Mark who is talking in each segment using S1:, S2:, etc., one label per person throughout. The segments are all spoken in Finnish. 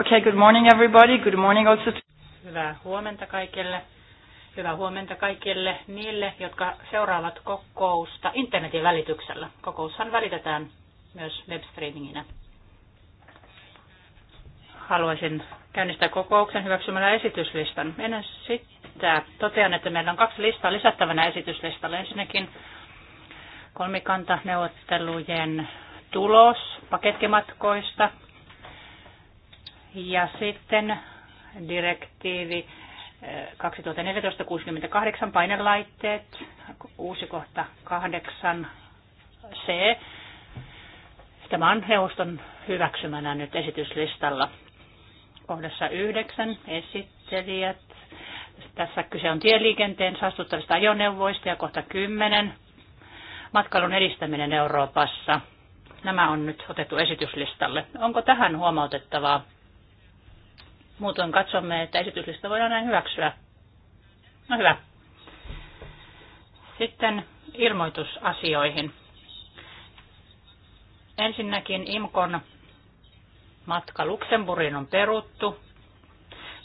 S1: Okay, good morning everybody. Good morning also to...
S2: Hyvää huomenta kaikille. Hyvää huomenta kaikille niille, jotka seuraavat kokousta internetin välityksellä. Kokoushan välitetään myös webstreaminginä. Haluaisin käynnistää kokouksen hyväksymällä esityslistan. Ennen sitä totean, että meillä on kaksi listaa lisättävänä esityslistalle. Ensinnäkin kolmikantaneuvottelujen tulos pakettimatkoista – ja sitten direktiivi 2014-68 eh, painelaitteet, uusi kohta 8c. Tämä on neuvoston hyväksymänä nyt esityslistalla. Kohdassa 9 esittelijät. Tässä kyse on tieliikenteen saastuttavista ajoneuvoista ja kohta 10 matkailun edistäminen Euroopassa. Nämä on nyt otettu esityslistalle. Onko tähän huomautettavaa? Muutoin katsomme, että esityslista voidaan näin hyväksyä. No hyvä. Sitten ilmoitusasioihin. Ensinnäkin IMKON matka Luxemburgiin on peruttu,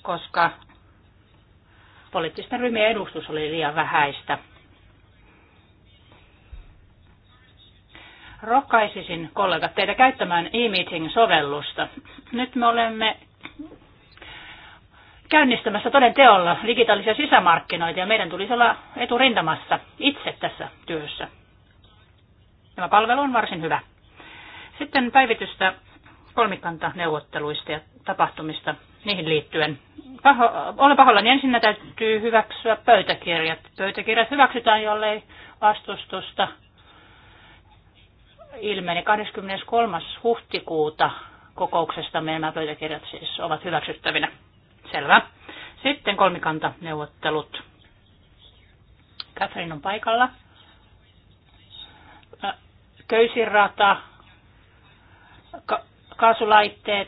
S2: koska poliittisten ryhmien edustus oli liian vähäistä. Rokkaisisin kollegat teitä käyttämään e-meeting-sovellusta. Nyt me olemme käynnistämässä toden teolla digitaalisia sisämarkkinoita ja meidän tulisi olla eturintamassa itse tässä työssä. Tämä palvelu on varsin hyvä. Sitten päivitystä kolmikanta neuvotteluista ja tapahtumista niihin liittyen. Paho, olen pahoillani. Ensinnä täytyy hyväksyä pöytäkirjat. Pöytäkirjat hyväksytään, jollei vastustusta ilmeni 23. huhtikuuta kokouksesta Meidän pöytäkirjat siis ovat hyväksyttävinä. Selvä. Sitten kolmikanta neuvottelut Katrin on paikalla. Köysirata, ka- kaasulaitteet,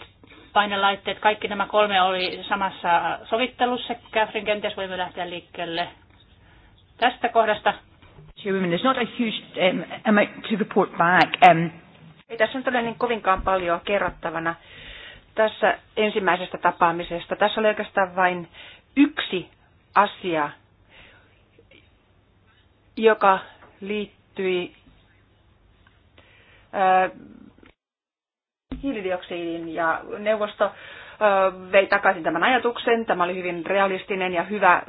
S2: painelaitteet, kaikki nämä kolme oli samassa sovittelussa. Catherine, kenties voimme lähteä liikkeelle tästä kohdasta.
S3: there's not a huge um, amount to report back. Um,
S4: ei tässä on todella niin kovinkaan paljon kerrottavana tässä ensimmäisestä tapaamisesta. Tässä oli oikeastaan vain yksi asia, joka liittyi ää, äh, hiilidioksidiin ja neuvosto ää, äh, vei takaisin tämän ajatuksen. Tämä oli hyvin realistinen ja hyvä ää, äh,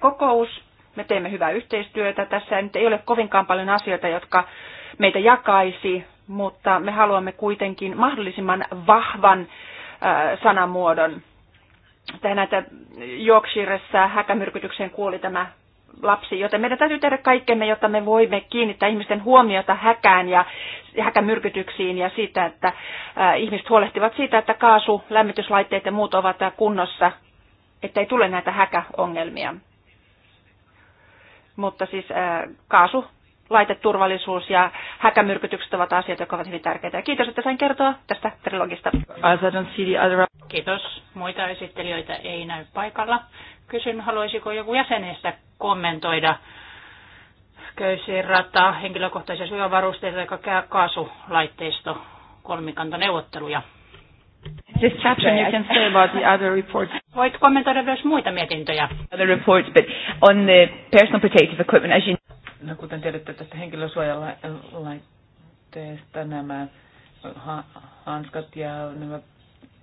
S4: kokous. Me teemme hyvää yhteistyötä. Tässä nyt ei ole kovinkaan paljon asioita, jotka meitä jakaisi, mutta me haluamme kuitenkin mahdollisimman vahvan äh, sanamuodon. Tähän näitä Yorkshiressa häkämyrkytykseen kuoli tämä lapsi, joten meidän täytyy tehdä kaikkemme, jotta me voimme kiinnittää ihmisten huomiota häkään ja häkämyrkytyksiin ja siitä, että ihmiset huolehtivat siitä, että kaasu, lämmityslaitteet ja muut ovat kunnossa, ei tule näitä häkäongelmia. Mutta siis kaasu laiteturvallisuus ja häkämyrkytykset ovat asiat, jotka ovat hyvin tärkeitä. Kiitos, että sain kertoa tästä trilogista.
S2: Kiitos. Muita esittelijöitä ei näy paikalla. Kysyn, haluaisiko joku jäsenestä kommentoida köysirata, henkilökohtaisia suojavarusteita tai kaasulaitteisto kolmikantaneuvotteluja.
S4: Distraction you can say about the other reports.
S2: Voit kommentoida myös muita mietintöjä.
S5: Other reports, but on the personal protective equipment, as you No kuten tiedätte tästä henkilösuojalaitteesta, nämä hanskat ja nämä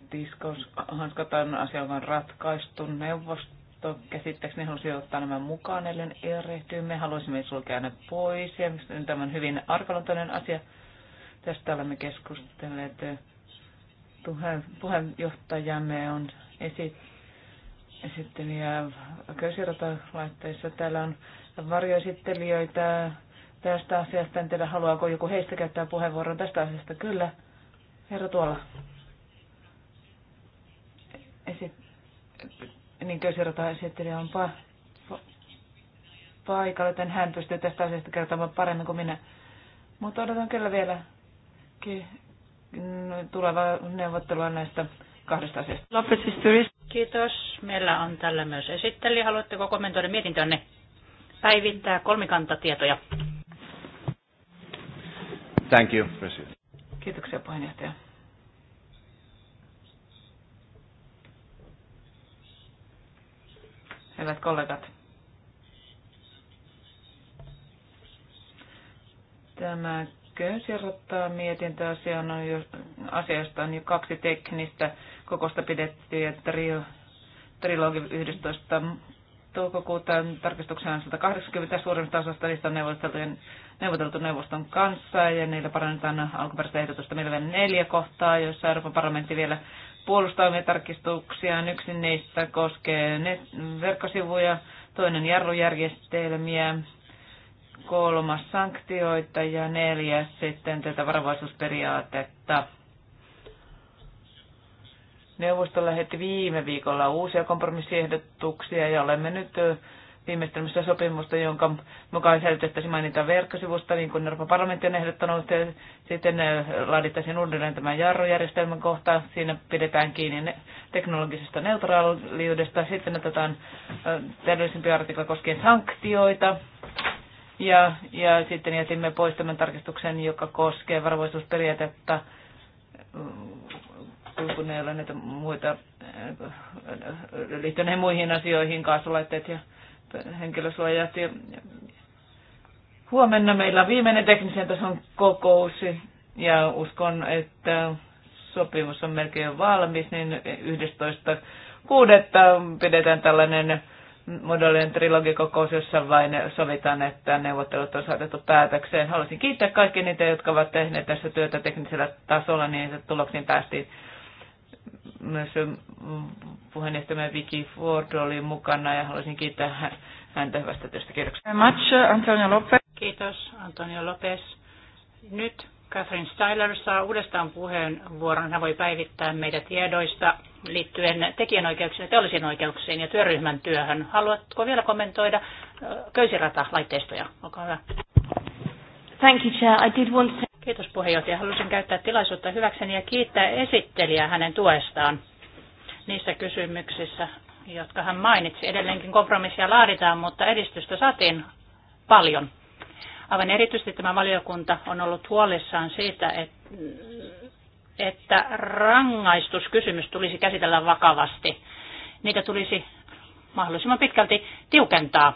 S5: tiskaushanskat on asia, vaan on ratkaistu. Neuvosto käsittääkseni halusi ottaa nämä mukaan, ellen erehtyy. Me haluaisimme sulkea ne pois ja tämä on hyvin arkaluontoinen asia. Tästä olemme keskustelleet. Puheenjohtajamme on esittänyt sitten ja köysirata-laitteissa täällä on varjoesittelijöitä tästä asiasta. En tiedä, haluaako joku heistä käyttää puheenvuoron tästä asiasta. Kyllä. Herra tuolla. Esit... Niin köysirata-esittelijä on pa... pa... paikalla, joten hän pystyy tästä asiasta kertomaan paremmin kuin minä. Mutta odotan kyllä vielä tulevaa neuvottelua näistä kahdesta asiasta. Kiitos.
S2: Meillä on tällä myös esittely. Haluatteko kommentoida mietintönne? Päivittää
S5: kolmikantatietoja.
S3: Thank you, President.
S5: Kiitoksia puheenjohtaja. Hyvät kollegat. Tämä köysirrottaa mietintöasia on jo, asiasta on jo kaksi teknistä Kokosta pidettiin, että Rio, trilogi 11 toukokuuta tarkistuksena 180 suurimmista osasta niistä on neuvoteltu, neuvoteltu neuvoston kanssa ja niillä parannetaan alkuperäistä ehdotusta melkein neljä kohtaa, joissa Euroopan parlamentti vielä puolustaa omia tarkistuksiaan. Yksi niistä koskee net- verkkosivuja, toinen jarrujärjestelmiä, kolmas sanktioita ja neljäs sitten tätä varovaisuusperiaatetta. Neuvosto lähetti viime viikolla uusia kompromissiehdotuksia ja olemme nyt viimeistelmässä sopimusta, jonka mukaan säilytettäisiin maininta verkkosivusta, niin kuin Euroopan parlamentti on ehdottanut. Ja sitten laadittaisiin uudelleen tämän jarrujärjestelmän kohta. Siinä pidetään kiinni teknologisesta neutraaliudesta. Sitten otetaan täydellisempi artikla koskien sanktioita. Ja, ja sitten jätimme pois tämän tarkistuksen, joka koskee varovaisuusperiaatetta kun ei ole näitä muita liittyen muihin asioihin, kaasulaitteet ja henkilösuojat. Ja huomenna meillä on viimeinen teknisen tason kokous ja uskon, että sopimus on melkein jo valmis, niin 11.6. pidetään tällainen modellien trilogikokous, jossa vain sovitaan, että neuvottelut on saatettu päätökseen. Haluaisin kiittää kaikki niitä, jotka ovat tehneet tässä työtä teknisellä tasolla, niin että tuloksiin päästiin myös puheenjohtaja Vicky Ford oli mukana ja haluaisin kiittää häntä hyvästä työstä. Kiitoksia. Much, uh, Antonio Lopez.
S2: Kiitos, Antonio Lopez. Nyt Catherine Styler saa uudestaan puheenvuoron. Hän voi päivittää meitä tiedoista liittyen tekijänoikeuksiin ja teollisiin oikeuksiin ja työryhmän työhön. Haluatko vielä kommentoida uh, köysirata-laitteistoja? Olkaa hyvä.
S3: Thank you, Chair. I did want to...
S2: Kiitos puheenjohtaja. Haluaisin käyttää tilaisuutta hyväkseni ja kiittää esittelijää hänen tuestaan niissä kysymyksissä, jotka hän mainitsi. Edelleenkin kompromissia laaditaan, mutta edistystä saatiin paljon. Aivan erityisesti tämä valiokunta on ollut huolissaan siitä, että rangaistuskysymys tulisi käsitellä vakavasti. Niitä tulisi mahdollisimman pitkälti tiukentaa.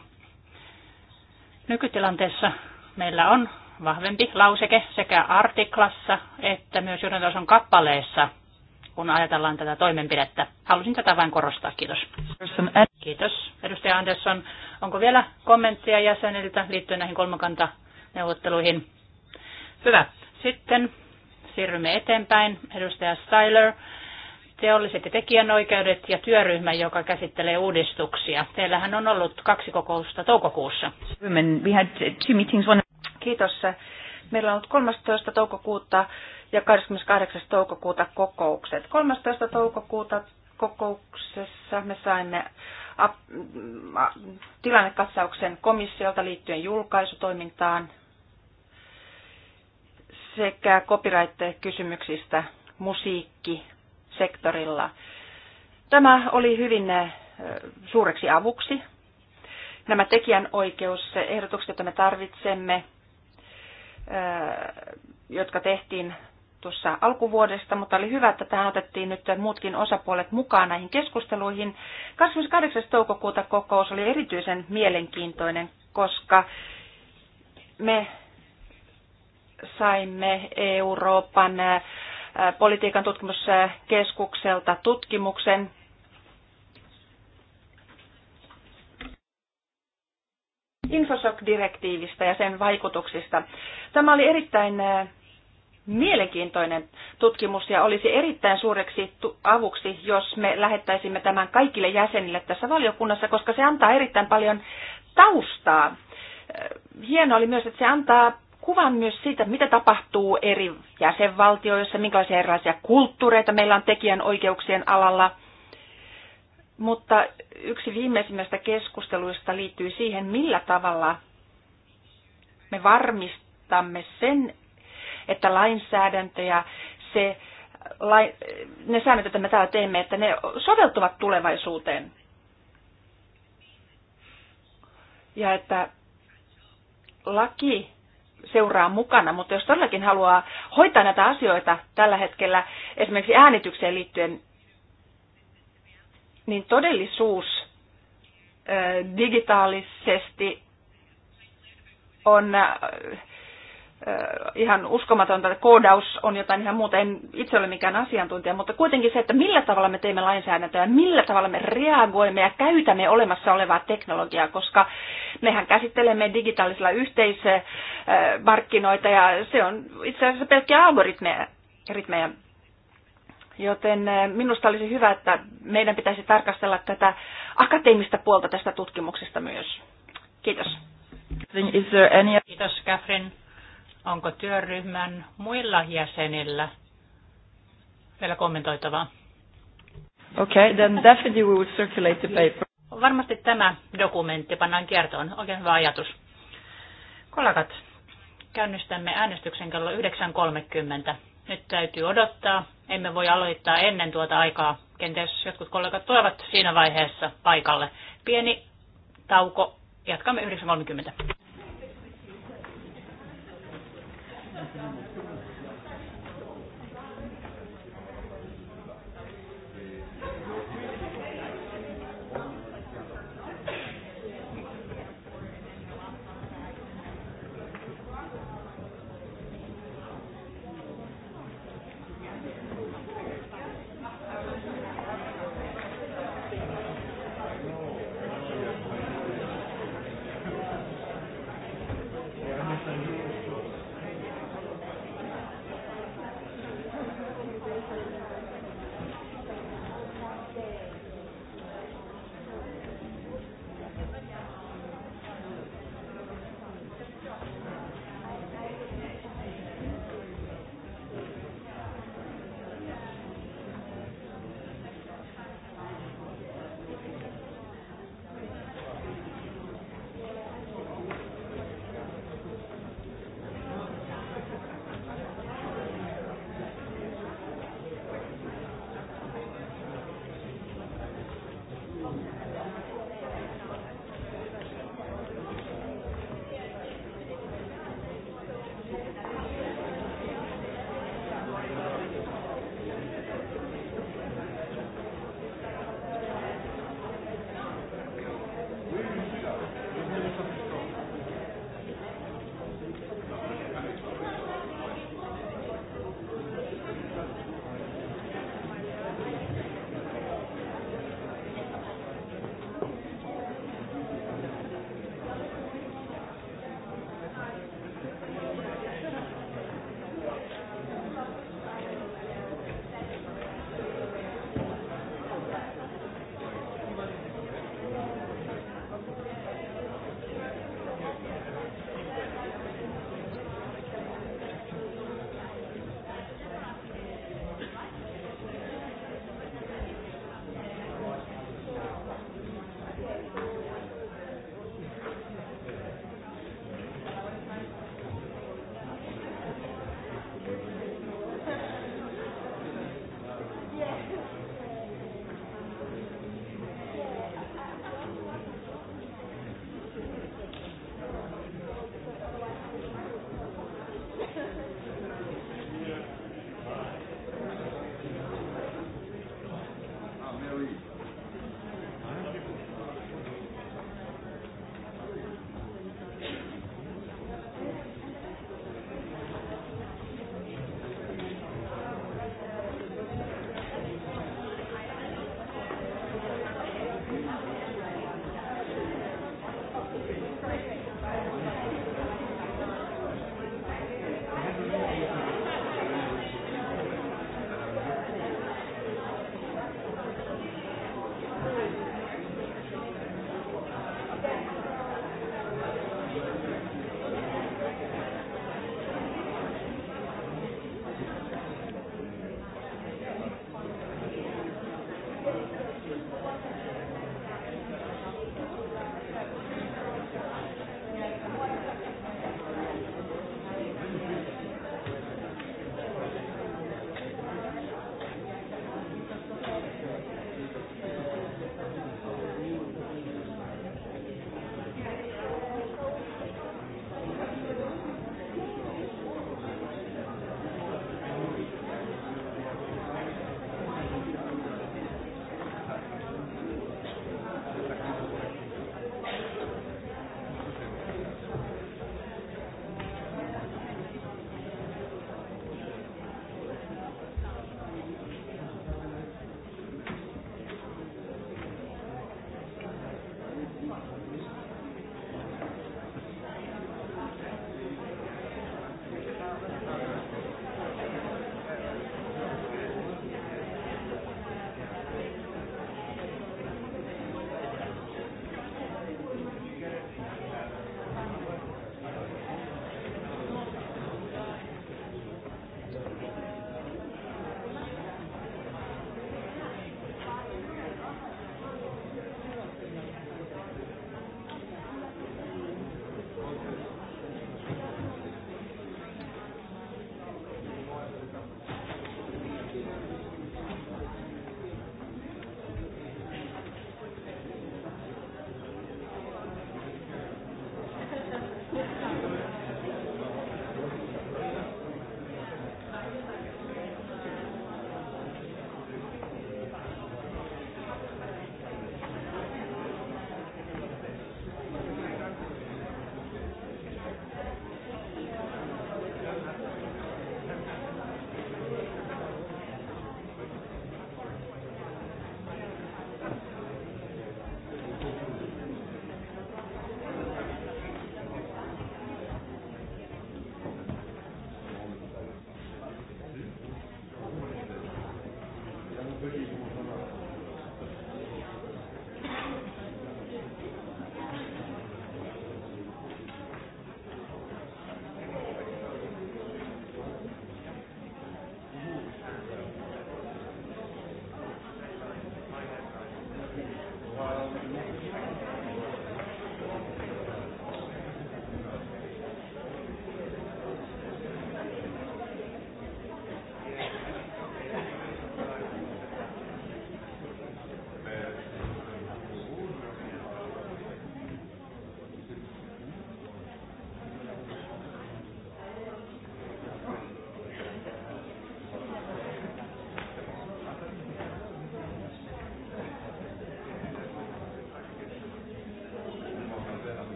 S2: Nykytilanteessa meillä on vahvempi lauseke sekä artiklassa että myös johdantason kappaleessa, kun ajatellaan tätä toimenpidettä. Halusin tätä vain korostaa. Kiitos. Kiitos. Edustaja Andersson, onko vielä kommenttia jäseniltä liittyen näihin kolmakantaneuvotteluihin? Hyvä. Sitten siirrymme eteenpäin. Edustaja Styler, teolliset ja tekijänoikeudet ja työryhmä, joka käsittelee uudistuksia. Teillähän on ollut kaksi kokousta toukokuussa.
S1: we had two meetings, one...
S4: Kiitos. Meillä on ollut 13. toukokuuta ja 28. toukokuuta kokoukset. 13. toukokuuta kokouksessa me saimme mm, tilannekatsauksen komissiolta liittyen julkaisutoimintaan sekä copyright-kysymyksistä musiikkisektorilla. Tämä oli hyvin eh, suureksi avuksi. Nämä tekijänoikeusehdotukset, joita me tarvitsemme, jotka tehtiin tuossa alkuvuodesta, mutta oli hyvä, että tähän otettiin nyt muutkin osapuolet mukaan näihin keskusteluihin. 28. toukokuuta kokous oli erityisen mielenkiintoinen, koska me saimme Euroopan politiikan tutkimuskeskukselta tutkimuksen, Infosok-direktiivistä ja sen vaikutuksista. Tämä oli erittäin äh, mielenkiintoinen tutkimus ja olisi erittäin suureksi avuksi, jos me lähettäisimme tämän kaikille jäsenille tässä valiokunnassa, koska se antaa erittäin paljon taustaa. Äh, hienoa oli myös, että se antaa kuvan myös siitä, mitä tapahtuu eri jäsenvaltioissa, minkälaisia erilaisia kulttuureita meillä on tekijän oikeuksien alalla – mutta yksi viimeisimmistä keskusteluista liittyy siihen, millä tavalla me varmistamme sen, että lainsäädäntö ja se, ne säännöt, joita me täällä teemme, että ne soveltuvat tulevaisuuteen. Ja että laki seuraa mukana, mutta jos todellakin haluaa hoitaa näitä asioita tällä hetkellä esimerkiksi äänitykseen liittyen, niin todellisuus digitaalisesti on ihan uskomatonta, että koodaus on jotain ihan muuta. En itse ole mikään asiantuntija, mutta kuitenkin se, että millä tavalla me teemme lainsäädäntöä, millä tavalla me reagoimme ja käytämme olemassa olevaa teknologiaa, koska mehän käsittelemme digitaalisilla yhteismarkkinoita ja se on itse asiassa pelkkiä algoritmeja. Joten eh, minusta olisi hyvä, että meidän pitäisi tarkastella tätä akateemista puolta tästä tutkimuksesta myös. Kiitos. Is there any...
S2: Kiitos Catherine. Onko työryhmän muilla jäsenillä vielä kommentoitavaa?
S1: Okay, then definitely we will circulate the paper.
S2: Varmasti tämä dokumentti pannaan kiertoon. Oikein hyvä ajatus. Kollegat, käynnistämme äänestyksen kello 9.30. Nyt täytyy odottaa. Emme voi aloittaa ennen tuota aikaa. Kenties jotkut kollegat tulevat siinä vaiheessa paikalle. Pieni tauko. Jatkamme 9.30.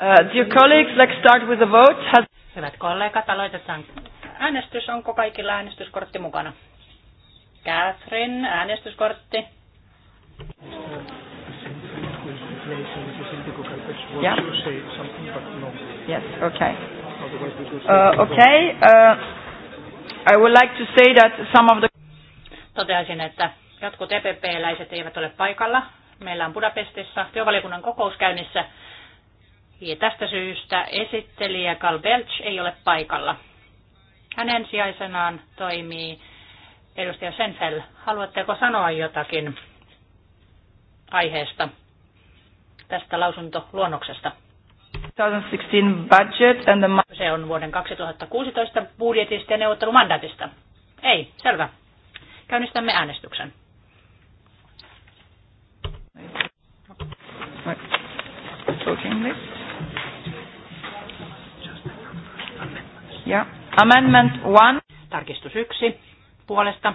S1: Uh, dear colleagues, let's start with the vote. Has...
S2: Hyvät kollegat, aloitetaan äänestys. Onko kaikilla äänestyskortti mukana? Catherine, äänestyskortti.
S3: Yeah.
S1: Yes, okay. Uh, okay, uh, I would like to say that some of the...
S2: Toteaisin, että jotkut EPP-läiset eivät ole paikalla. Meillä on Budapestissa työvaliokunnan kokous käynnissä ja tästä syystä esittelijä Carl Belch ei ole paikalla. Hänen sijaisenaan toimii edustaja Senfel. Haluatteko sanoa jotakin aiheesta tästä lausuntoluonnoksesta?
S1: 2016 budget and the... Se on vuoden
S2: 2016 budjetista ja neuvottelumandaatista. Ei, selvä. Käynnistämme äänestyksen.
S1: Okay. list. Ja amendment one. Tarkistus yksi puolesta.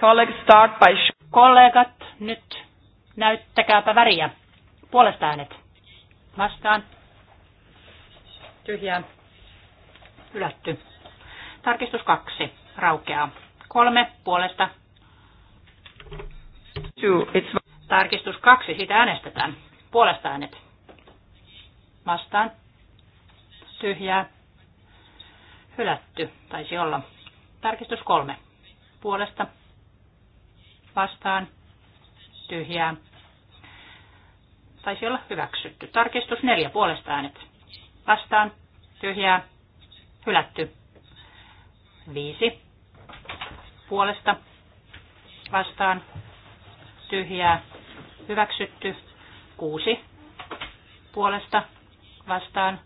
S1: Colleagues start by... Kollegat, nyt
S2: näyttäkääpä väriä. Puolesta äänet. Vastaan. Tyhjää. Ylätty. Tarkistus kaksi. Raukeaa. Kolme puolesta. Tarkistus kaksi. Siitä äänestetään. Puolesta äänet. Vastaan tyhjää, hylätty, taisi olla. Tarkistus kolme. Puolesta, vastaan, tyhjää, taisi olla hyväksytty. Tarkistus neljä. Puolesta äänet, vastaan, tyhjää, hylätty. Viisi. Puolesta, vastaan, tyhjää, hyväksytty. Kuusi. Puolesta, vastaan,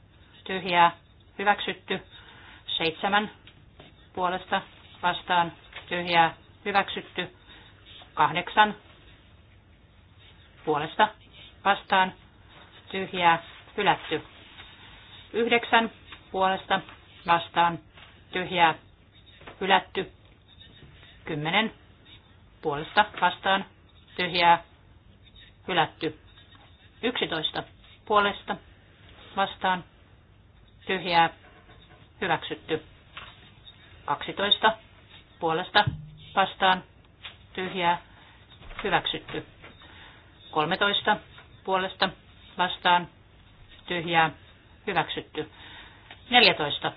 S2: tyhjää, hyväksytty. Seitsemän puolesta vastaan, tyhjää, hyväksytty. Kahdeksan puolesta vastaan, tyhjää, hylätty. Yhdeksän puolesta vastaan, tyhjää, hylätty. Kymmenen puolesta vastaan, tyhjää, hylätty. Yksitoista puolesta vastaan, tyhjää, hyväksytty. 12 puolesta vastaan, tyhjää, hyväksytty. 13 puolesta vastaan, tyhjää, hyväksytty. 14.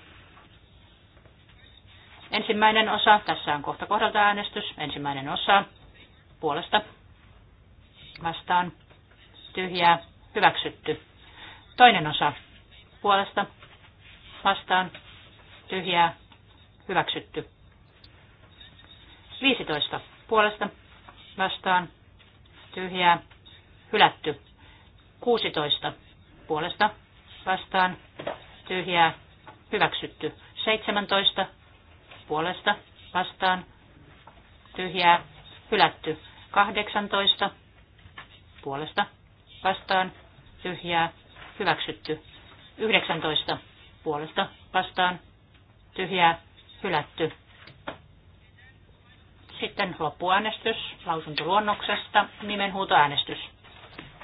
S2: Ensimmäinen osa, tässä on kohta kohdalta äänestys. Ensimmäinen osa puolesta vastaan, tyhjää, hyväksytty. Toinen osa puolesta vastaan tyhjää hyväksytty. 15 puolesta vastaan tyhjää hylätty. 16 puolesta vastaan tyhjää hyväksytty. 17 puolesta vastaan tyhjää hylätty. 18 puolesta vastaan tyhjää hyväksytty. 19 puolesta vastaan tyhjää hylätty. Sitten loppuäänestys lausuntoluonnoksesta, nimenhuutoäänestys.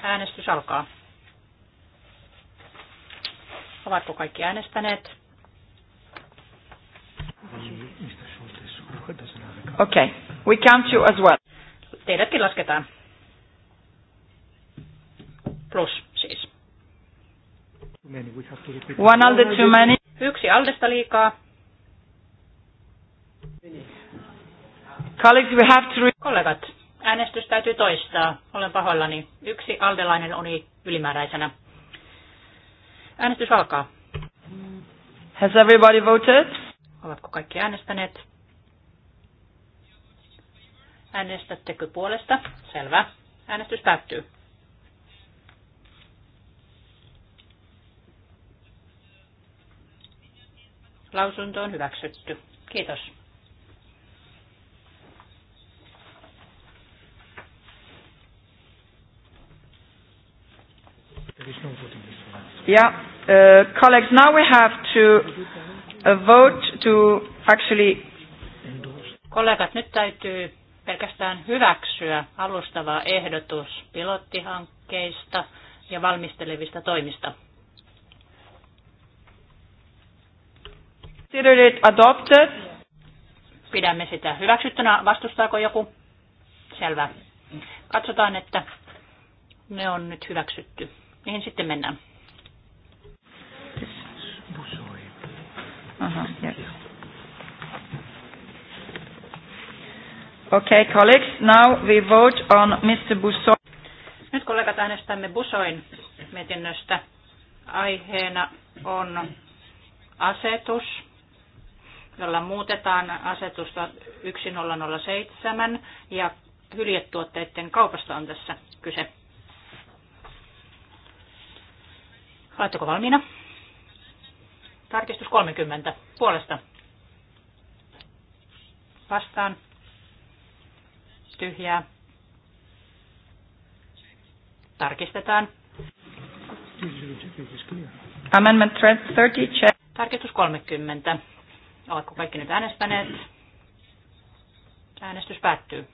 S2: Äänestys alkaa. Ovatko kaikki äänestäneet?
S1: Okay, we count you as well.
S2: Teidätkin lasketaan. Plus.
S3: One
S2: alde too many. Yksi aldesta liikaa.
S1: Colleagues, we have to... Kollegat,
S2: äänestys täytyy toistaa. Olen pahoillani. Yksi aldelainen oli ylimääräisenä. Äänestys alkaa.
S1: Has everybody voted? Ovatko kaikki äänestäneet?
S2: Äänestättekö puolesta? Selvä.
S6: Äänestys päättyy.
S2: Lausunto on hyväksytty. Kiitos.
S1: Yeah, uh, colleagues, now we have to uh, vote to actually...
S2: Kollegat, nyt täytyy pelkästään hyväksyä alustava ehdotus pilottihankkeista ja valmistelevista toimista.
S1: Considered it adopted.
S2: Pidämme sitä hyväksyttynä. Vastustaako joku? Selvä. Katsotaan, että ne on nyt hyväksytty. Niihin sitten mennään.
S1: Aha, yes. Okay, colleagues, now we vote on Mr. Bussoy.
S2: Nyt kollegat äänestämme Busoin mietinnöstä. Aiheena on asetus jolla muutetaan asetusta 1007 ja hyljetuotteiden kaupasta on tässä kyse. Oletteko valmiina? Tarkistus 30. Puolesta. Vastaan. Tyhjää. Tarkistetaan.
S1: Amendment 30.
S2: Tarkistus 30. Oletko kaikki nyt äänestäneet? Äänestys päättyy.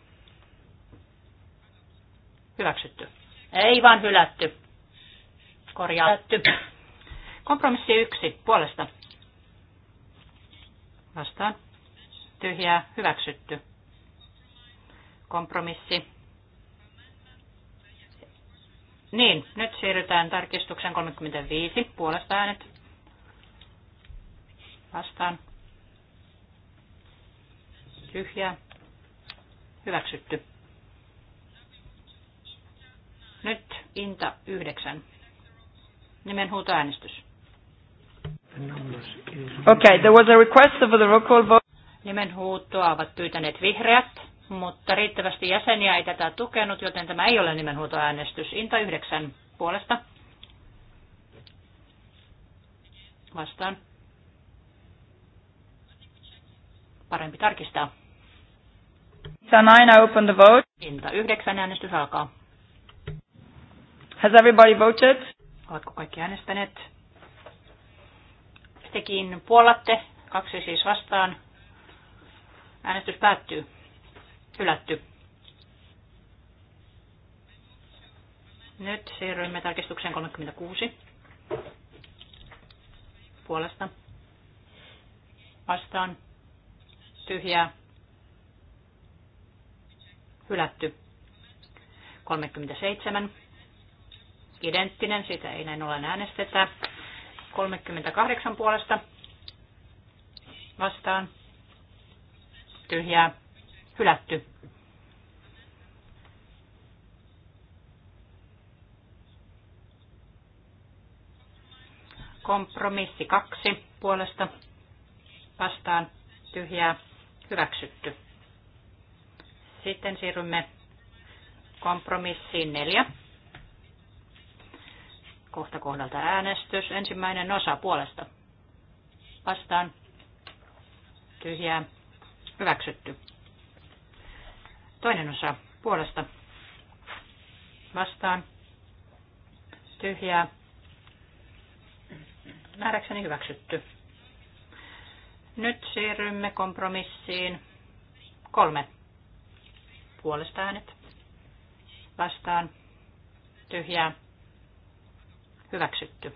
S2: Hyväksytty.
S6: Ei vaan hylätty.
S2: Korjaatty. Kompromissi yksi. Puolesta. Vastaan. Tyhjää. Hyväksytty. Kompromissi. Niin, nyt siirrytään tarkistuksen 35. Puolesta äänet. Vastaan. Tyhjää. Hyväksytty. Nyt Inta 9. Nimenhuutoäänestys.
S1: Okay, there was a request for the roll call vote.
S2: Nimenhuuttoa ovat pyytäneet vihreät, mutta riittävästi jäseniä ei tätä tukenut, joten tämä ei ole nimenhuutoäänestys. Inta 9 puolesta. Vastaan. Parempi tarkistaa.
S1: 9, open the
S2: vote. Ilta yhdeksän äänestys alkaa.
S1: Has everybody voted? Oletko kaikki äänestäneet?
S2: Tekin puolatte, kaksi siis vastaan. Äänestys päättyy. Hylätty. Nyt siirrymme tarkistukseen 36. Puolesta. Vastaan. Tyhjää hylätty. 37. Identtinen, sitä ei näin ollen äänestetä. 38 puolesta vastaan. Tyhjää, hylätty. Kompromissi kaksi puolesta vastaan tyhjää hyväksytty. Sitten siirrymme kompromissiin neljä. Kohta kohdalta äänestys. Ensimmäinen osa puolesta. Vastaan. Tyhjää. Hyväksytty. Toinen osa puolesta. Vastaan. Tyhjää. Määräkseni hyväksytty. Nyt siirrymme kompromissiin kolme puolesta äänet vastaan tyhjää hyväksytty.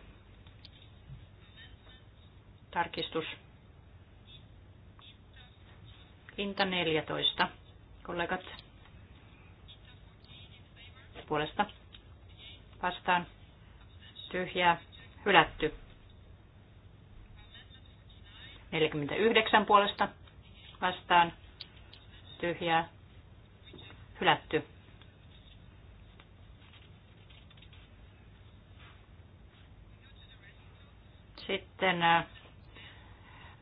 S2: Tarkistus. Inta 14. Kollegat puolesta vastaan tyhjää hylätty. 49 puolesta vastaan tyhjää Hylätty. Sitten äh,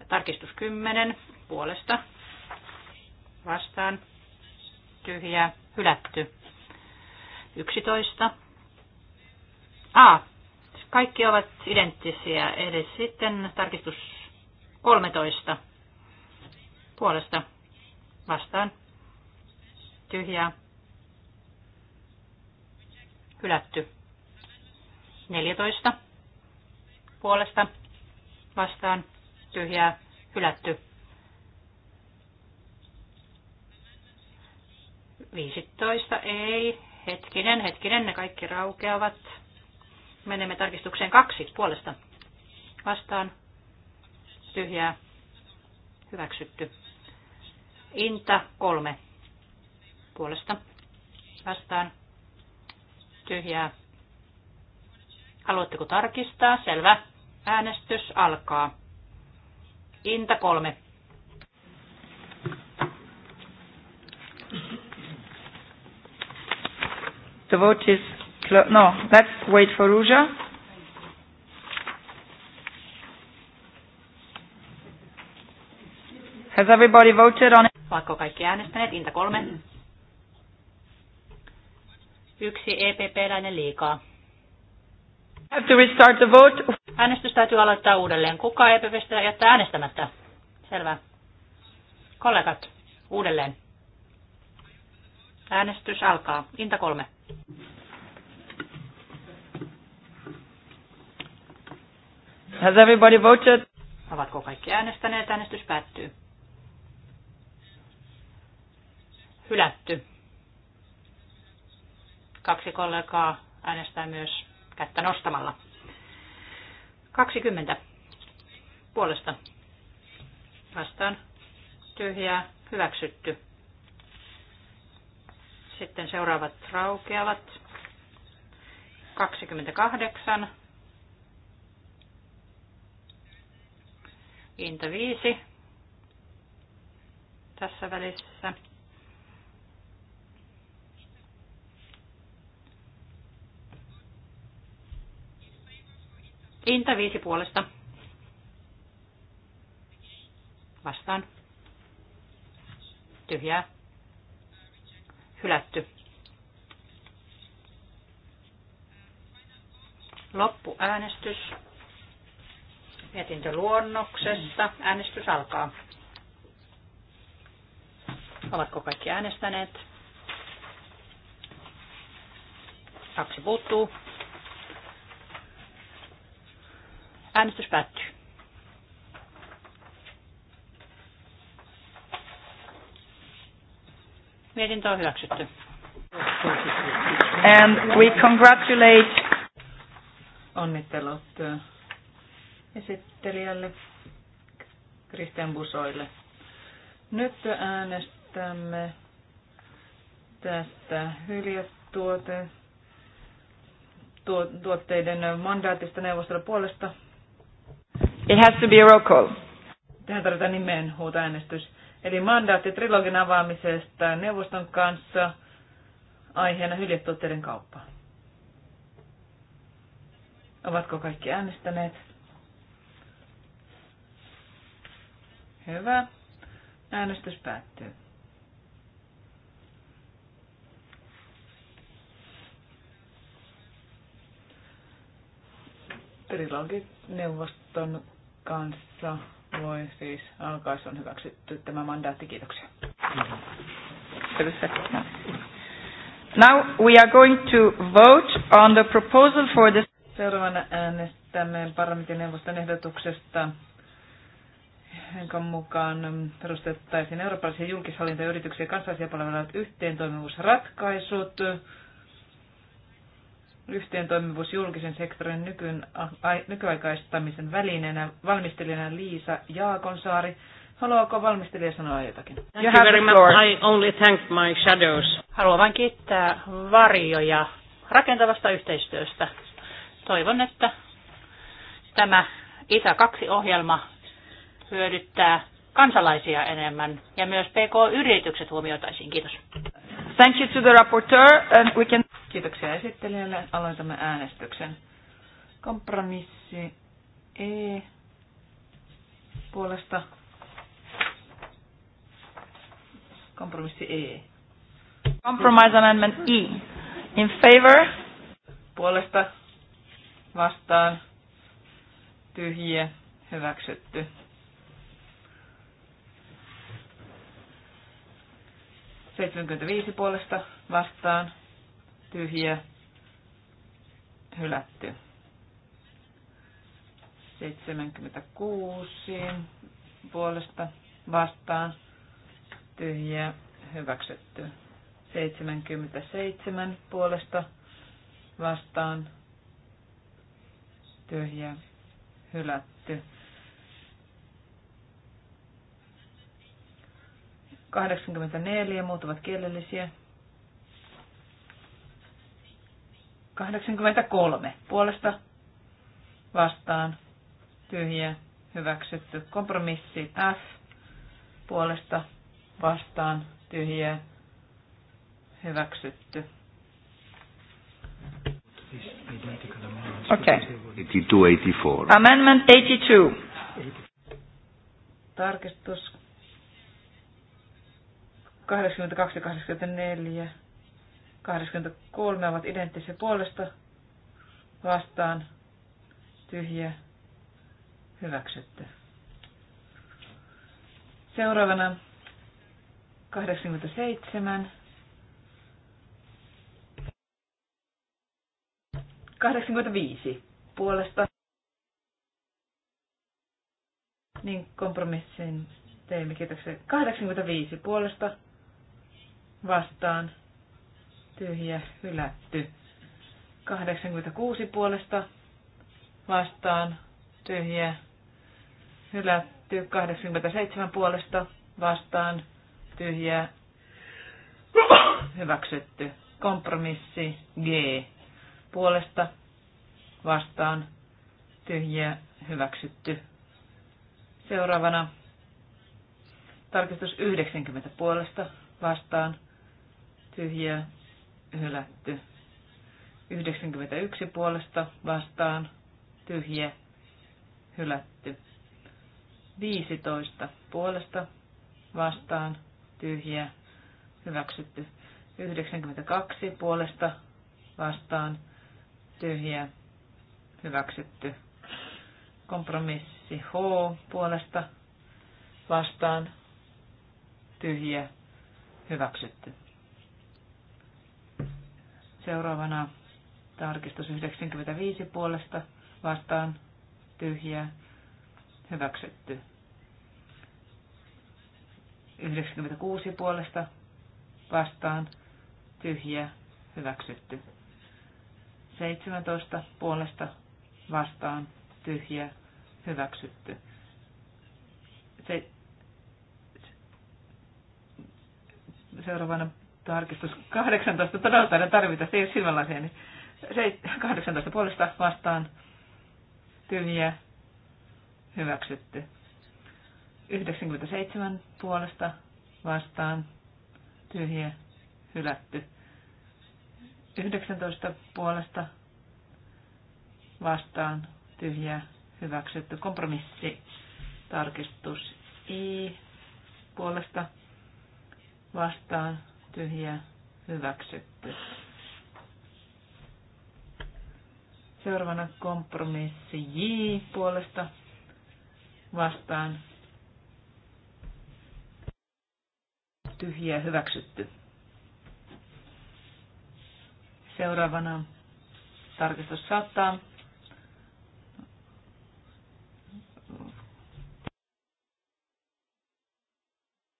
S2: tarkistus 10 puolesta vastaan tyhjä hylätty. 11. A. Kaikki ovat identtisiä, eli sitten tarkistus 13 puolesta vastaan tyhjää, hylätty. 14 puolesta vastaan tyhjää, hylätty. 15 ei, hetkinen, hetkinen, ne kaikki raukeavat. Menemme tarkistukseen kaksi puolesta. Vastaan tyhjää, hyväksytty. Inta kolme puolesta vastaan tyhjää. Haluatteko tarkistaa? Selvä. Äänestys alkaa. Inta kolme.
S1: The vote is closed. No, let's wait for Ruja. Has everybody voted on it?
S2: Vaikka kaikki äänestäneet? Inta kolme. Yksi EPP-läinen liikaa. Have to restart the vote. Äänestys täytyy aloittaa uudelleen. Kuka EPPstä jättää äänestämättä? Selvä. Kollegat, uudelleen. Äänestys alkaa. Inta kolme.
S1: Has everybody voted? Ovatko kaikki
S2: äänestäneet? Äänestys päättyy. Hylätty. Kaksi kollegaa äänestää myös kättä nostamalla. 20 puolesta vastaan tyhjää hyväksytty. Sitten seuraavat raukeavat. 28. Inta 5. Tässä välissä. Inta viisi puolesta. Vastaan. Tyhjää. Hylätty. Loppuäänestys. Mietintö luonnoksesta. Äänestys alkaa. Ovatko kaikki äänestäneet? Kaksi puuttuu. Äänestys päättyy. Mietintö on hyväksytty. And we
S5: congratulate... Onnittelut äh, esittelijälle Kristian Busoille. Nyt äänestämme tästä hyljetuote tuotteiden mandaatista neuvostolla puolesta
S1: It has to be a roll call.
S5: Tähän tarvitaan nimeen huutoäänestys. Eli mandaatti trilogin avaamisesta neuvoston kanssa aiheena hyljetuotteiden kauppa. Ovatko kaikki äänestäneet? Hyvä. Äänestys päättyy. neuvoston kanssa voi siis alkaa. Se on hyväksytty tämä mandaatti. Kiitoksia.
S1: Now we are going to vote on the proposal for the...
S5: Seuraavana äänestämme parlamentin neuvoston ehdotuksesta jonka mukaan perustettaisiin eurooppalaisia julkishallintoyrityksiä ja kansallisia palveluja yhteen toimivuusratkaisut yhteen toimivuus julkisen sektorin nykyn, nykyaikaistamisen välineenä valmistelijana Liisa Jaakonsaari. Haluaako valmistelija sanoa jotakin? Thank you very much. I
S2: only thank
S5: my shadows.
S2: Haluan vain kiittää varjoja rakentavasta yhteistyöstä. Toivon, että tämä ISA 2-ohjelma hyödyttää kansalaisia enemmän ja myös PK-yritykset huomioitaisiin. Kiitos.
S5: Thank you to the rapporteur and we can... Kiitoksia esittelijälle. Aloitamme äänestyksen. Kompromissi E puolesta. Kompromissi E.
S1: Compromise amendment E.
S5: In favor. Puolesta vastaan tyhjiä hyväksytty. 75 puolesta vastaan tyhjä hylätty. 76 puolesta vastaan tyhjä hyväksytty. 77 puolesta vastaan tyhjä hylätty. 84, muut ovat kielellisiä. 83 puolesta vastaan tyhjä hyväksytty. Kompromissi F puolesta vastaan tyhjä hyväksytty.
S3: Okay. 82, 84.
S5: Amendment 82. Tarkistus 82, ja 84, 83 ovat identtisiä puolesta vastaan tyhjä hyväksytty. Seuraavana 87. 85 puolesta. Niin kompromissin teemme, kiitoksia. 85 puolesta vastaan tyhjä hylätty. 86 puolesta vastaan tyhjä hylätty. 87 puolesta vastaan tyhjä hyväksytty. Kompromissi G puolesta vastaan tyhjä hyväksytty. Seuraavana tarkistus 90 puolesta vastaan tyhjää hylätty. 91 puolesta vastaan tyhjä hylätty. 15 puolesta vastaan tyhjä hyväksytty. 92 puolesta vastaan tyhjä hyväksytty. Kompromissi H puolesta vastaan tyhjä hyväksytty. Seuraavana tarkistus 95 puolesta vastaan tyhjä hyväksytty. 96 puolesta vastaan tyhjä hyväksytty. 17 puolesta vastaan tyhjä hyväksytty. Se, seuraavana tarkistus 18, todella taida tarvita, se ei ole silmälasia, niin 18 puolesta vastaan tyhjiä hyväksytty. 97 puolesta vastaan tyhjiä hylätty. 19 puolesta vastaan tyhjiä hyväksytty. Kompromissi tarkistus I puolesta vastaan tyhjä, hyväksytty. Seuraavana kompromissi J puolesta vastaan tyhjä, hyväksytty. Seuraavana tarkistus saattaa.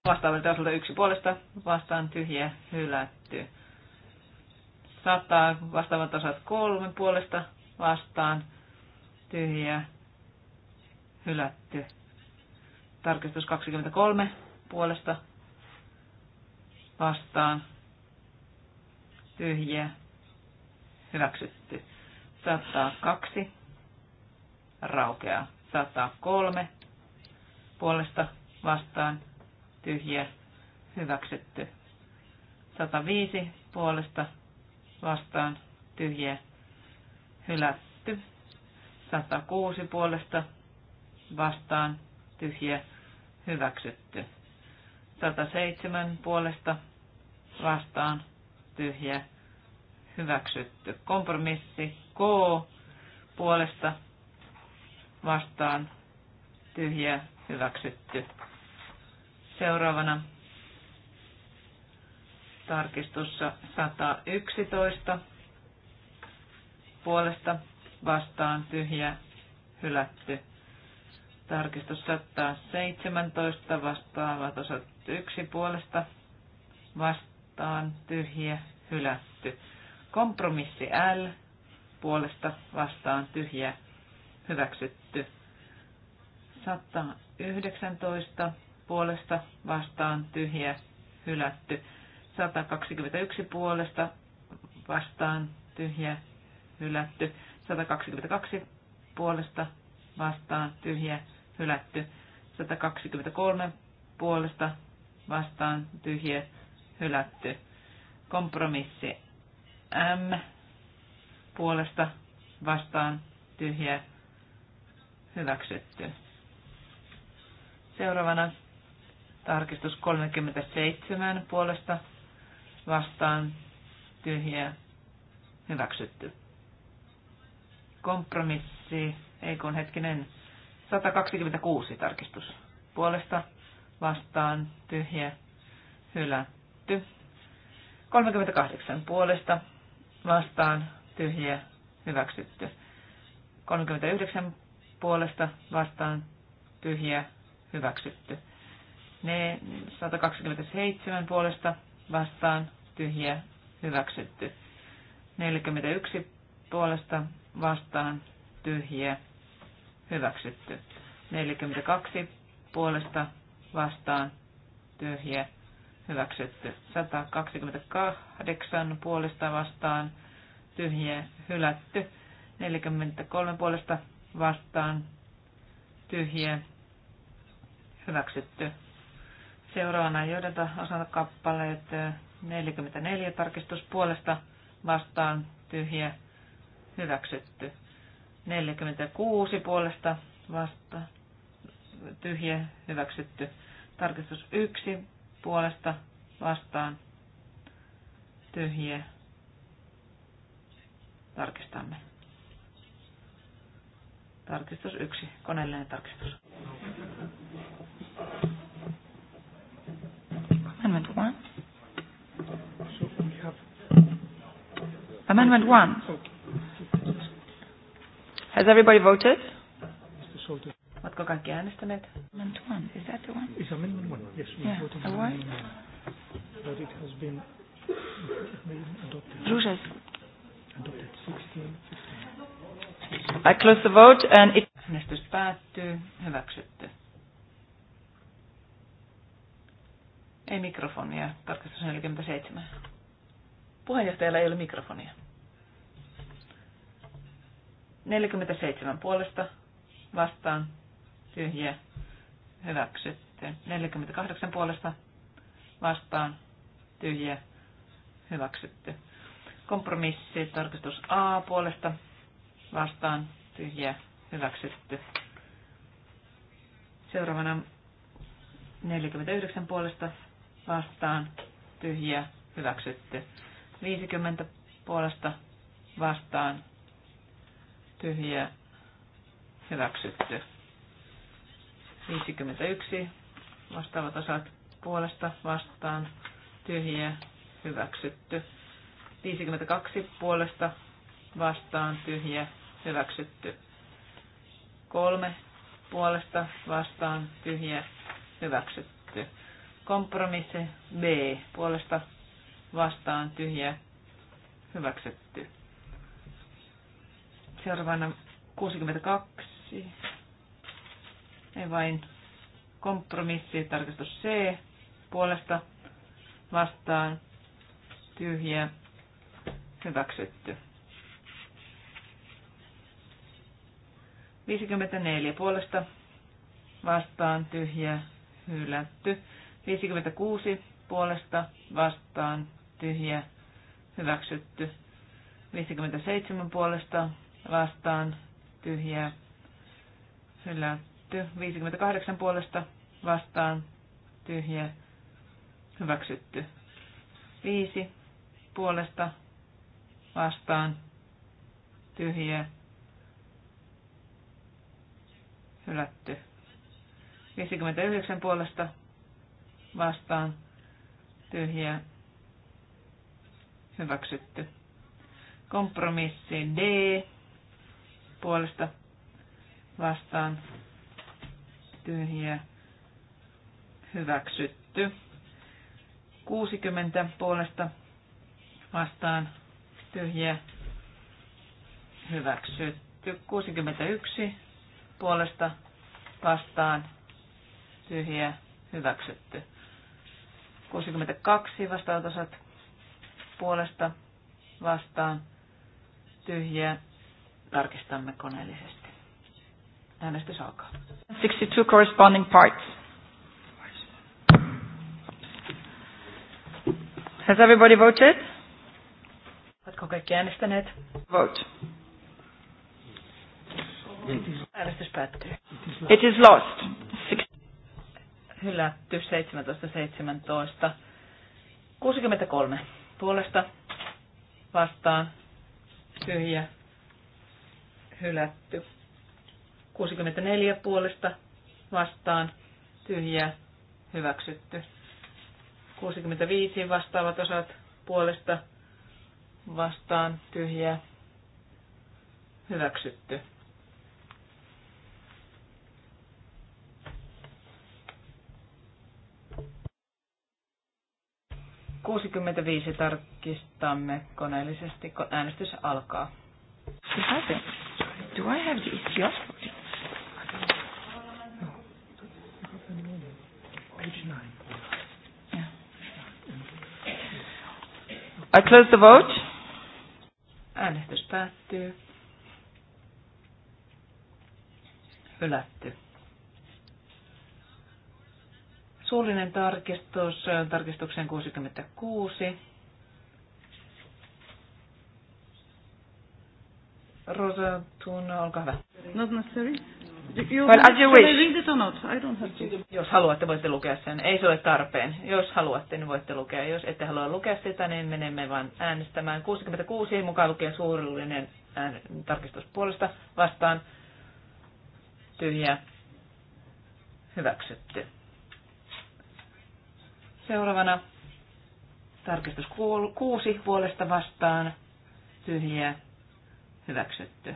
S5: vastaavalta osalta yksi puolesta vastaan tyhjä hylätty. Sataa vastaavat osat kolme puolesta vastaan tyhjä hylätty. Tarkistus 23 puolesta vastaan tyhjä hyväksytty. 102 raukeaa. 103 puolesta vastaan tyhjä hyväksytty. 105 puolesta vastaan tyhjä hylätty. 106 puolesta vastaan tyhjä hyväksytty. 107 puolesta vastaan tyhjä hyväksytty. Kompromissi K puolesta vastaan tyhjä hyväksytty. Seuraavana tarkistussa 111 puolesta vastaan tyhjä hylätty. Tarkistus 117 vastaavat osat yksi puolesta vastaan tyhjä hylätty. Kompromissi L puolesta vastaan tyhjä hyväksytty. 119 puolesta vastaan tyhjä hylätty. 121 puolesta vastaan tyhjä hylätty. 122 puolesta vastaan tyhjä hylätty. 123 puolesta vastaan tyhjä hylätty. Kompromissi M puolesta vastaan tyhjä hyväksytty. Seuraavana Tarkistus 37 puolesta vastaan tyhjä hyväksytty. Kompromissi, ei kun hetkinen, 126 tarkistus. Puolesta vastaan tyhjä hylätty. 38 puolesta vastaan tyhjä hyväksytty. 39 puolesta vastaan tyhjä hyväksytty. Ne 127 puolesta vastaan tyhjä hyväksytty. 41 puolesta vastaan tyhjä hyväksytty. 42 puolesta vastaan tyhjä hyväksytty. 128 puolesta vastaan tyhjä hylätty. 43 puolesta vastaan tyhjä hyväksytty. Seuraavana johdanta osana kappaleet 44 tarkistus puolesta vastaan tyhjä hyväksytty. 46 puolesta vasta tyhjä hyväksytty. Tarkistus 1 puolesta vastaan tyhjä. Tarkistamme. Tarkistus 1. Koneellinen tarkistus. Amendment
S1: one. Amendment one. Has everybody
S5: voted? Oletko kaikki Amendment one, is that the one? It's amendment one? yes. We yeah. voted on why?
S3: But it has been adopted. Rouges. Adopted 16, I close the vote and it...
S5: to have Hyväksytty. Ei mikrofonia. Tarkastus 47. Puheenjohtajalla ei ole mikrofonia. 47 puolesta vastaan tyhjiä hyväksytty. 48 puolesta vastaan tyhjiä hyväksytty. Kompromissi tarkistus A puolesta vastaan tyhjiä hyväksytty. Seuraavana 49 puolesta vastaan tyhjiä hyväksytty. 50 puolesta vastaan tyhjiä hyväksytty. 51 vastaavat osat puolesta vastaan tyhjiä hyväksytty. 52 puolesta vastaan tyhjiä hyväksytty. 3 puolesta vastaan tyhjiä hyväksytty. Kompromissi B puolesta vastaan tyhjä hyväksytty. Seuraavana 62. Ei vain kompromissi, tarkistus C puolesta vastaan tyhjä hyväksytty. 54 puolesta vastaan tyhjä hylätty. 56 puolesta vastaan tyhjä hyväksytty. 57 puolesta vastaan tyhjä hylätty. 58 puolesta vastaan tyhjä hyväksytty. 5 puolesta vastaan tyhjä hylätty. 59 puolesta vastaan tyhjä hyväksytty. Kompromissi D puolesta vastaan tyhjä hyväksytty. 60 puolesta vastaan tyhjä hyväksytty. 61 puolesta vastaan tyhjä hyväksytty. 62 vastaanotosat puolesta vastaan tyhjiä. Tarkistamme koneellisesti. Äänestys alkaa.
S1: 62 corresponding parts. Has everybody voted?
S5: Oletko kaikki äänestäneet? Vote. Äänestys päättyy. It is lost hylätty 17.17. 63 puolesta vastaan tyhjä hylätty. 64 puolesta vastaan tyhjä hyväksytty. 65 vastaavat osat puolesta vastaan tyhjä hyväksytty. 65 tarkistamme koneellisesti, kun äänestys alkaa. Do I have the ECR?
S1: I close the vote. Äänestys
S5: päättyy. Hylätty. Suullinen tarkistus, tarkistuksen 66. Rosa Tuna, olkaa hyvä. Not necessary. Well, as you wish. Read it or not? I don't have to. Jos haluatte, voitte lukea sen. Ei se ole tarpeen. Jos haluatte, niin voitte lukea. Jos ette halua lukea sitä, niin menemme vain äänestämään. 66 mukaan lukien suurullinen ään, tarkistus puolesta vastaan. Tyhjä. Hyväksytty. Seuraavana tarkistus kuusi puolesta vastaan, tyhjää, hyväksytty.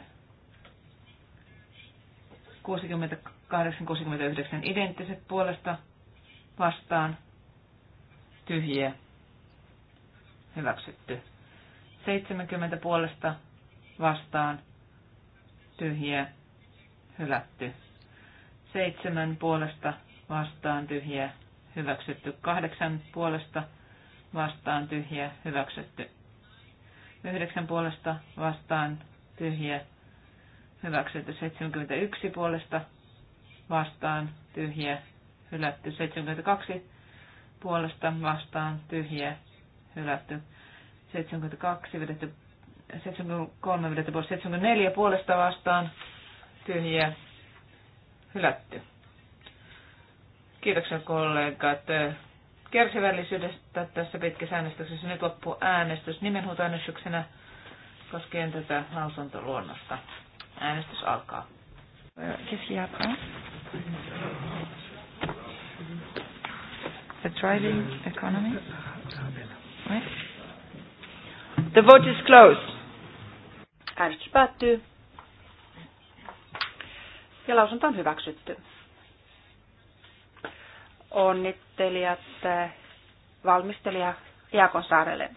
S5: 68-69 identtiset puolesta vastaan, tyhjiä, hyväksytty. 70 puolesta vastaan, tyhjiä, hylätty. 7 puolesta vastaan, tyhjiä, hyväksytty. Kahdeksan puolesta vastaan tyhjä, hyväksytty. Yhdeksän puolesta vastaan tyhjä, hyväksytty. 71 puolesta vastaan tyhjä, hylätty. 72 puolesta vastaan tyhjä, hylätty. 72 vedetty 73 vedetty 74 puolesta vastaan tyhjä, hylätty. Kiitoksia kollegat kärsivällisyydestä tässä pitkässä äänestyksessä. Nyt loppu äänestys nimenhuutoäänestyksenä koskien tätä lausuntoluonnosta. Äänestys alkaa.
S1: quest The driving economy? Right. The vote is closed.
S4: Äänestys päättyy. Ja lausunto on hyväksytty. Onnittelijat eh, valmistelija saarelle.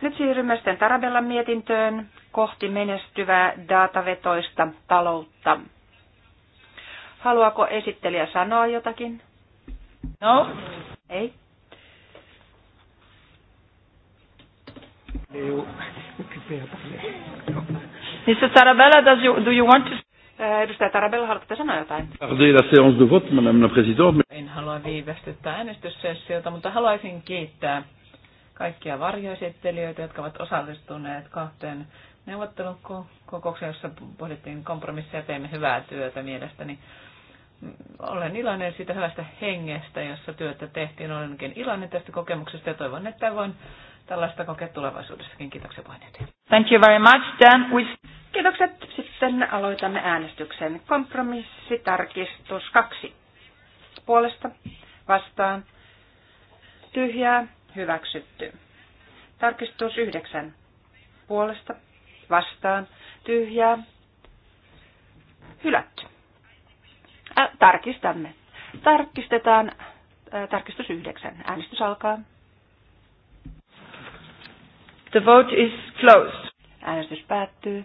S4: Nyt siirrymme sitten Tarabellan mietintöön kohti menestyvää datavetoista taloutta. Haluaako esittelijä sanoa jotakin? No. Ei.
S1: Mr. Tarabella, does you, do you want
S5: to... Edustaja Tarabella, haluatte sanoa jotain? En halua viivästyttää äänestyssessiota, mutta haluaisin kiittää kaikkia varjoesittelijöitä, jotka ovat osallistuneet kahteen neuvottelukokoukseen, jossa pohdittiin kompromisseja ja teimme hyvää työtä mielestäni. Olen iloinen siitä hyvästä hengestä, jossa työtä tehtiin. olenkin iloinen tästä kokemuksesta ja toivon, että voin tällaista kokea tulevaisuudessakin. Kiitoksia puheenjohtaja. Thank you very much.
S4: Then we... Kiitokset. Sitten aloitamme äänestyksen. Kompromissitarkistus kaksi. Puolesta vastaan tyhjää hyväksytty. Tarkistus yhdeksän. Puolesta vastaan tyhjää hylätty. Ä, tarkistamme. Tarkistetaan ä, tarkistus yhdeksän. Äänestys alkaa. The vote is closed. Äänestys päättyy.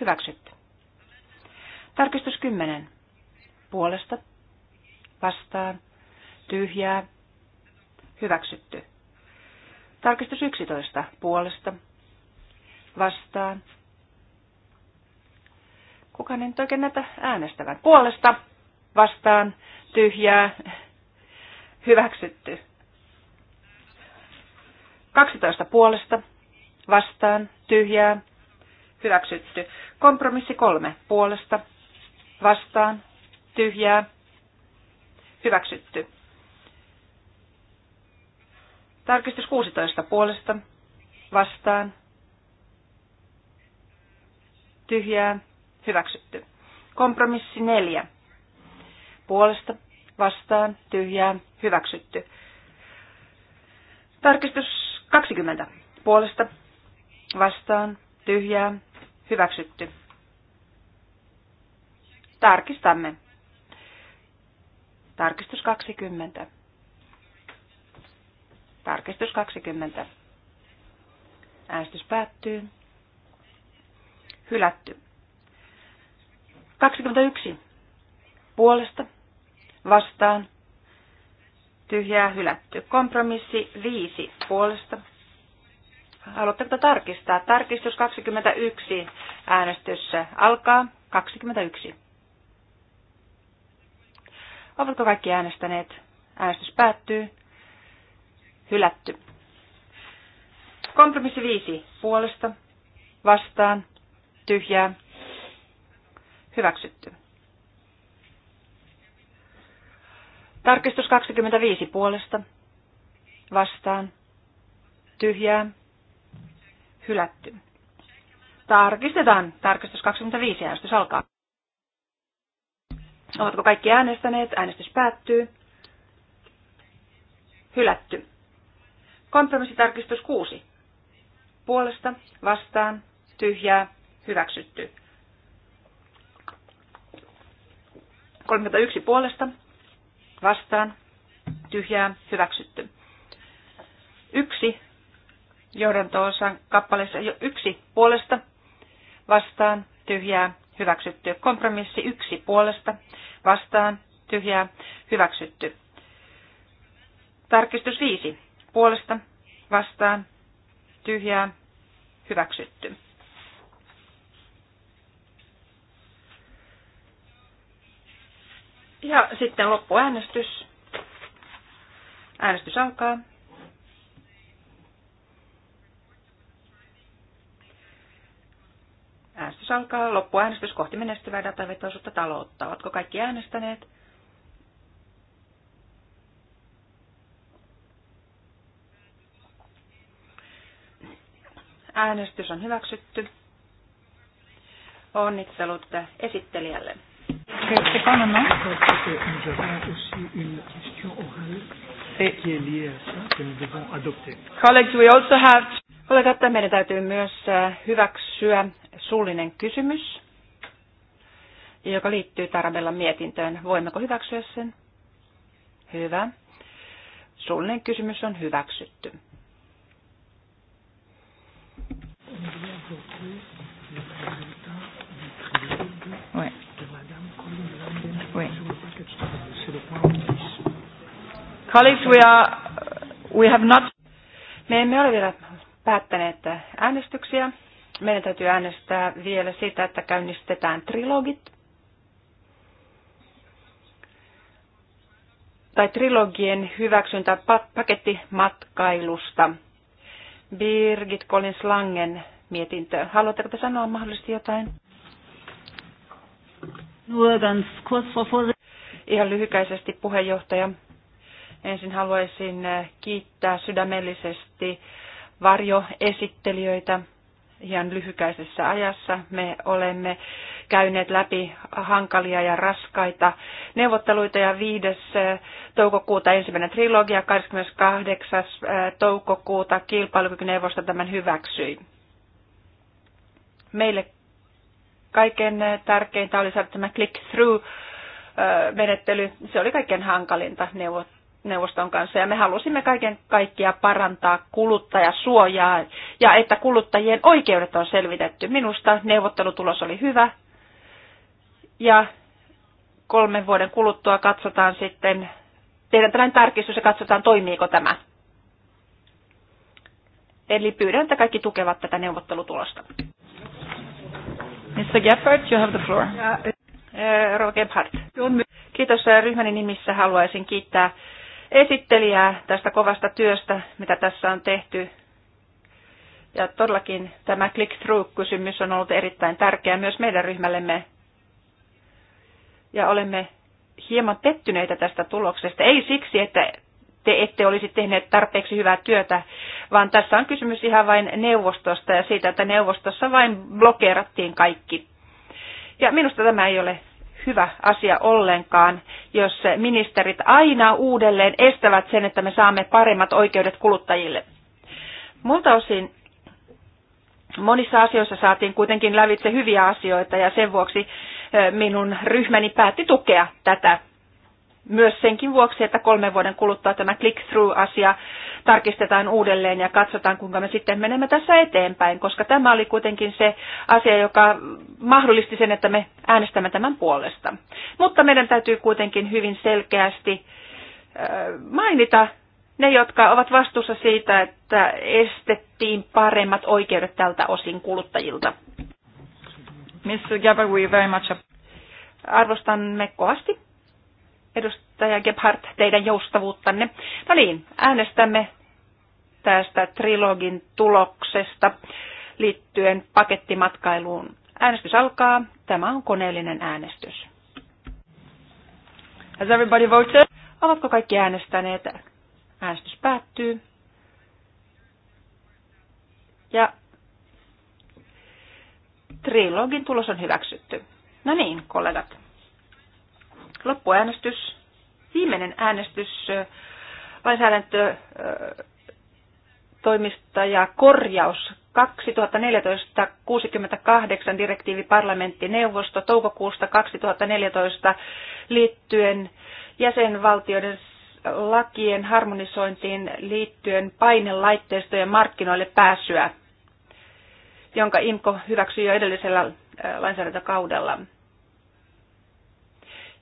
S4: Hyväksytty. Tarkistus 10. Puolesta. Vastaan. Tyhjää. Hyväksytty. Tarkistus 11. Puolesta. Vastaan. Kuka ei nyt oikein näitä äänestävän. Puolesta. Vastaan. Tyhjää. Hyväksytty. 12 puolesta. Vastaan. Tyhjää hyväksytty. Kompromissi kolme puolesta, vastaan, tyhjää, hyväksytty. Tarkistus 16 puolesta, vastaan, tyhjää, hyväksytty. Kompromissi neljä puolesta, vastaan, tyhjää, hyväksytty. Tarkistus 20 puolesta, vastaan, tyhjää, hyväksytty. Tarkistamme. Tarkistus 20. Tarkistus 20. Äänestys päättyy. Hylätty. 21. Puolesta. Vastaan. Tyhjää hylätty. Kompromissi 5. Puolesta Haluatteko tarkistaa? Tarkistus 21 äänestys alkaa. 21. Ovatko kaikki äänestäneet? Äänestys päättyy. Hylätty. Kompromissi 5. Puolesta. Vastaan. Tyhjää. Hyväksytty. Tarkistus 25 puolesta. Vastaan. Tyhjää. Hylätty. Tarkistetaan. Tarkistus 25. Äänestys alkaa. Ovatko kaikki äänestäneet? Äänestys päättyy. Hylätty. Kompromissitarkistus 6. Puolesta, vastaan, tyhjää, hyväksytty. 31 puolesta, vastaan, tyhjää, hyväksytty. Yksi johdanto-osan kappaleessa jo yksi puolesta vastaan tyhjää hyväksytty. Kompromissi yksi puolesta vastaan tyhjää hyväksytty. Tarkistus viisi puolesta vastaan tyhjää hyväksytty. Ja sitten loppuäänestys. Äänestys alkaa. Äänestys alkaa. Loppuäänestys kohti menestyvää datavetoisuutta taloutta. Ovatko kaikki äänestäneet? Äänestys on hyväksytty. Onnittelut esittelijälle. Colleagues, we also have... Kollegat, meidän täytyy myös äh, hyväksyä suullinen kysymys, joka liittyy Tarabellan mietintöön. Voimmeko hyväksyä sen? Hyvä. Suullinen kysymys on hyväksytty.
S1: Colleagues, we, are, we have not...
S4: Me emme ole vielä päättäneet äänestyksiä meidän täytyy äänestää vielä sitä, että käynnistetään trilogit. Tai trilogien hyväksyntä paketti matkailusta. Birgit Collins Langen mietintö. Haluatteko te sanoa mahdollisesti jotain? Ihan lyhykäisesti puheenjohtaja. Ensin haluaisin eh, kiittää sydämellisesti varjoesittelijöitä ihan lyhykäisessä ajassa. Me olemme käyneet läpi hankalia ja raskaita neuvotteluita ja 5. Eh, toukokuuta ensimmäinen trilogia, 28. Eh, toukokuuta kilpailukykyneuvosto tämän hyväksyi. Meille kaiken eh, tärkeintä oli saada tämä click-through menettely, se oli kaikkein hankalinta neuvot neuvoston kanssa ja me halusimme kaiken kaikkia parantaa kuluttajasuojaa ja että kuluttajien oikeudet on selvitetty. Minusta neuvottelutulos oli hyvä ja kolmen vuoden kuluttua katsotaan sitten, tehdään tällainen tarkistus ja katsotaan toimiiko tämä. Eli pyydän, että kaikki tukevat tätä neuvottelutulosta. Mr. Gephardt, you have the floor. Eh, Rova Gebhardt. Kiitos eh, ryhmäni nimissä. Haluaisin kiittää esittelijää tästä kovasta työstä, mitä tässä on tehty. Ja todellakin tämä click-through-kysymys on ollut erittäin tärkeä myös meidän ryhmällemme. Ja olemme hieman pettyneitä tästä tuloksesta. Ei siksi, että te ette olisi tehneet tarpeeksi hyvää työtä, vaan tässä on kysymys ihan vain neuvostosta ja siitä, että neuvostossa vain blokeerattiin kaikki. Ja minusta tämä ei ole hyvä asia ollenkaan, jos ministerit aina uudelleen estävät sen, että me saamme paremmat oikeudet kuluttajille. Multa osin monissa asioissa saatiin kuitenkin lävitse hyviä asioita ja sen vuoksi eh, minun ryhmäni päätti tukea tätä myös senkin vuoksi, että kolmen vuoden kuluttua tämä click-through-asia tarkistetaan uudelleen ja katsotaan, kuinka me sitten menemme tässä eteenpäin, koska tämä oli kuitenkin se asia, joka mahdollisti sen, että me äänestämme tämän puolesta. Mutta meidän täytyy kuitenkin hyvin selkeästi mainita ne, jotka ovat vastuussa siitä, että estettiin paremmat oikeudet tältä osin kuluttajilta. Miss Gabber, we very much... Arvostamme kovasti edustaja Gebhardt, teidän joustavuuttanne. No niin, äänestämme tästä trilogin tuloksesta liittyen pakettimatkailuun. Äänestys alkaa. Tämä on koneellinen äänestys. Has everybody voted? Ovatko kaikki äänestäneet? Äänestys päättyy. Ja trilogin tulos on hyväksytty. No niin, kollegat. Loppuäänestys, viimeinen äänestys lainsäädäntö toimista ja korjaus 2014-68 direktiivi parlamentti neuvosto toukokuusta 2014 liittyen jäsenvaltioiden lakien harmonisointiin liittyen painelaitteistojen markkinoille pääsyä, jonka IMKO hyväksyi jo edellisellä lainsäädäntökaudella.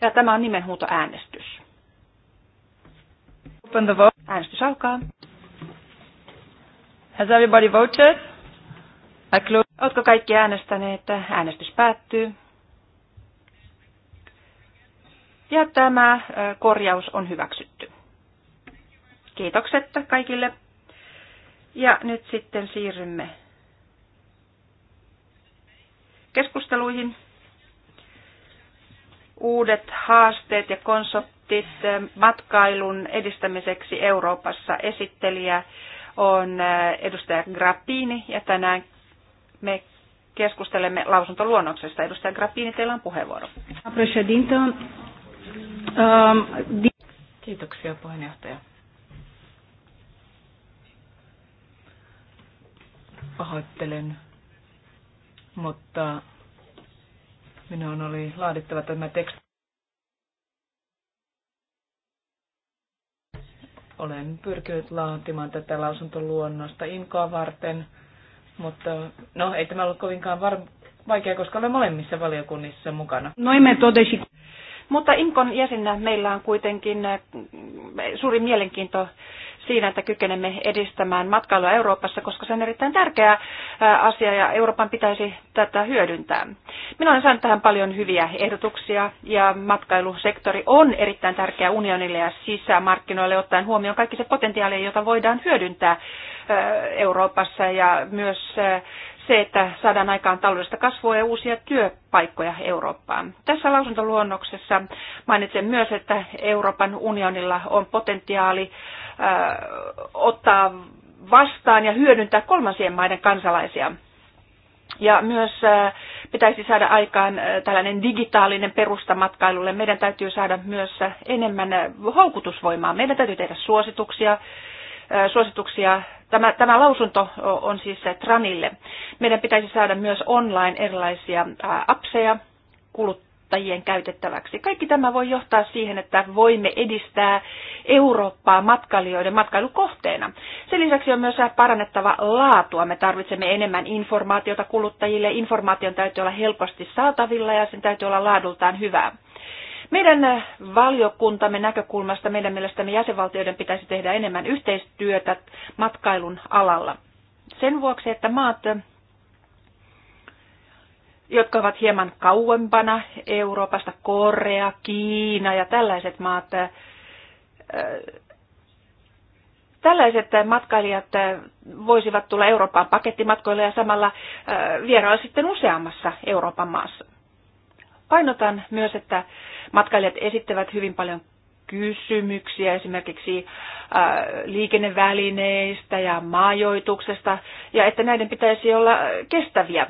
S4: Ja tämä on nimenhuuto Äänestys alkaa. Has everybody voted? I close. Oletko kaikki äänestäneet? Äänestys päättyy. Ja tämä korjaus on hyväksytty. Kiitokset kaikille. Ja nyt sitten siirrymme keskusteluihin uudet haasteet ja konseptit matkailun edistämiseksi Euroopassa. Esittelijä on äh, edustaja Grappini ja tänään me keskustelemme lausuntoluonnoksesta. Edustaja Grappini, teillä on puheenvuoro.
S5: Um, Kiitoksia puheenjohtaja. Pahoittelen, mutta Minun oli laadittava tämä teksti. Olen pyrkinyt laatimaan tätä lausuntoluonnosta inkoa varten, mutta no ei tämä ollut kovinkaan var- vaikea, koska olen molemmissa valiokunnissa mukana. No emme todesi. Mutta Inkon jäsenä
S4: meillä on kuitenkin eh, suuri mielenkiinto siinä, että kykenemme edistämään matkailua Euroopassa, koska se on erittäin tärkeä asia ja Euroopan pitäisi tätä hyödyntää. Minä olen saanut tähän paljon hyviä ehdotuksia ja matkailusektori on erittäin tärkeä unionille ja sisämarkkinoille ottaen huomioon kaikki se potentiaali, jota voidaan hyödyntää Euroopassa ja myös se, että saadaan aikaan taloudellista kasvua ja uusia työpaikkoja Eurooppaan. Tässä lausuntoluonnoksessa mainitsen myös, että Euroopan unionilla on potentiaali äh, ottaa vastaan ja hyödyntää kolmansien maiden kansalaisia. Ja myös äh, pitäisi saada aikaan äh, tällainen digitaalinen perusta matkailulle. Meidän täytyy saada myös enemmän houkutusvoimaa. Meidän täytyy tehdä suosituksia, suosituksia Tämä, tämä lausunto on siis se TRANille. Meidän pitäisi saada myös online erilaisia apseja kuluttajien käytettäväksi. Kaikki tämä voi johtaa siihen, että voimme edistää Eurooppaa matkailijoiden matkailukohteena. Sen lisäksi on myös parannettava laatua. Me tarvitsemme enemmän informaatiota kuluttajille. Informaation täytyy olla helposti saatavilla ja sen täytyy olla laadultaan hyvää meidän äh, valiokuntamme näkökulmasta meidän mielestämme jäsenvaltioiden pitäisi tehdä enemmän yhteistyötä matkailun alalla. Sen vuoksi, että maat, äh, jotka ovat hieman kauempana Euroopasta, Korea, Kiina ja tällaiset maat, äh, tällaiset matkailijat voisivat tulla Euroopan pakettimatkoille ja samalla vierailla sitten useammassa Euroopan maassa. Painotan myös, että matkailijat esittävät hyvin paljon kysymyksiä esimerkiksi äh, liikennevälineistä ja majoituksesta, ja että näiden pitäisi olla kestäviä.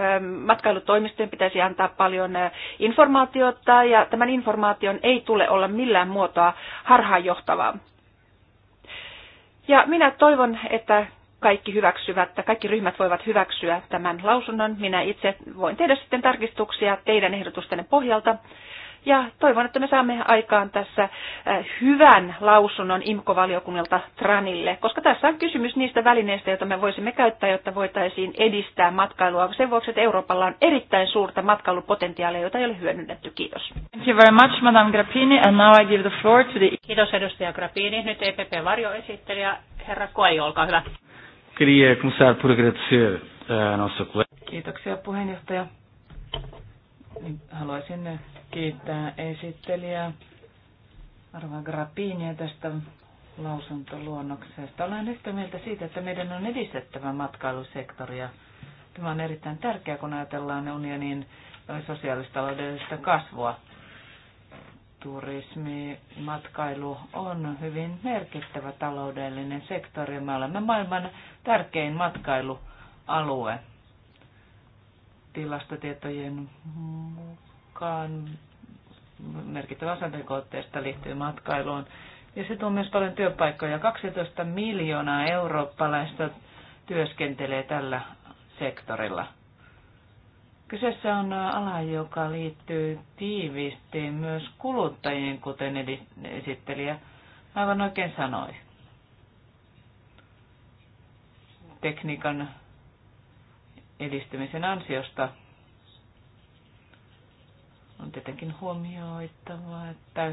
S4: Ähm, matkailutoimistojen pitäisi antaa paljon äh, informaatiota, ja tämän informaation ei tule olla millään muotoa harhaanjohtavaa. Ja minä toivon, että kaikki hyväksyvät, kaikki ryhmät voivat hyväksyä tämän lausunnon. Minä itse voin tehdä sitten tarkistuksia teidän ehdotustenne pohjalta. Ja toivon, että me saamme aikaan tässä äh, hyvän lausunnon IMKO-valiokunnalta TRANille, koska tässä on kysymys niistä välineistä, joita me voisimme käyttää, jotta voitaisiin edistää matkailua. Sen vuoksi, että Euroopalla on erittäin suurta matkailupotentiaalia, jota ei ole hyödynnetty. Kiitos. Thank you very
S2: much, Madame Grappini, and now I give the floor to the... Kiitos, edustaja Grappini. Nyt EPP-varjoesittelijä,
S5: herra Koi, olkaa hyvä.
S3: Queria começar por agradecer eh, à nossa colega.
S5: Kiitoksia puheenjohtaja. Niin, haluaisin kiittää esittelijää Arva Grappinia tästä lausuntoluonnoksesta. Olen yhtä mieltä siitä, että meidän on edistettävä matkailusektoria. Tämä on erittäin tärkeää, kun ajatellaan unionin sosiaalistaloudellista kasvua turismi, matkailu on hyvin merkittävä taloudellinen sektori. Me olemme maailman tärkein matkailualue. Tilastotietojen mukaan merkittävä osa BKTstä liittyy matkailuun. Ja se tuo myös paljon työpaikkoja. 12 miljoonaa eurooppalaista työskentelee tällä sektorilla. Kyseessä on ala, joka liittyy tiiviisti myös kuluttajien, kuten esittelijä aivan oikein sanoi. Tekniikan edistymisen ansiosta on tietenkin huomioitava, että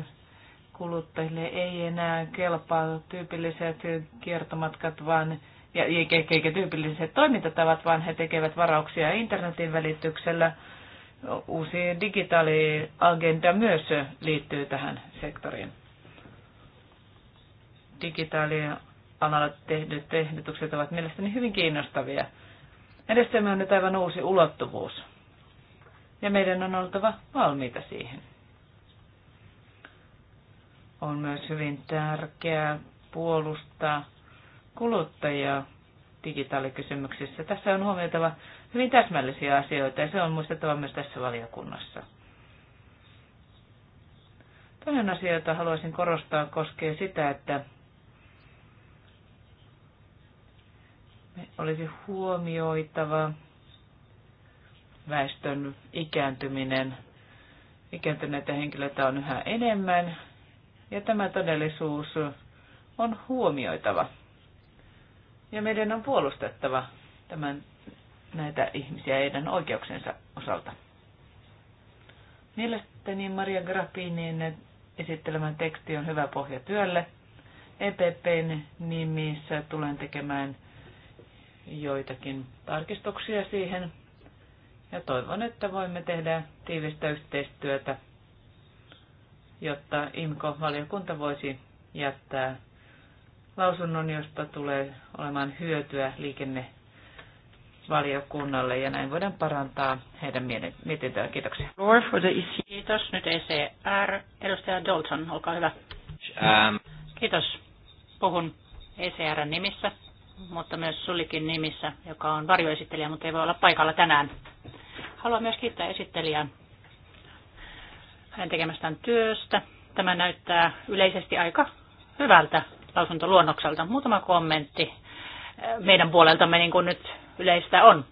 S5: kuluttajille ei enää kelpaa tyypilliset kiertomatkat, vaan ja eikä tyypilliset toimintatavat, vaan he tekevät varauksia internetin välityksellä. Uusi digitaaliagenda myös liittyy tähän sektoriin. Digitaalialalla tehdyt ehdotukset ovat mielestäni hyvin kiinnostavia. Edessämme on nyt aivan uusi ulottuvuus, ja meidän on oltava valmiita siihen. On myös hyvin tärkeää puolustaa kuluttajia digitaalikysymyksissä. Tässä on huomioitava hyvin täsmällisiä asioita ja se on muistettava myös tässä valiokunnassa. Toinen asia, jota haluaisin korostaa, koskee sitä, että olisi huomioitava väestön ikääntyminen. Ikääntyneitä henkilöitä on yhä enemmän ja tämä todellisuus on huomioitava. Ja meidän on puolustettava tämän, näitä ihmisiä heidän oikeuksensa osalta. Mielestäni Maria Grappinin esittelemän teksti on hyvä pohja työlle. EPPn nimissä tulen tekemään joitakin tarkistuksia siihen. Ja toivon, että voimme tehdä tiivistä yhteistyötä, jotta IMKO-valiokunta voisi jättää lausunnon, josta tulee olemaan hyötyä liikennevaliokunnalle ja näin voidaan parantaa heidän mietintöään. Kiitoksia.
S2: Kiitos. Nyt
S5: ECR.
S2: Edustaja Dalton, olkaa hyvä. Ähm. Kiitos. Puhun ECRn nimissä, mutta myös Sulikin nimissä, joka on varjoesittelijä, mutta ei voi olla paikalla tänään. Haluan myös kiittää esittelijää hänen tekemästään työstä. Tämä näyttää yleisesti aika hyvältä lausuntoluonnokselta. Muutama kommentti meidän puoleltamme, niin kuin nyt yleistä on.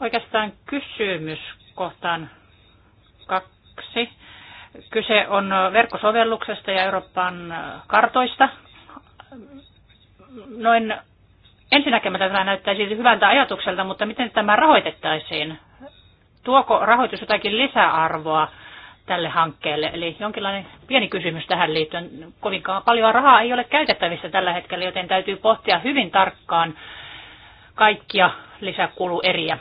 S2: Oikeastaan kysymys kohtaan kaksi. Kyse on verkkosovelluksesta ja Euroopan kartoista. Noin ensinnäkemättä tämä näyttäisi hyvältä ajatukselta, mutta miten tämä rahoitettaisiin? Tuoko rahoitus jotakin lisäarvoa tälle hankkeelle. Eli jonkinlainen pieni kysymys tähän liittyen. Kovinkaan paljon rahaa ei ole käytettävissä tällä hetkellä, joten täytyy pohtia hyvin tarkkaan kaikkia lisäkulueriä.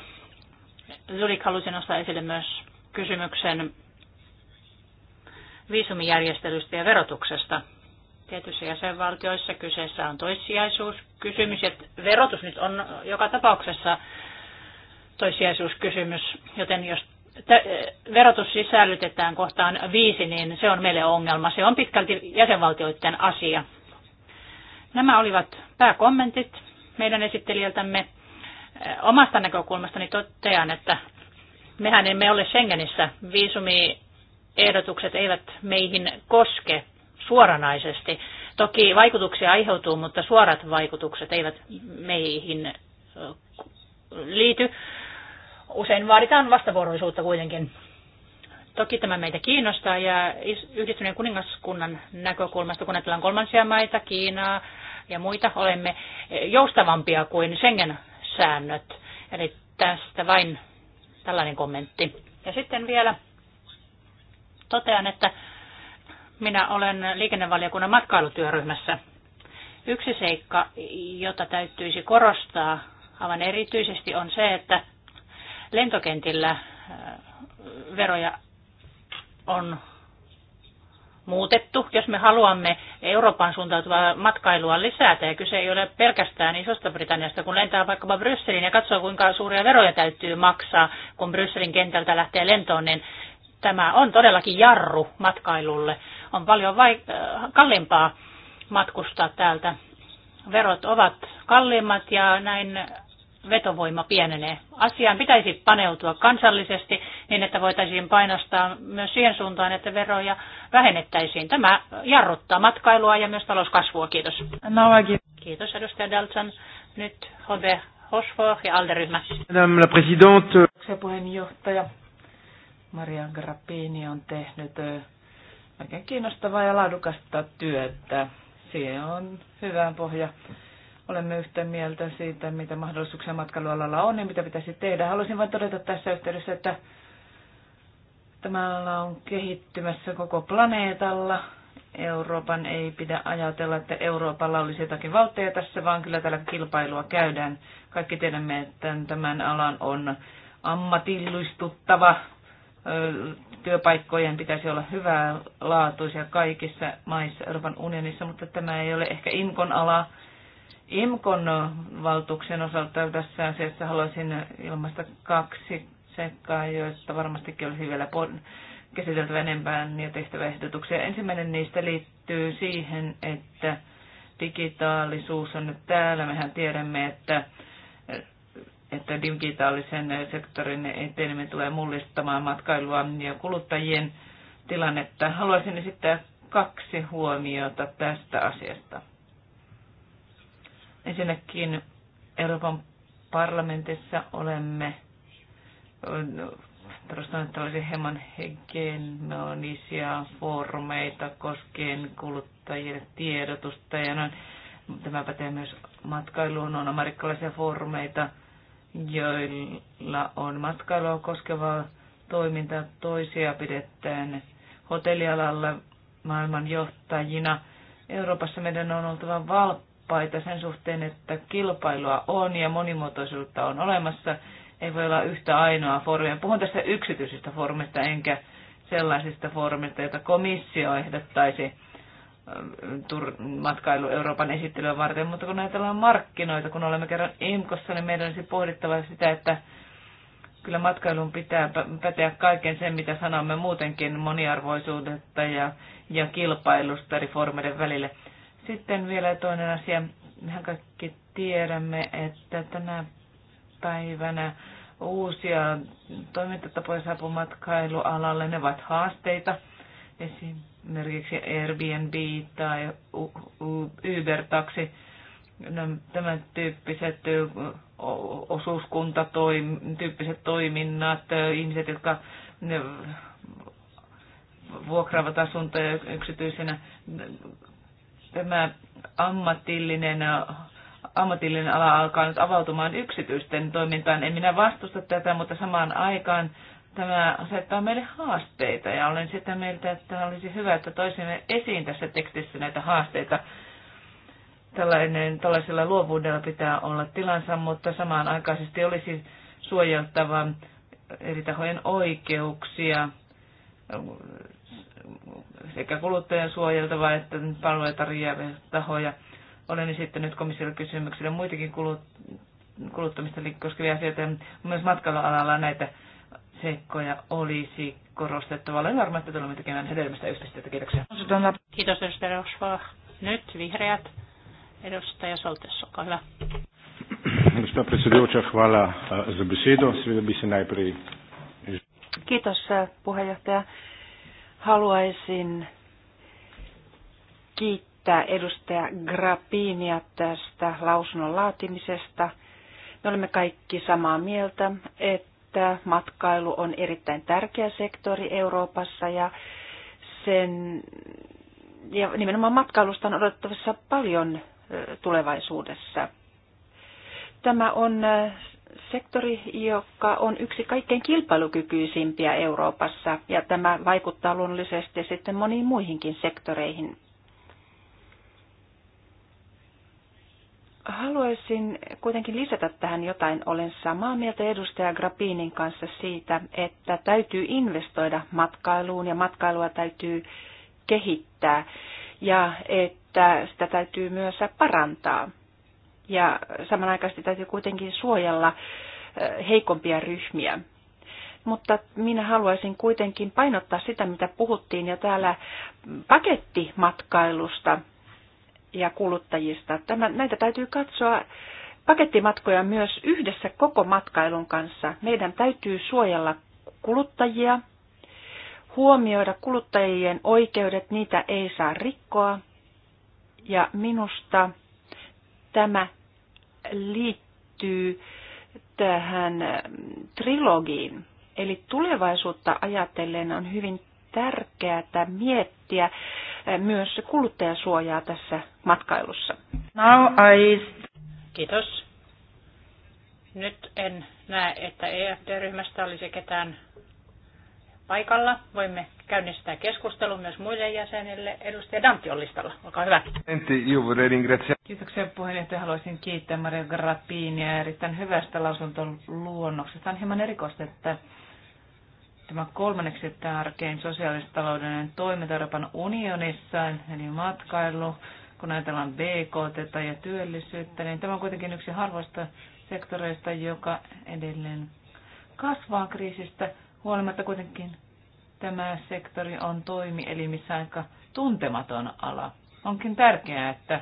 S2: Zulik halusi nostaa esille myös kysymyksen viisumijärjestelystä ja verotuksesta. Tietyissä jäsenvaltioissa kyseessä on toissijaisuuskysymys, ja verotus nyt on joka tapauksessa toissijaisuuskysymys, joten jos verotus sisällytetään kohtaan viisi, niin se on meille ongelma. Se on pitkälti jäsenvaltioiden asia. Nämä olivat pääkommentit meidän esittelijältämme. Omasta näkökulmastani totean, että mehän emme ole Schengenissä. Viisumiehdotukset eivät meihin koske suoranaisesti. Toki vaikutuksia aiheutuu, mutta suorat vaikutukset eivät meihin liity usein vaaditaan vastavuoroisuutta kuitenkin. Toki tämä meitä kiinnostaa ja yhdistyneen kuningaskunnan näkökulmasta, kun ajatellaan kolmansia maita, Kiinaa ja muita, olemme joustavampia kuin Schengen-säännöt. Eli tästä vain tällainen kommentti. Ja sitten vielä totean, että minä olen liikennevaliokunnan matkailutyöryhmässä. Yksi seikka, jota täytyisi korostaa aivan erityisesti, on se, että Lentokentillä äh, veroja on muutettu, jos me haluamme Euroopan suuntautuvaa matkailua lisätä. Ja kyse ei ole pelkästään Isosta Britanniasta, kun lentää vaikkapa Brysselin ja katsoo, kuinka suuria veroja täytyy maksaa, kun Brysselin kentältä lähtee lentoon, niin tämä on todellakin jarru matkailulle. On paljon vaik- äh, kalliimpaa matkustaa täältä. Verot ovat kalliimmat ja näin vetovoima pienenee. Asiaan pitäisi paneutua kansallisesti niin, että voitaisiin painostaa myös siihen suuntaan, että veroja vähennettäisiin. Tämä jarruttaa matkailua ja myös talouskasvua. Kiitos. Kiitos edustaja Daltsan. Nyt Hove, Hosfor ja
S5: Alderyhmä. Madame la présidente. puheenjohtaja Maria Grappini on tehnyt oikein kiinnostavaa ja laadukasta työtä. Siihen on hyvä pohja olemme yhtä mieltä siitä, mitä mahdollisuuksia matkailualalla on ja mitä pitäisi tehdä. Haluaisin vain todeta tässä yhteydessä, että tämä ala on kehittymässä koko planeetalla. Euroopan ei pidä ajatella, että Euroopalla olisi jotakin valtteja tässä, vaan kyllä täällä kilpailua käydään. Kaikki tiedämme, että tämän alan on ammatillistuttava. Työpaikkojen pitäisi olla hyvää laatuisia kaikissa maissa Euroopan unionissa, mutta tämä ei ole ehkä Inkon ala, IMKON äh, valtuuksien osalta tässä asiassa haluaisin ilmaista kaksi seikkaa, joista varmastikin olisi vielä käsiteltävä enempään ja tehtävä ehdotuksia. Ensimmäinen niistä liittyy siihen, että digitaalisuus on nyt täällä. Mehän tiedämme, että, että digitaalisen sektorin eteneminen tulee mullistamaan matkailua ja kuluttajien tilannetta. Haluaisin esittää kaksi huomiota tästä asiasta. Ensinnäkin Euroopan parlamentissa olemme äh, perustaneet tällaisia hieman hegemonisia foorumeita koskien kuluttajien tiedotusta ja noin. Tämä pätee myös matkailuun, on amerikkalaisia foorumeita, joilla on matkailua koskevaa toimintaa toisia pidetään hotellialalla maailman johtajina. Euroopassa meidän on oltava valppaina valppaita sen suhteen, että kilpailua on ja monimuotoisuutta on olemassa. Ei voi olla yhtä ainoa foorumia. Puhun tästä yksityisistä foorumista enkä sellaisista foorumista, joita komissio ehdottaisi ähm, matkailu Euroopan esittelyä varten, mutta kun ajatellaan markkinoita, kun olemme kerran IMKossa, niin meidän olisi pohdittava sitä, että kyllä matkailun pitää päteä kaiken sen, mitä sanomme muutenkin moniarvoisuudesta ja, ja kilpailusta eri foorumeiden välille. Sitten vielä toinen asia. Mehän kaikki tiedämme, että tänä päivänä uusia toimintatapoja saapuu matkailualalle. Ne ovat haasteita. Esimerkiksi Airbnb tai Uber-taksi. No, tämän tyyppiset osuuskuntatyyppiset toiminnat, ihmiset, jotka vuokraavat asuntoja yksityisenä tämä ammatillinen, ammatillinen ala alkaa nyt avautumaan yksityisten toimintaan. En minä vastusta tätä, mutta samaan aikaan tämä asettaa meille haasteita ja olen sitä mieltä, että olisi hyvä, että toisimme esiin tässä tekstissä näitä haasteita. Tällainen, tällaisella luovuudella pitää olla tilansa, mutta aikaisesti olisi suojeltava eri tahojen oikeuksia sekä kuluttajan suojeltava että palveluja tarjoavia tahoja. Olen esittänyt komissiolle kysymyksille muitakin kuluttamista koskevia asioita. Myös matkailualalla näitä seikkoja olisi korostettava. Olen varma, että tulemme tekemään hedelmästä yhteistyötä. Kiitoksia.
S2: Kiitos, edustaja Rosva. Nyt vihreät. Edustaja Soltes, olkaa hyvä.
S3: Eh,
S4: Kiitos eh, puheenjohtaja. Haluaisin kiittää edustaja Grappinia tästä lausunnon laatimisesta. Me olemme kaikki samaa mieltä, että matkailu on erittäin tärkeä sektori Euroopassa ja sen ja nimenomaan matkailusta on odotettavissa paljon tulevaisuudessa. Tämä on sektori, joka on yksi kaikkein kilpailukykyisimpiä Euroopassa, ja tämä vaikuttaa luonnollisesti sitten moniin muihinkin sektoreihin. Haluaisin kuitenkin lisätä tähän jotain. Olen samaa mieltä edustaja Grappinin kanssa siitä, että täytyy investoida matkailuun ja matkailua täytyy kehittää ja että sitä täytyy myös parantaa ja samanaikaisesti täytyy kuitenkin suojella heikompia ryhmiä. Mutta minä haluaisin kuitenkin painottaa sitä, mitä puhuttiin jo täällä pakettimatkailusta ja kuluttajista. Tämä, näitä täytyy katsoa pakettimatkoja myös yhdessä koko matkailun kanssa. Meidän täytyy suojella kuluttajia, huomioida kuluttajien oikeudet, niitä ei saa rikkoa. Ja minusta tämä liittyy tähän ähm, trilogiin. Eli tulevaisuutta ajatellen on hyvin tärkeää miettiä äh, myös kuluttajasuojaa tässä matkailussa.
S1: Now I... Kiitos. Nyt
S2: en näe, että EFD-ryhmästä olisi ketään paikalla. Voimme käynnistää keskustelun myös muille jäsenille. Edustaja Dantti on listalla. Olkaa hyvä.
S5: Kiitoksia puheenjohtaja. Haluaisin kiittää Maria Grappiinia erittäin hyvästä lausunton luonnoksesta. On hieman erikoista, että tämä kolmanneksi tärkein sosiaalistaloudellinen toiminta Euroopan unionissa, eli matkailu, kun ajatellaan BKT ja työllisyyttä, niin tämä on kuitenkin yksi harvoista sektoreista, joka edelleen kasvaa kriisistä Huolimatta kuitenkin tämä sektori on toimielimissä aika tuntematon ala. Onkin tärkeää, että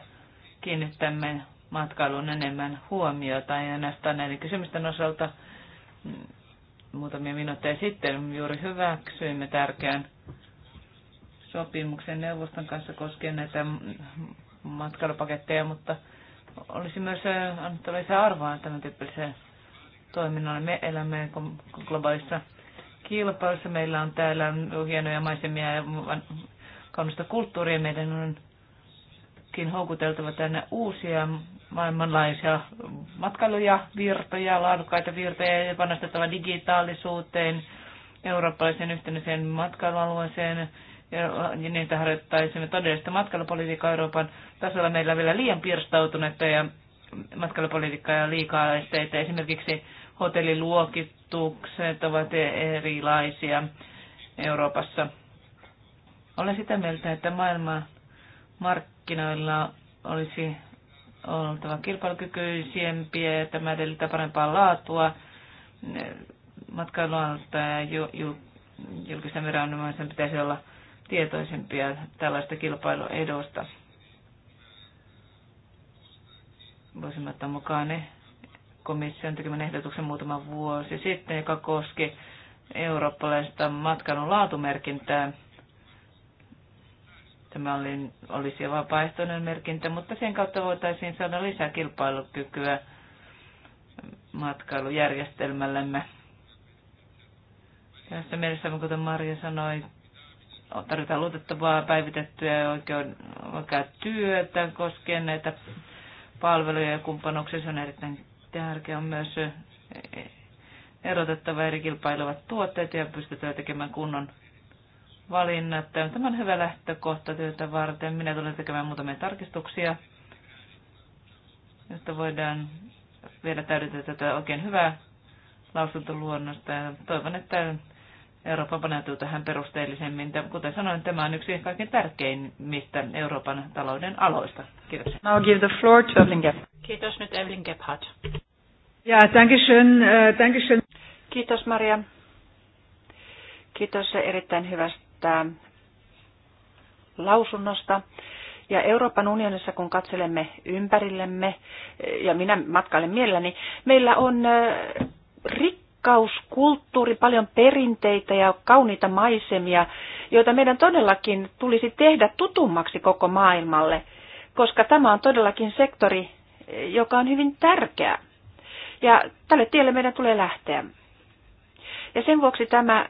S5: kiinnittämme matkailun enemmän huomiota ja näistä näiden kysymysten osalta mm, muutamia minuutteja sitten juuri hyväksyimme tärkeän sopimuksen neuvoston kanssa koskien näitä matkailupaketteja, mutta olisi myös äh, annettava lisää arvoa tämän tyyppiseen toiminnalle. Me elämme globaalissa kilpailussa. Meillä on täällä hienoja maisemia ja kaunista kulttuuria. Meidän onkin houkuteltava tänne uusia maailmanlaisia matkailuja, virtoja, laadukkaita virtoja ja panostettava digitaalisuuteen, eurooppalaisen yhtenäiseen matkailualueeseen ja niin, harjoittaisimme todellista matkailupolitiikkaa Euroopan tasolla. Meillä on vielä liian pirstautunutta ja matkailupolitiikkaa ja liikaa esteitä. Esimerkiksi hotelliluokit, verotukset ovat erilaisia Euroopassa. Olen sitä mieltä, että maailman markkinoilla olisi oltava kilpailukykyisempiä ja tämä edellyttää parempaa laatua matkailualta ja julkisen viranomaisen pitäisi olla tietoisempia tällaista kilpailuedosta. Voisimme ottaa mukaan ne komission tekemän ehdotuksen muutama vuosi sitten, joka koski eurooppalaista matkailun laatumerkintää. Tämä oli, olisi vapaaehtoinen merkintä, mutta sen kautta voitaisiin saada lisää kilpailukykyä matkailujärjestelmällemme. Tässä mielessä, kuten Marja sanoi, tarvitaan luotettavaa, päivitettyä ja oikein työtä koskien näitä palveluja ja kumppanuuksia. Se on erittäin Härkä on myös erotettava eri kilpailevat tuotteet ja pystytään tekemään kunnon valinnat. Tämä on hyvä lähtökohta työtä varten. Minä tulen tekemään muutamia tarkistuksia, jotta voidaan vielä täydentää tätä oikein hyvää lausuntoluonnosta. Ja toivon, että Eurooppa paneutuu tähän perusteellisemmin. Kuten sanoin, tämä on yksi kaikkein tärkeimmistä Euroopan talouden aloista. Kiitos.
S1: Now give the floor to Evelyn Gebhardt.
S5: Kiitos nyt Evelyn Gebhardt.
S1: Ja, danke schön, äh,
S4: danke schön. Kiitos Maria. Kiitos erittäin hyvästä lausunnosta. Ja Euroopan unionissa, kun katselemme ympärillemme, ja minä matkailen mielelläni, meillä on äh, rikkaus, kulttuuri, paljon perinteitä ja kauniita maisemia, joita meidän todellakin tulisi tehdä tutummaksi koko maailmalle – koska tämä on todellakin sektori, joka on hyvin tärkeä. Ja tälle tielle meidän tulee lähteä. Ja sen vuoksi tämä,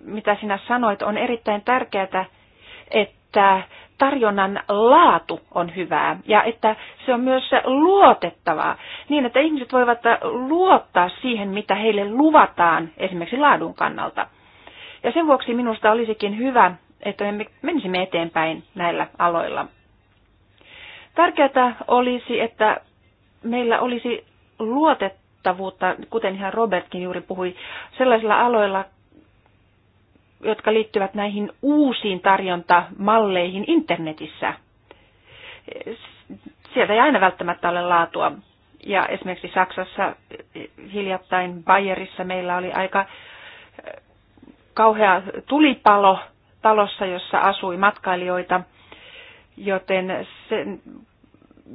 S4: mitä sinä sanoit, on erittäin tärkeää, että tarjonnan laatu on hyvää ja että se on myös luotettavaa niin, että ihmiset voivat luottaa siihen, mitä heille luvataan esimerkiksi laadun kannalta. Ja sen vuoksi minusta olisikin hyvä, että me menisimme eteenpäin näillä aloilla. Tärkeää olisi, että meillä olisi luotettavuutta, kuten ihan Robertkin juuri puhui, sellaisilla aloilla, jotka liittyvät näihin uusiin tarjontamalleihin internetissä. Sieltä ei aina välttämättä ole laatua. Ja esimerkiksi Saksassa hiljattain Bayerissa meillä oli aika äh, kauhea tulipalo talossa, jossa asui matkailijoita – Joten se,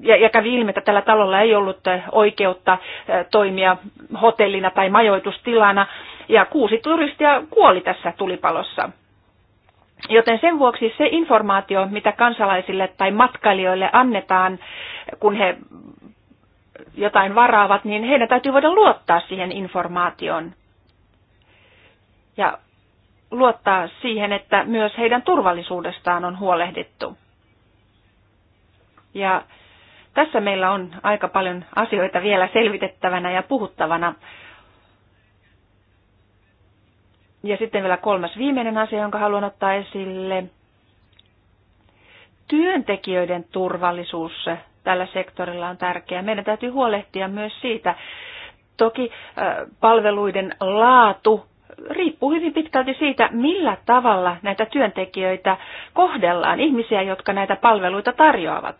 S4: ja, ja kävi ilmi, että tällä talolla ei ollut oikeutta toimia hotellina tai majoitustilana. Ja kuusi turistia kuoli tässä tulipalossa. Joten sen vuoksi se informaatio, mitä kansalaisille tai matkailijoille annetaan, kun he jotain varaavat, niin heidän täytyy voida luottaa siihen informaatioon. Ja luottaa siihen, että myös heidän turvallisuudestaan on huolehdittu. Ja tässä meillä on aika paljon asioita vielä selvitettävänä ja puhuttavana. Ja sitten vielä kolmas viimeinen asia, jonka haluan ottaa esille. Työntekijöiden turvallisuus tällä sektorilla on tärkeää. Meidän täytyy huolehtia myös siitä. Toki palveluiden laatu riippuu hyvin pitkälti siitä, millä tavalla näitä työntekijöitä kohdellaan, ihmisiä, jotka näitä palveluita tarjoavat.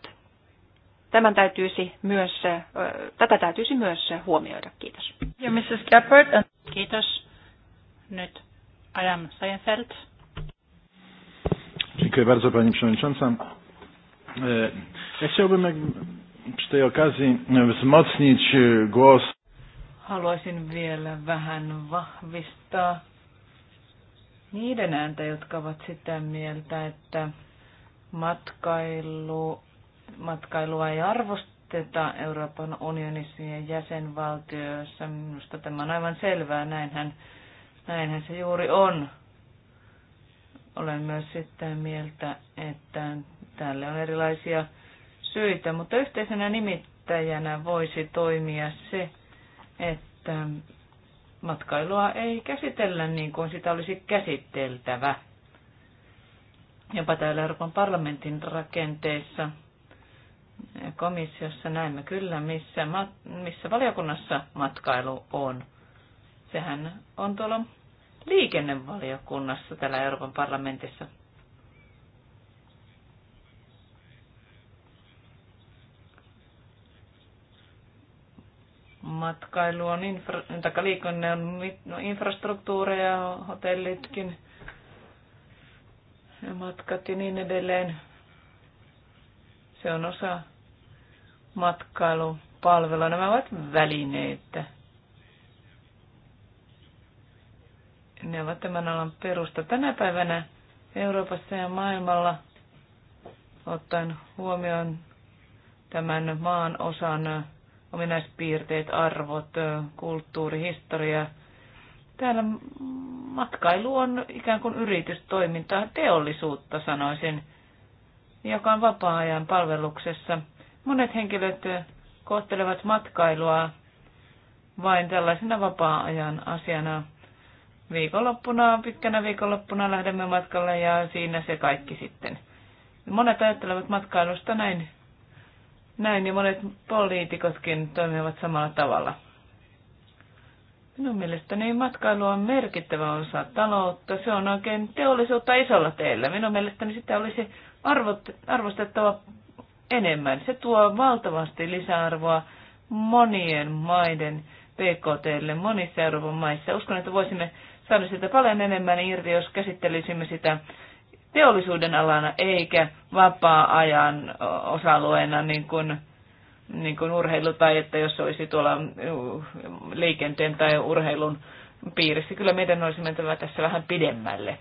S4: Tämän täytyisi myös, tätä täytyisi myös huomioida. Kiitos. Ja Mrs.
S2: Gabbard. Kiitos. Nyt Adam Seinfeld.
S6: Dziękuję bardzo Pani Przewodnicząca. E, ja chciałbym przy tej okazji wzmocnić e, głos.
S5: Haluaisin vielä vähän vahvistaa niiden ääntä, jotka ovat sitä mieltä, että matkailu matkailua ei arvosteta Euroopan unionissa ja jäsenvaltioissa. Minusta tämä on aivan selvää, näinhän, näinhän se juuri on. Olen myös sitä mieltä, että tälle on erilaisia syitä, mutta yhteisenä nimittäjänä voisi toimia se, että matkailua ei käsitellä niin kuin sitä olisi käsiteltävä. Jopa täällä Euroopan parlamentin rakenteissa komissiossa näemme kyllä, missä, missä valiokunnassa matkailu on. Sehän on tuolla liikennevaliokunnassa täällä Euroopan parlamentissa. Matkailu on, infra, tai liikenne on no, infrastruktuureja, hotellitkin, matkat ja niin edelleen se on osa matkailupalvelua. Nämä ovat välineitä. Ne ovat tämän alan perusta. Tänä päivänä Euroopassa ja maailmalla ottaen huomioon tämän maan osan ominaispiirteet, arvot, kulttuuri, historia. Täällä matkailu on ikään kuin yritystoimintaa, teollisuutta sanoisin joka on vapaa-ajan palveluksessa. Monet henkilöt kohtelevat matkailua vain tällaisena vapaa-ajan asiana. Viikonloppuna, pitkänä viikonloppuna lähdemme matkalle ja siinä se kaikki sitten. Monet ajattelevat matkailusta näin, näin ja monet poliitikotkin toimivat samalla tavalla. Minun mielestäni matkailu on merkittävä osa taloutta. Se on oikein teollisuutta isolla teillä. Minun mielestäni sitä olisi arvot, arvostettava enemmän. Se tuo valtavasti lisäarvoa monien maiden PKTlle monissa Euroopan maissa. Uskon, että voisimme saada sitä paljon enemmän irti, jos käsittelisimme sitä teollisuuden alana eikä vapaa-ajan osa-alueena niin kuin, niin kuin urheilu tai että jos olisi tuolla uh, liikenteen tai urheilun piirissä. Kyllä meidän olisi mentävä tässä vähän pidemmälle.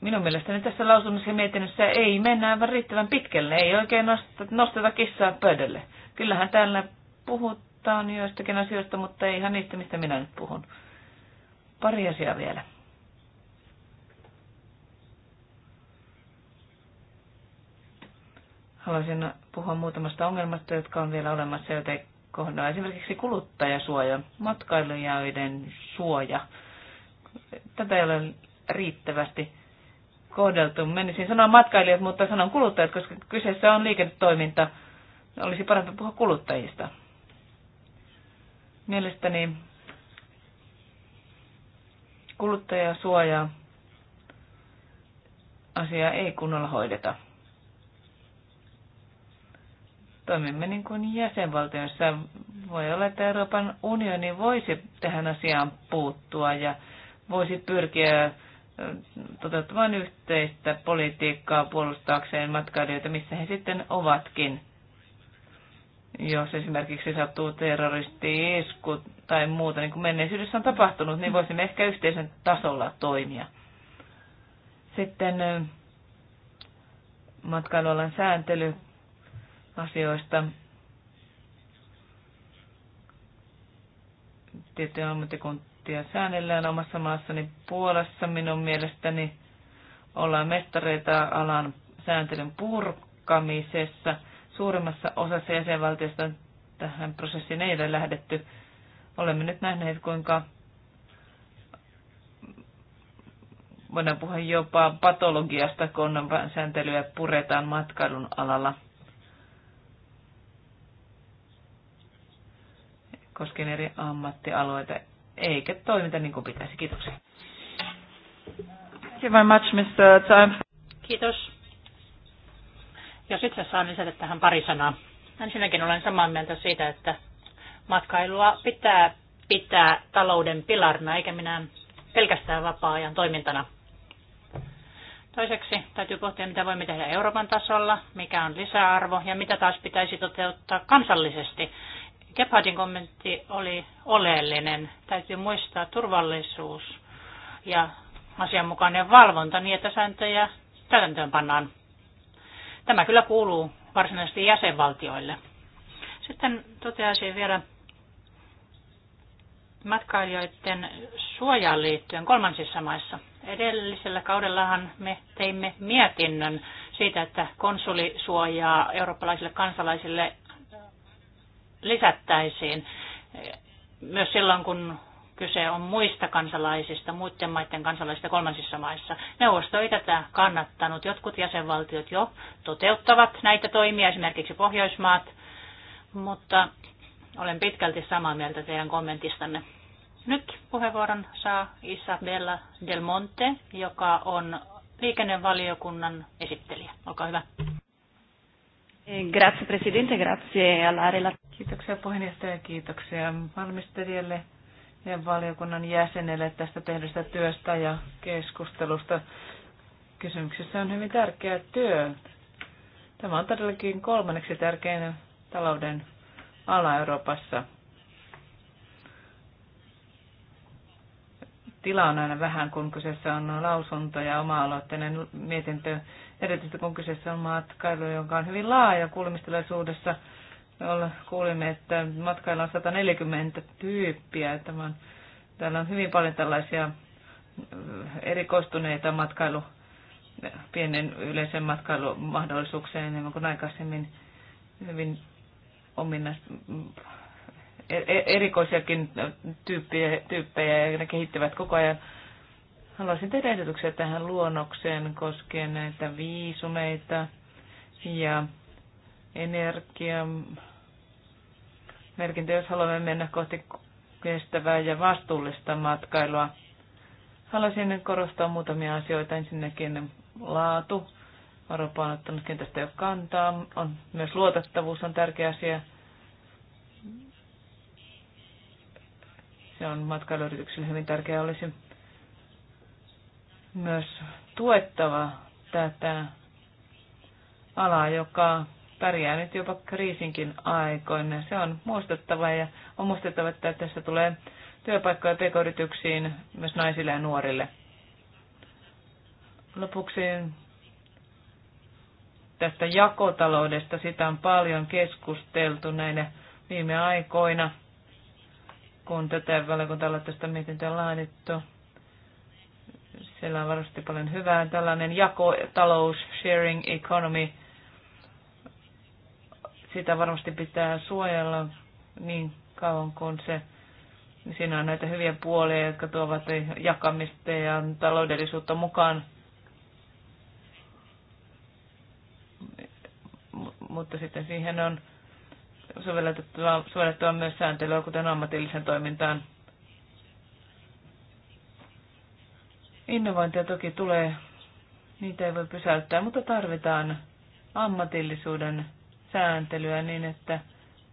S5: Minun mielestäni tässä lausunnossa ja mietinnössä ei mennä aivan riittävän pitkälle, ei oikein nosteta kissaa pöydälle. Kyllähän täällä puhutaan joistakin asioista, mutta ei ihan niistä, mistä minä nyt puhun. Pari asiaa vielä. Haluaisin puhua muutamasta ongelmasta, jotka on vielä olemassa, ei kohdalla. Esimerkiksi kuluttajasuoja, matkailijoiden suoja. Tätä ei ole riittävästi kohdeltu. Menisin sanoa matkailijat, mutta sanon kuluttajat, koska kyseessä on liiketoiminta. Olisi parempi puhua kuluttajista. Mielestäni kuluttajasuoja asiaa ei kunnolla hoideta. Toimimme niin kuin jäsenvaltioissa. Voi olla, että Euroopan unioni voisi tähän asiaan puuttua ja voisi pyrkiä toteuttamaan yhteistä politiikkaa puolustaakseen matkailijoita, missä he sitten ovatkin. Jos esimerkiksi sattuu terroristi-isku tai muuta, niin kuin menneisyydessä on tapahtunut, niin voisimme ehkä yhteisen tasolla toimia. Sitten matkailualan sääntely asioista. Tiettyjen ammattikunta prosenttia säännellään omassa maassani Puolassa. Minun mielestäni ollaan mestareita alan sääntelyn purkamisessa. Suurimmassa osassa jäsenvaltiosta tähän prosessiin ei ole lähdetty. Olemme nyt nähneet, kuinka voidaan puhua jopa patologiasta, kun sääntelyä puretaan matkailun alalla. Koskien eri ammattialueita eikä toiminta niin kuin pitäisi. Kiitoksia.
S1: Thank you very much, Mr. Time.
S2: Kiitos. Jos itse saan lisätä tähän pari sanaa. Ensinnäkin olen samaa mieltä siitä, että matkailua pitää pitää talouden pilarina, eikä minä pelkästään vapaa-ajan toimintana. Toiseksi täytyy pohtia, mitä voimme tehdä Euroopan tasolla, mikä on lisäarvo ja mitä taas pitäisi toteuttaa kansallisesti. Gebhardin kommentti oli oleellinen. Täytyy muistaa turvallisuus ja asianmukainen valvonta niin, että sääntöjä täytäntöön pannaan. Tämä kyllä kuuluu varsinaisesti jäsenvaltioille. Sitten toteaisin vielä matkailijoiden suojaan liittyen kolmansissa maissa. Edellisellä kaudellahan me teimme mietinnön siitä, että konsulisuojaa eurooppalaisille kansalaisille lisättäisiin myös silloin, kun kyse on muista kansalaisista, muiden maiden kansalaisista kolmansissa maissa. Neuvosto ei tätä kannattanut. Jotkut jäsenvaltiot jo toteuttavat näitä toimia, esimerkiksi Pohjoismaat, mutta olen pitkälti samaa mieltä teidän kommentistanne. Nyt puheenvuoron saa Isabella Del Monte, joka on liikennevaliokunnan esittelijä. Olkaa hyvä.
S5: Eh, grazie presidente, grazie alla Kiitoksia puheenjohtaja, kiitoksia valmistelijalle ja valiokunnan jäsenelle tästä tehdystä työstä ja keskustelusta. Kysymyksessä on hyvin tärkeä työ. Tämä on todellakin kolmanneksi tärkein talouden ala Euroopassa. Tila on aina vähän, kun kyseessä on lausunto ja oma-aloitteinen mietintö erityisesti kun kyseessä on matkailu, jonka on hyvin laaja Me Kuulimme, että matkailla on 140 tyyppiä. Tämä on, täällä on hyvin paljon tällaisia äh, erikoistuneita matkailu, pienen yleisen matkailumahdollisuuksia enemmän kuin aikaisemmin. Hyvin ominaista e-, e-, erikoisiakin tyyppejä, tyyppejä ja ne kehittyvät koko ajan Haluaisin tehdä ehdotuksia tähän luonnokseen koskien näitä viisumeita ja energiamerkintöjä, jos haluamme mennä kohti kestävää ja vastuullista matkailua. Haluaisin korostaa muutamia asioita. Ensinnäkin laatu. Varopa on ottanut kentästä jo kantaa. On, myös luotettavuus on tärkeä asia. Se on matkailuyrityksille hyvin tärkeää. Olisi myös tuettava tätä alaa, joka pärjää nyt jopa kriisinkin aikoina. Se on muistettava ja on muistettava, että tässä tulee työpaikkoja pk myös naisille ja nuorille. Lopuksi tästä jakotaloudesta, sitä on paljon keskusteltu näinä viime aikoina, kun tätä valiokuntaa tästä mietintöä laadittu. Siellä on varmasti paljon hyvää. Tällainen jakotalous, sharing economy, sitä varmasti pitää suojella niin kauan kuin se siinä on näitä hyviä puolia, jotka tuovat jakamista ja taloudellisuutta mukaan. Mutta sitten siihen on sovellettava, sovellettava myös sääntelyä, kuten ammatilliseen toimintaan. Innovointia toki tulee, niitä ei voi pysäyttää, mutta tarvitaan ammatillisuuden sääntelyä niin, että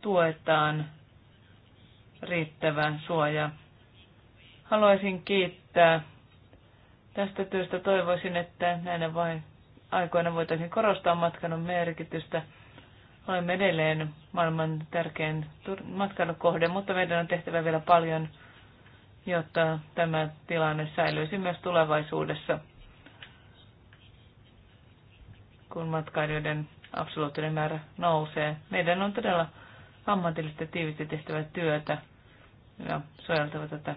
S5: tuetaan riittävän suoja. Haluaisin kiittää tästä työstä. Toivoisin, että näinä vain aikoina voitaisiin korostaa matkanon merkitystä. Olemme edelleen maailman tärkein matkailukohde, mutta meidän on tehtävä vielä paljon – jotta tämä tilanne säilyisi myös tulevaisuudessa, kun matkailijoiden absoluuttinen määrä nousee. Meidän on todella ammatillisesti tiivisti tehtävä työtä ja suojeltava tätä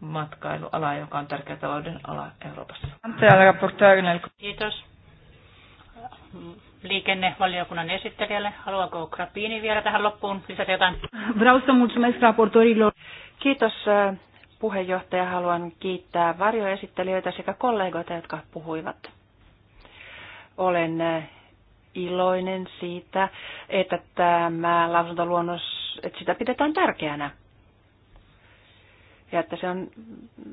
S5: matkailualaa, joka on tärkeä talouden ala Euroopassa. Kiitos.
S2: Liikennevaliokunnan esittelijälle. Haluaako Krapiini vielä tähän
S4: loppuun lisätä jotain? Vreau să mulțumesc raportorilor. Kiitos puheenjohtaja, haluan kiittää varjoesittelijöitä sekä kollegoita, jotka puhuivat. Olen eh, iloinen siitä, että tämä lausuntoluonnos, että sitä pidetään tärkeänä. Ja että se on,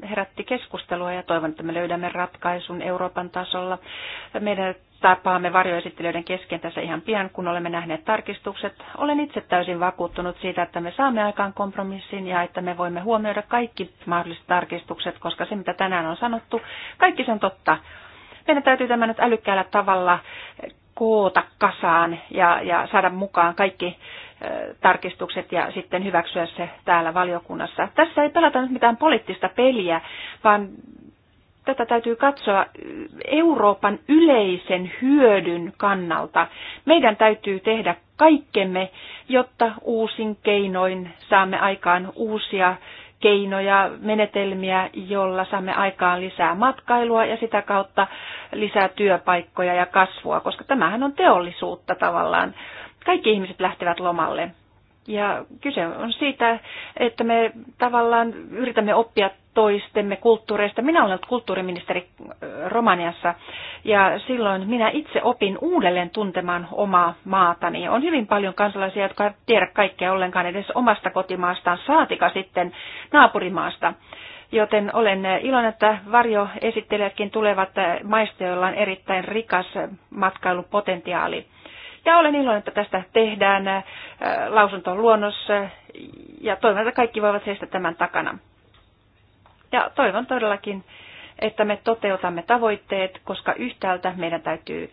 S4: herätti keskustelua ja toivon, että me löydämme ratkaisun Euroopan tasolla. Meidän tapaamme varjoesittelijöiden kesken tässä ihan pian, kun olemme nähneet tarkistukset. Olen itse täysin vakuuttunut siitä, että me saamme aikaan kompromissin ja että me voimme huomioida kaikki mahdolliset tarkistukset, koska se mitä tänään on sanottu, kaikki se on totta. Meidän täytyy tämä nyt älykkäällä tavalla koota kasaan ja, ja saada mukaan kaikki tarkistukset ja sitten hyväksyä se täällä valiokunnassa. Tässä ei pelata nyt mitään poliittista peliä, vaan tätä täytyy katsoa Euroopan yleisen hyödyn kannalta. Meidän täytyy tehdä kaikkemme, jotta uusin keinoin saamme aikaan uusia keinoja, menetelmiä, jolla saamme aikaan lisää matkailua ja sitä kautta lisää työpaikkoja ja kasvua, koska tämähän on teollisuutta tavallaan. Kaikki ihmiset lähtevät lomalle. Ja kyse on siitä, että me tavallaan yritämme oppia toistemme kulttuureista. Minä olen ollut kulttuuriministeri äh, Romaniassa ja silloin minä itse opin uudelleen tuntemaan omaa maatani. On hyvin paljon kansalaisia, jotka eivät tiedä kaikkea ollenkaan edes omasta kotimaastaan, saatika sitten naapurimaasta. Joten olen iloinen, että varjoesittelijätkin tulevat maista, joilla on erittäin rikas matkailupotentiaali. Ja olen iloinen, että tästä tehdään äh, lausuntoon luonnos äh, ja toivon, että kaikki voivat seistä tämän takana. Ja toivon todellakin, että me toteutamme tavoitteet, koska yhtäältä meidän täytyy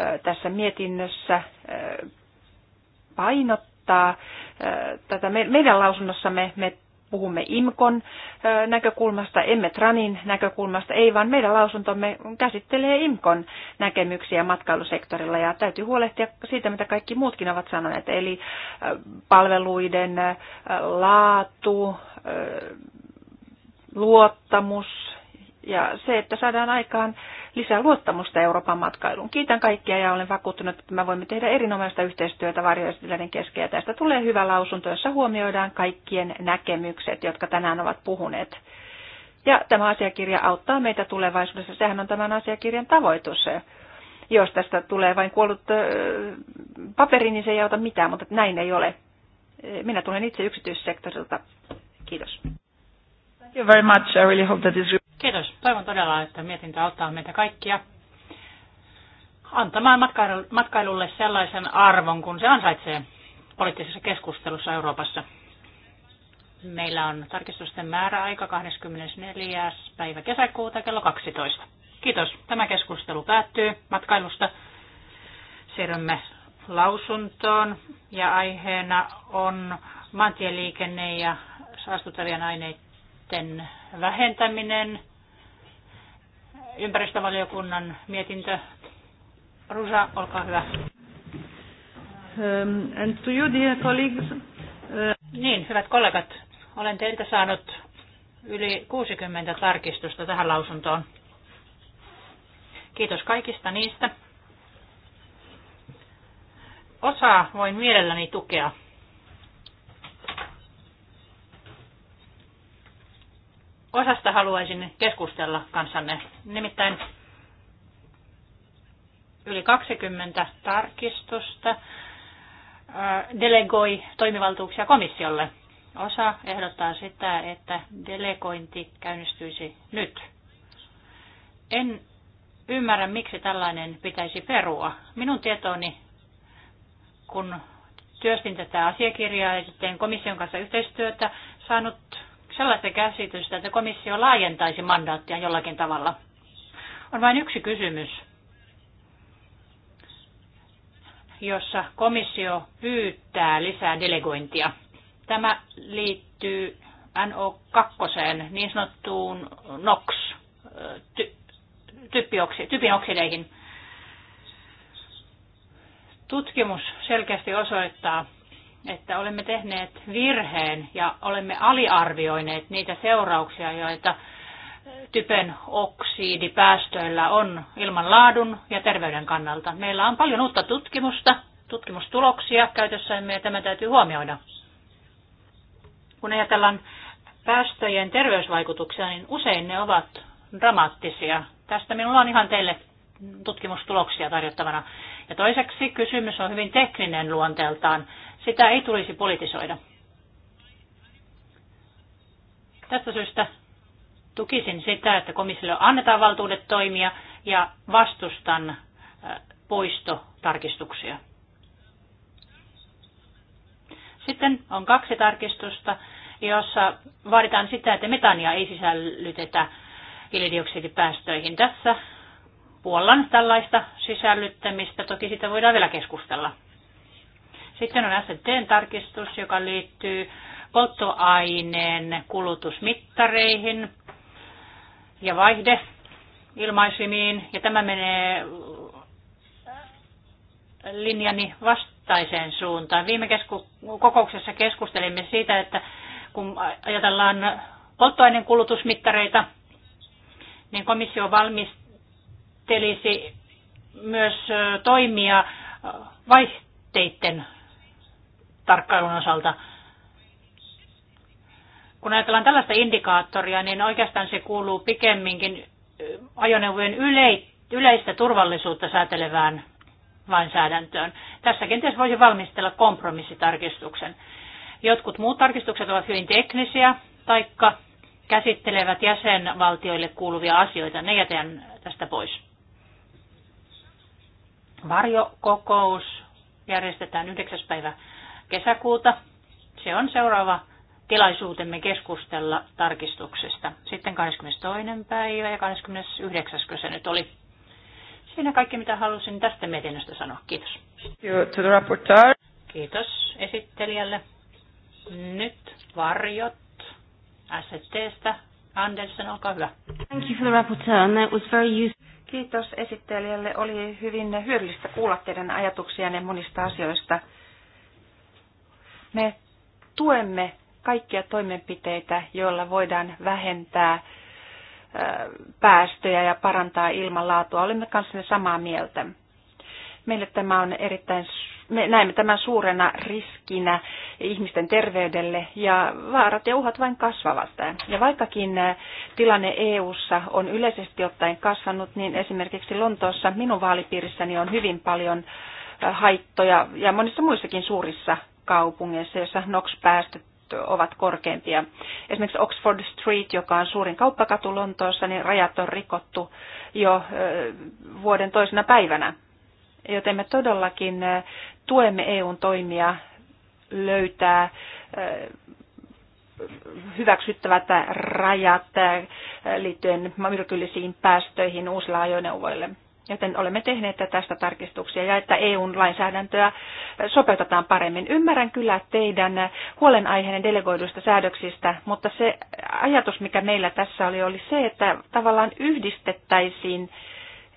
S4: äh, tässä mietinnössä painottaa tätä. Meidän lausunnossamme me puhumme IMKON näkökulmasta, emme TRANin näkökulmasta, ei vaan meidän lausuntomme käsittelee IMKON näkemyksiä matkailusektorilla ja täytyy huolehtia siitä, mitä kaikki muutkin ovat sanoneet, eli palveluiden laatu, luottamus ja se, että saadaan aikaan lisää luottamusta Euroopan matkailuun. Kiitän kaikkia ja olen vakuuttunut, että me voimme tehdä erinomaista yhteistyötä varjoesityläinen kesken. Ja tästä tulee hyvä lausunto, jossa huomioidaan kaikkien näkemykset, jotka tänään ovat puhuneet. Ja tämä asiakirja auttaa meitä tulevaisuudessa. Sehän on tämän asiakirjan tavoitus. Jos tästä tulee vain kuollut paperi, niin se ei auta mitään, mutta näin ei ole. Minä tulen itse yksityissektorilta. Kiitos.
S1: Thank you very much. I really hope that this
S2: Kiitos. Toivon todella, että mietintä auttaa meitä kaikkia antamaan matkailulle sellaisen arvon, kun se ansaitsee poliittisessa keskustelussa Euroopassa. Meillä on tarkistusten määräaika 24. päivä kesäkuuta kello 12. Kiitos. Tämä keskustelu päättyy matkailusta. Siirrymme lausuntoon ja aiheena on maantieliikenne ja saastuttavien aineiden vähentäminen ympäristövaliokunnan mietintö. Rusa, olkaa hyvä.
S1: Um, and to you, dear colleagues. Uh...
S2: Niin, hyvät kollegat, olen teiltä saanut yli 60 tarkistusta tähän lausuntoon. Kiitos kaikista niistä. Osaa voin mielelläni tukea. josta haluaisin keskustella kanssanne. Nimittäin yli 20 tarkistusta äh, delegoi toimivaltuuksia komissiolle. Osa ehdottaa sitä, että delegointi käynnistyisi nyt. En ymmärrä, miksi tällainen pitäisi perua. Minun tietoni, kun työstin tätä asiakirjaa ja sitten komission kanssa yhteistyötä, saanut sellaista käsitystä, että komissio laajentaisi mandaattia jollakin tavalla. On vain yksi kysymys, jossa komissio pyytää lisää delegointia. Tämä liittyy NO2, niin sanottuun NOx, ty, typinoksideihin. Tutkimus selkeästi osoittaa, että olemme tehneet virheen ja olemme aliarvioineet niitä seurauksia, joita typen oksidipäästöillä on ilmanlaadun ja terveyden kannalta. Meillä on paljon uutta tutkimusta, tutkimustuloksia käytössämme ja tämä täytyy huomioida. Kun ajatellaan päästöjen terveysvaikutuksia, niin usein ne ovat dramaattisia. Tästä minulla on ihan teille tutkimustuloksia tarjottavana. Ja toiseksi kysymys on hyvin tekninen luonteeltaan. Sitä ei tulisi politisoida. Tästä syystä tukisin sitä, että komissiolle annetaan valtuudet toimia ja vastustan äh, poistotarkistuksia. Sitten on kaksi tarkistusta, jossa vaaditaan sitä, että metania ei sisällytetä hiilidioksidipäästöihin. Tässä puollan tällaista sisällyttämistä. Toki sitä voidaan vielä keskustella. Sitten on ST-tarkistus, joka liittyy polttoaineen kulutusmittareihin ja vaihde ilmaisimiin. Ja tämä menee linjani vastaiseen suuntaan. Viime kesku- kokouksessa keskustelimme siitä, että kun ajatellaan polttoaineen kulutusmittareita, niin komissio valmistelisi myös toimia vaihteiden tarkkailun osalta. Kun ajatellaan tällaista indikaattoria, niin oikeastaan se kuuluu pikemminkin ajoneuvojen yleistä turvallisuutta säätelevään lainsäädäntöön. Tässä kenties voisi valmistella kompromissitarkistuksen. Jotkut muut tarkistukset ovat hyvin teknisiä, taikka käsittelevät jäsenvaltioille kuuluvia asioita. Ne jätän tästä pois. Varjokokous järjestetään 9. päivä kesäkuuta. Se on seuraava tilaisuutemme keskustella tarkistuksista. Sitten 22. päivä ja 29. se nyt oli. Siinä kaikki, mitä halusin tästä mietinnöstä sanoa. Kiitos. Kiitos esittelijälle. Nyt varjot STstä. Andersen,
S4: olkaa hyvä. Thank
S3: you for the rapporteur. And that was very useful.
S4: Kiitos esittelijälle. Oli hyvin hyödyllistä kuulla teidän ajatuksianne monista asioista me tuemme kaikkia toimenpiteitä, joilla voidaan vähentää päästöjä ja parantaa ilmanlaatua. Olemme kanssanne samaa mieltä. Meille tämä on erittäin, me näemme tämän suurena riskinä ihmisten terveydelle ja vaarat ja uhat vain kasvavat. Ja vaikkakin tilanne EU:ssa on yleisesti ottaen kasvanut, niin esimerkiksi Lontoossa minun vaalipiirissäni on hyvin paljon haittoja ja monissa muissakin suurissa kaupungeissa, joissa NOx-päästöt ovat korkeimpia. Esimerkiksi Oxford Street, joka on suurin kauppakatu Lontoossa, niin rajat on rikottu jo vuoden toisena päivänä. Joten me todellakin tuemme EUn toimia löytää hyväksyttävät rajat liittyen myrkyllisiin päästöihin uusilla ajoneuvoille. Joten olemme tehneet tästä tarkistuksia ja että EUn lainsäädäntöä sopeutetaan paremmin. Ymmärrän kyllä teidän huolenaiheinen delegoiduista säädöksistä, mutta se ajatus, mikä meillä tässä oli, oli se, että tavallaan yhdistettäisiin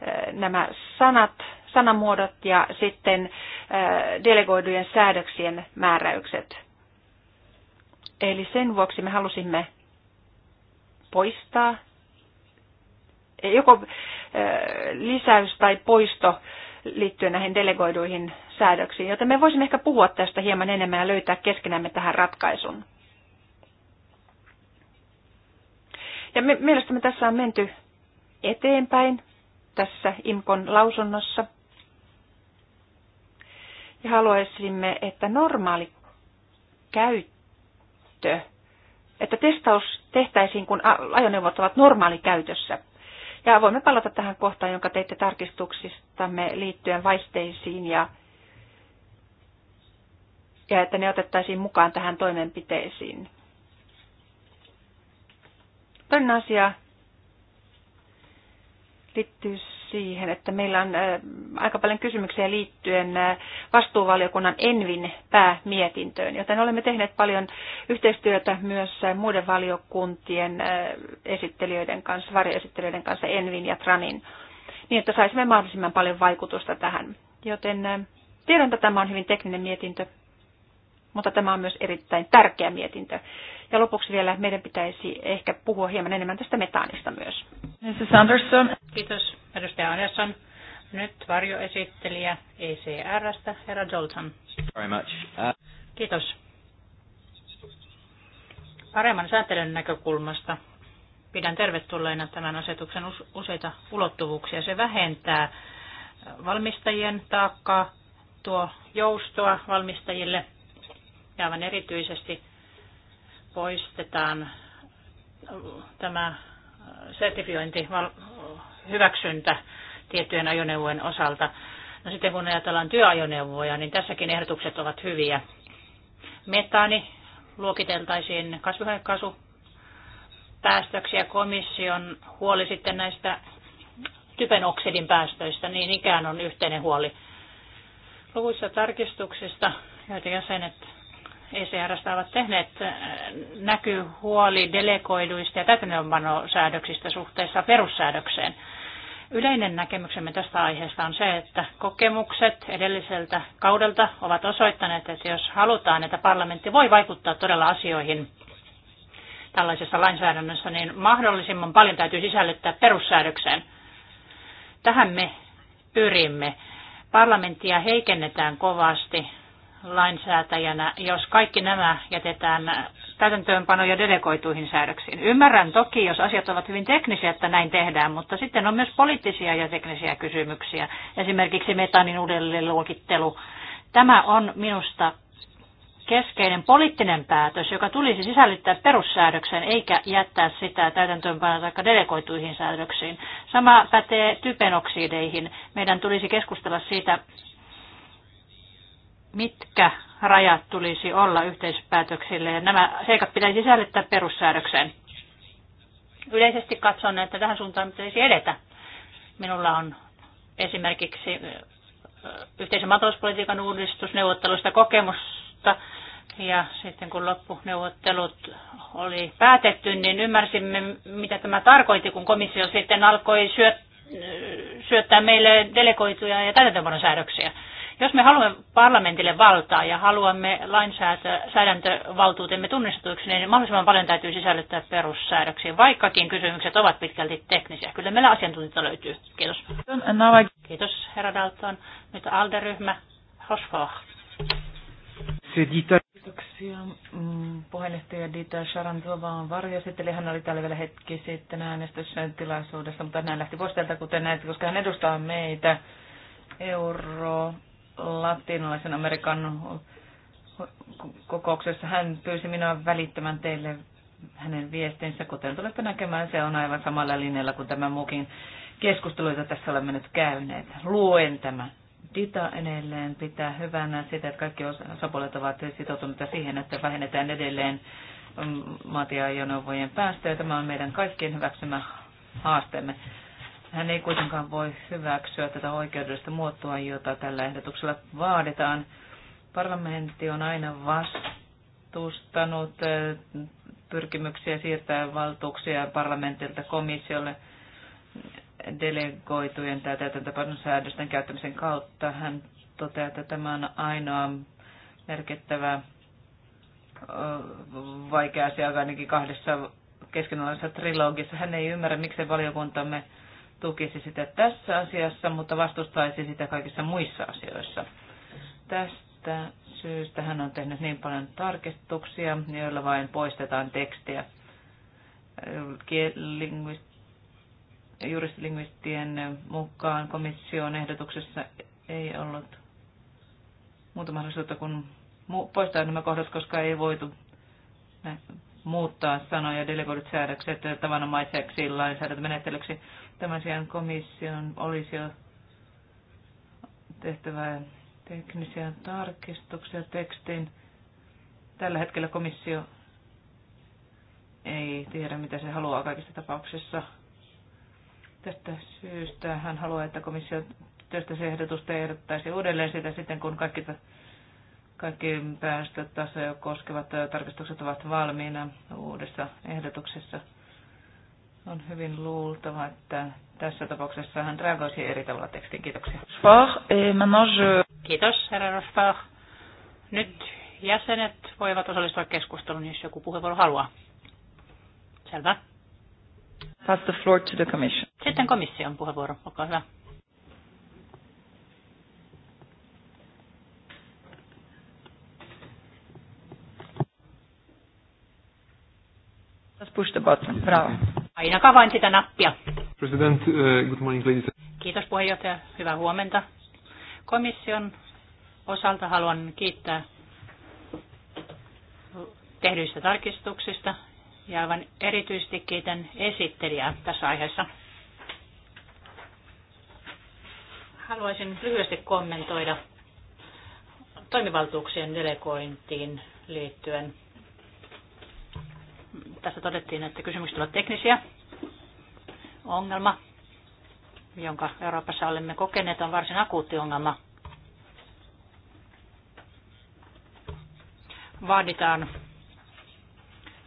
S4: eh, nämä sanat, sanamuodot ja sitten eh, delegoidujen säädöksien määräykset. Eli sen vuoksi me halusimme poistaa joko lisäys tai poisto liittyen näihin delegoiduihin säädöksiin, joten me voisimme ehkä puhua tästä hieman enemmän ja löytää keskenämme tähän ratkaisun. Ja me, mielestäni tässä on menty eteenpäin tässä IMKON lausunnossa. Ja haluaisimme, että normaali käyttö, että testaus tehtäisiin, kun ajoneuvot ovat normaalikäytössä – ja voimme palata tähän kohtaan, jonka teitte tarkistuksistamme liittyen vaihteisiin ja, ja että ne otettaisiin mukaan tähän toimenpiteisiin. Toinen asia liittyy siihen, että meillä on äh, aika paljon kysymyksiä liittyen äh, vastuuvaliokunnan Envin päämietintöön, joten olemme tehneet paljon yhteistyötä myös äh, muiden valiokuntien esittelijöiden kanssa, varjoesittelijöiden kanssa Envin ja Tranin, niin että saisimme mahdollisimman paljon vaikutusta tähän. Joten tiedän, että tämä on hyvin tekninen mietintö, mutta tämä on myös erittäin tärkeä mietintö. Ja lopuksi vielä meidän pitäisi ehkä puhua hieman enemmän tästä metaanista myös.
S2: Mrs. Anderson. Kiitos, edustaja Anderson. Nyt varjoesittelijä ECRstä, herra Dalton.
S6: Very much. Uh...
S2: Kiitos. Paremman säätelyn näkökulmasta pidän tervetulleena tämän asetuksen useita ulottuvuuksia. Se vähentää valmistajien taakkaa, tuo joustoa valmistajille – ja aivan erityisesti poistetaan tämä sertifiointi, hyväksyntä tiettyjen ajoneuvojen osalta. No sitten kun ajatellaan työajoneuvoja, niin tässäkin ehdotukset ovat hyviä. Metaani luokiteltaisiin kasvihuonekaasu päästöksi ja komission huoli sitten näistä typenoksidin päästöistä, niin ikään on yhteinen huoli. Luvuissa tarkistuksista, joita jäsenet ECR ovat tehneet, äh, näkyy huoli delegoiduista ja täytäntöönpanosäädöksistä suhteessa perussäädökseen. Yleinen näkemyksemme tästä aiheesta on se, että kokemukset edelliseltä kaudelta ovat osoittaneet, että jos halutaan, että parlamentti voi vaikuttaa todella asioihin tällaisessa lainsäädännössä, niin mahdollisimman paljon täytyy sisällyttää perussäädökseen. Tähän me pyrimme. Parlamenttia heikennetään kovasti lainsäätäjänä, jos kaikki nämä jätetään täytäntöönpano- ja delegoituihin säädöksiin. Ymmärrän toki, jos asiat ovat hyvin teknisiä, että näin tehdään, mutta sitten on myös poliittisia ja teknisiä kysymyksiä. Esimerkiksi metanin uudelleenluokittelu. Tämä on minusta keskeinen poliittinen päätös, joka tulisi sisällyttää perussäädökseen eikä jättää sitä täytäntöönpanoon tai delegoituihin säädöksiin. Sama pätee typenoksideihin. Meidän tulisi keskustella siitä, mitkä rajat tulisi olla yhteispäätöksille, ja nämä seikat pitäisi sisällyttää perussäädökseen. Yleisesti katson, että tähän suuntaan pitäisi edetä. Minulla on esimerkiksi yhteisen maatalouspolitiikan uudistusneuvottelusta kokemusta, ja sitten kun loppuneuvottelut oli päätetty, niin ymmärsimme, mitä tämä tarkoitti, kun komissio sitten alkoi syöttää meille delegoituja ja täytäntöönpanosäädöksiä. säädöksiä jos me haluamme parlamentille valtaa ja haluamme lainsäädäntövaltuutemme tunnistetuiksi, niin mahdollisimman paljon täytyy sisällyttää perussäädöksiin, vaikkakin kysymykset ovat pitkälti teknisiä. Kyllä meillä asiantuntijoita löytyy. Kiitos. Kiitos, herra Dalton. Nyt ALDE-ryhmä, Hosfoh.
S5: Kiitoksia. Mm, puheenjohtaja Dita Sharantova on varjoesitteli. Hän oli täällä vielä hetki sitten äänestystilaisuudessa, mutta hän lähti pois täältä, kuten näet, koska hän edustaa meitä euro latinalaisen Amerikan kokouksessa hän pyysi minua välittämään teille hänen viestinsä, kuten tulette näkemään, se on aivan samalla linjalla kuin tämä muukin keskustelu, jota tässä olemme nyt käyneet. Luen tämä. Dita edelleen pitää hyvänä sitä, että kaikki osapuolet ovat sitoutuneita siihen, että vähennetään edelleen maatiajoneuvojen päästöjä. Tämä on meidän kaikkien hyväksymä haasteemme. Hän ei kuitenkaan voi hyväksyä tätä oikeudellista muotoa, jota tällä ehdotuksella vaaditaan. Parlamentti on aina vastustanut eh, pyrkimyksiä siirtää valtuuksia parlamentilta komissiolle delegoitujen tai täytäntöpanon säädösten käyttämisen kautta. Hän toteaa, että tämä on ainoa merkittävä eh, vaikea asia ainakin kahdessa keskenalaisessa trilogissa. Hän ei ymmärrä, miksi valiokuntamme tukisi sitä tässä asiassa, mutta vastustaisi sitä kaikissa muissa asioissa. Tästä syystä hän on tehnyt niin paljon tarkistuksia, joilla vain poistetaan tekstiä. Juristilingvistien mukaan komission ehdotuksessa ei ollut muuta mahdollisuutta kuin poistaa nämä kohdat, koska ei voitu muuttaa sanoja delegoidut säädökset tavanomaiseksi lainsäädäntömenettelyksi tämmöisen komission olisi jo tehtävä teknisiä tarkistuksia tekstin. Tällä hetkellä komissio ei tiedä, mitä se haluaa kaikissa tapauksissa. Tästä syystä hän haluaa, että komissio se ehdotusta ehdottaisi uudelleen sitä sitten, kun kaikki, kaikki päästötasoja koskevat tarkistukset ovat valmiina uudessa ehdotuksessa. On hyvin luultava, että tässä tapauksessa hän reagoisi eri tavalla tekstin. Kiitoksia. Eh,
S2: Kiitos, herra Rosbach. Nyt jäsenet voivat osallistua keskusteluun, jos joku puheenvuoro haluaa. Selvä.
S1: Pass the floor to the commission. Sitten komission puheenvuoro, olkaa hyvä.
S4: Let's push the button. Bravo.
S2: Painakaa vain sitä nappia.
S6: President, uh, good morning, ladies.
S2: Kiitos puheenjohtaja. Hyvää huomenta. Komission osalta haluan kiittää tehdyistä tarkistuksista ja aivan erityisesti kiitän esittelijää tässä aiheessa. Haluaisin lyhyesti kommentoida toimivaltuuksien delegointiin liittyen. Tässä todettiin, että kysymykset ovat teknisiä. Ongelma, jonka Euroopassa olemme kokeneet, on varsin akuutti ongelma. Vaaditaan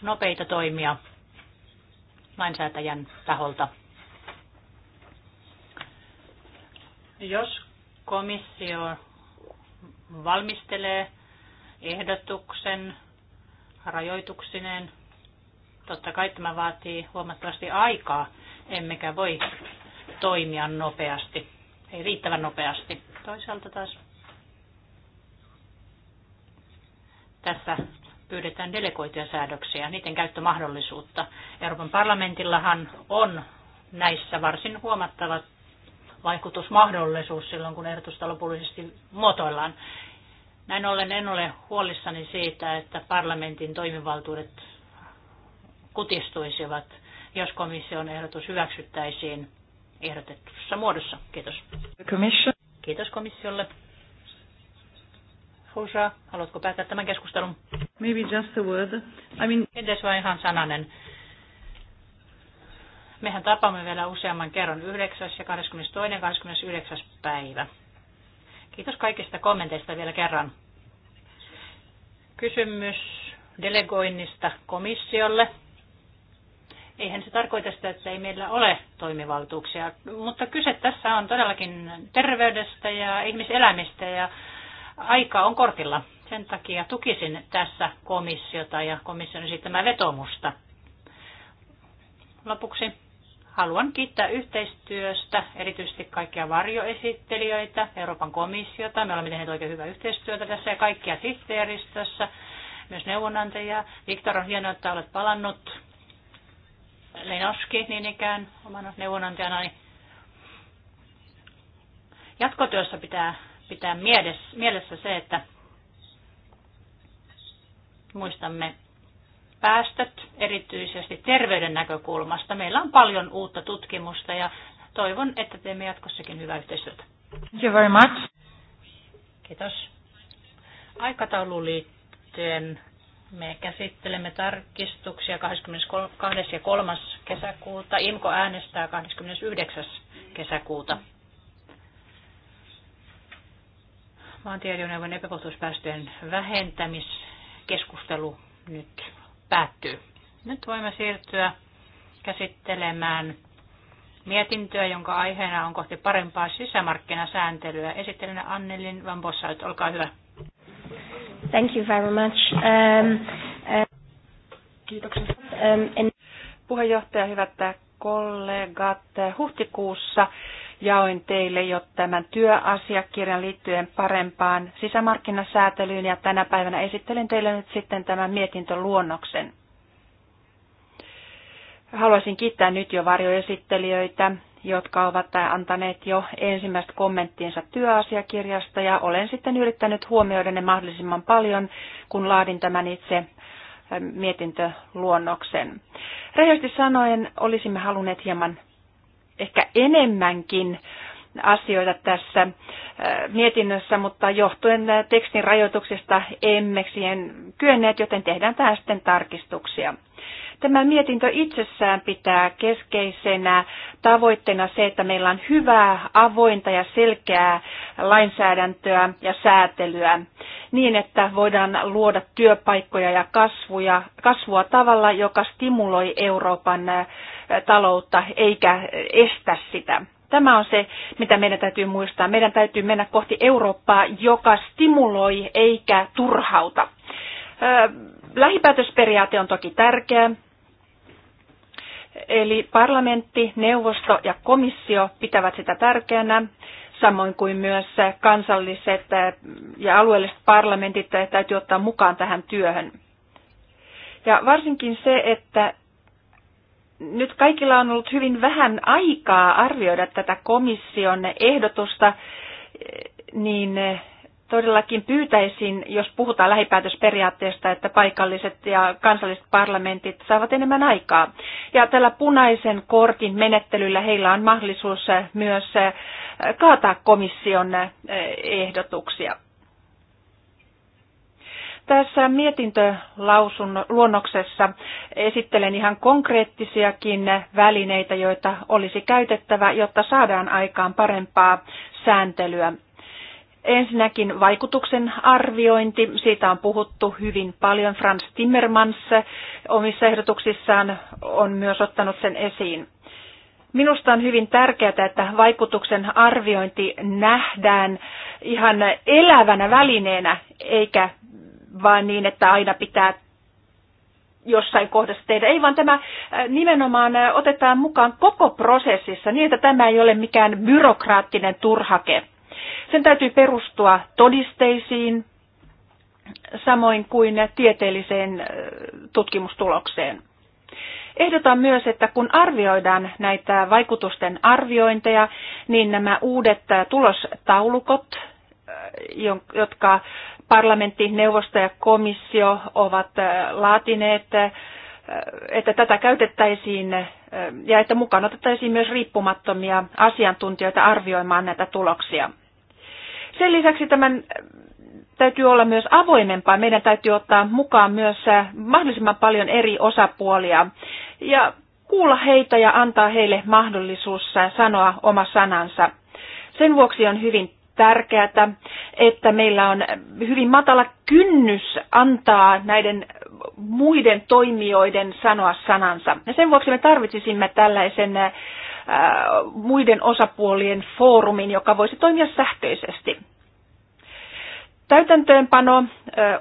S2: nopeita toimia lainsäätäjän taholta. Jos komissio valmistelee ehdotuksen rajoituksineen Totta kai tämä vaatii huomattavasti aikaa, emmekä voi toimia nopeasti, ei riittävän nopeasti. Toisaalta taas tässä pyydetään delegoituja säädöksiä, niiden käyttömahdollisuutta. Euroopan parlamentillahan on näissä varsin huomattava vaikutusmahdollisuus silloin, kun ehdotusta lopullisesti muotoillaan. Näin ollen en ole huolissani siitä, että parlamentin toimivaltuudet kutistuisivat, jos komission ehdotus hyväksyttäisiin ehdotetussa muodossa. Kiitos. Kiitos komissiolle. Fusa, haluatko päättää tämän keskustelun?
S1: Maybe just a word. I mean...
S2: Edes vain ihan sananen? Mehän tapaamme vielä useamman kerran 9. ja 22. ja 29. päivä. Kiitos kaikista kommenteista vielä kerran. Kysymys delegoinnista komissiolle. Eihän se tarkoita sitä, että ei meillä ole toimivaltuuksia, mutta kyse tässä on todellakin terveydestä ja ihmiselämistä ja aika on kortilla. Sen takia tukisin tässä komissiota ja komission esittämää vetomusta. Lopuksi haluan kiittää yhteistyöstä, erityisesti kaikkia varjoesittelijöitä, Euroopan komissiota. Me olemme tehneet oikein hyvää yhteistyötä tässä ja kaikkia sihteeristössä, myös neuvonantajia. Viktor, on hienoa, että olet palannut Lenoski niin ikään omana niin Jatkotyössä pitää pitää mielessä, mielessä se, että muistamme päästöt erityisesti terveyden näkökulmasta. Meillä on paljon uutta tutkimusta ja toivon, että teemme jatkossakin hyvää yhteistyötä. Thank you very much. Kiitos. Aikatauluun liittyen me käsittelemme tarkistuksia 22. ja 3. kesäkuuta. IMKO äänestää 29. kesäkuuta. Maantiedeneuvon epäkohtuuspäästöjen vähentämiskeskustelu nyt päättyy. Nyt voimme siirtyä käsittelemään mietintöä, jonka aiheena on kohti parempaa sisämarkkinasääntelyä. Esittelenä Annelin Van Bossalt, olkaa hyvä.
S4: Thank you very much. Um, uh, Kiitoksia. Um, en... Puheenjohtaja, hyvät kollegat, huhtikuussa jaoin teille jo tämän työasiakirjan liittyen parempaan sisämarkkinasäätelyyn ja tänä päivänä esittelen teille nyt sitten tämän mietintöluonnoksen. Haluaisin kiittää nyt jo varjoesittelijöitä jotka ovat antaneet jo ensimmäiset kommenttinsa työasiakirjasta ja olen sitten yrittänyt huomioida ne mahdollisimman paljon, kun laadin tämän itse ähm, mietintöluonnoksen. Rehellisesti sanoen olisimme halunneet hieman ehkä enemmänkin asioita tässä äh, mietinnössä, mutta johtuen äh, tekstin rajoituksista emme siihen kyenneet, joten tehdään tähän sitten tarkistuksia. Tämä mietintö itsessään pitää keskeisenä tavoitteena se, että meillä on hyvää, avointa ja selkeää lainsäädäntöä ja säätelyä niin, että voidaan luoda työpaikkoja ja kasvuja, kasvua tavalla, joka stimuloi Euroopan taloutta eikä estä sitä. Tämä on se, mitä meidän täytyy muistaa. Meidän täytyy mennä kohti Eurooppaa, joka stimuloi eikä turhauta. Lähipäätösperiaate on toki tärkeä. Eli parlamentti, neuvosto ja komissio pitävät sitä tärkeänä, samoin kuin myös kansalliset eh, ja alueelliset parlamentit täytyy ottaa mukaan tähän työhön. Ja varsinkin se, että nyt kaikilla on ollut hyvin vähän aikaa arvioida tätä komission ehdotusta, eh, niin eh, todellakin pyytäisin, jos puhutaan lähipäätösperiaatteesta, että paikalliset ja kansalliset parlamentit saavat enemmän aikaa. Ja tällä punaisen kortin menettelyllä heillä on mahdollisuus myös eh, kaataa komission eh, ehdotuksia. Tässä luonnoksessa esittelen ihan konkreettisiakin välineitä, joita olisi käytettävä, jotta saadaan aikaan parempaa sääntelyä Ensinnäkin vaikutuksen arviointi, siitä on puhuttu hyvin paljon. Franz Timmermans omissa ehdotuksissaan on myös ottanut sen esiin. Minusta on hyvin tärkeää, että vaikutuksen arviointi nähdään ihan elävänä välineenä, eikä vain niin, että aina pitää jossain kohdassa tehdä. Ei vaan tämä äh, nimenomaan äh, otetaan mukaan koko prosessissa niin, että tämä ei ole mikään byrokraattinen turhake. Sen täytyy perustua todisteisiin, samoin kuin tieteelliseen tutkimustulokseen. Ehdotan myös, että kun arvioidaan näitä vaikutusten arviointeja, niin nämä uudet tulostaulukot, jotka parlamentti, neuvosto ja komissio ovat laatineet, että tätä käytettäisiin ja että mukaan otettaisiin myös riippumattomia asiantuntijoita arvioimaan näitä tuloksia. Sen lisäksi tämän äh, täytyy olla myös avoimempaa. Meidän täytyy ottaa mukaan myös äh, mahdollisimman paljon eri osapuolia ja kuulla heitä ja antaa heille mahdollisuus äh, sanoa oma sanansa. Sen vuoksi on hyvin tärkeää, että meillä on hyvin matala kynnys antaa näiden muiden toimijoiden sanoa sanansa. Ja sen vuoksi me tarvitsisimme tällaisen Äh, muiden osapuolien foorumin, joka voisi toimia sähköisesti. Täytäntöönpano, äh,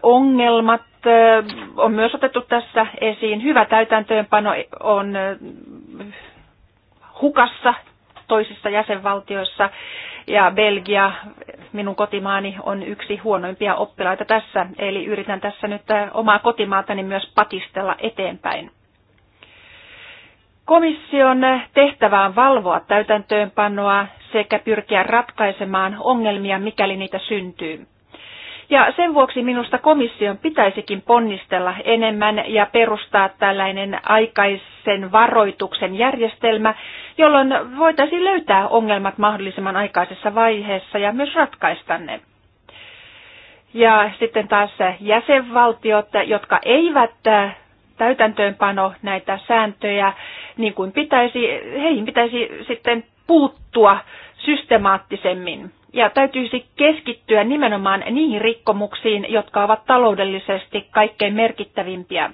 S4: ongelmat äh, on myös otettu tässä esiin. Hyvä täytäntöönpano on hukassa toisissa jäsenvaltioissa ja Belgia, minun kotimaani, on yksi huonoimpia oppilaita tässä. Eli yritän tässä nyt omaa kotimaatani myös patistella eteenpäin. Komission tehtävä on valvoa täytäntöönpanoa sekä pyrkiä ratkaisemaan ongelmia, mikäli niitä syntyy. Ja sen vuoksi minusta komission pitäisikin ponnistella enemmän ja perustaa tällainen aikaisen varoituksen järjestelmä, jolloin voitaisiin löytää ongelmat mahdollisimman aikaisessa vaiheessa ja myös ratkaista ne. Ja sitten taas jäsenvaltiot, jotka eivät täytäntöönpano näitä sääntöjä niin kuin pitäisi, heihin pitäisi sitten puuttua systemaattisemmin. Ja täytyisi keskittyä nimenomaan niihin rikkomuksiin, jotka ovat taloudellisesti kaikkein merkittävimpiä.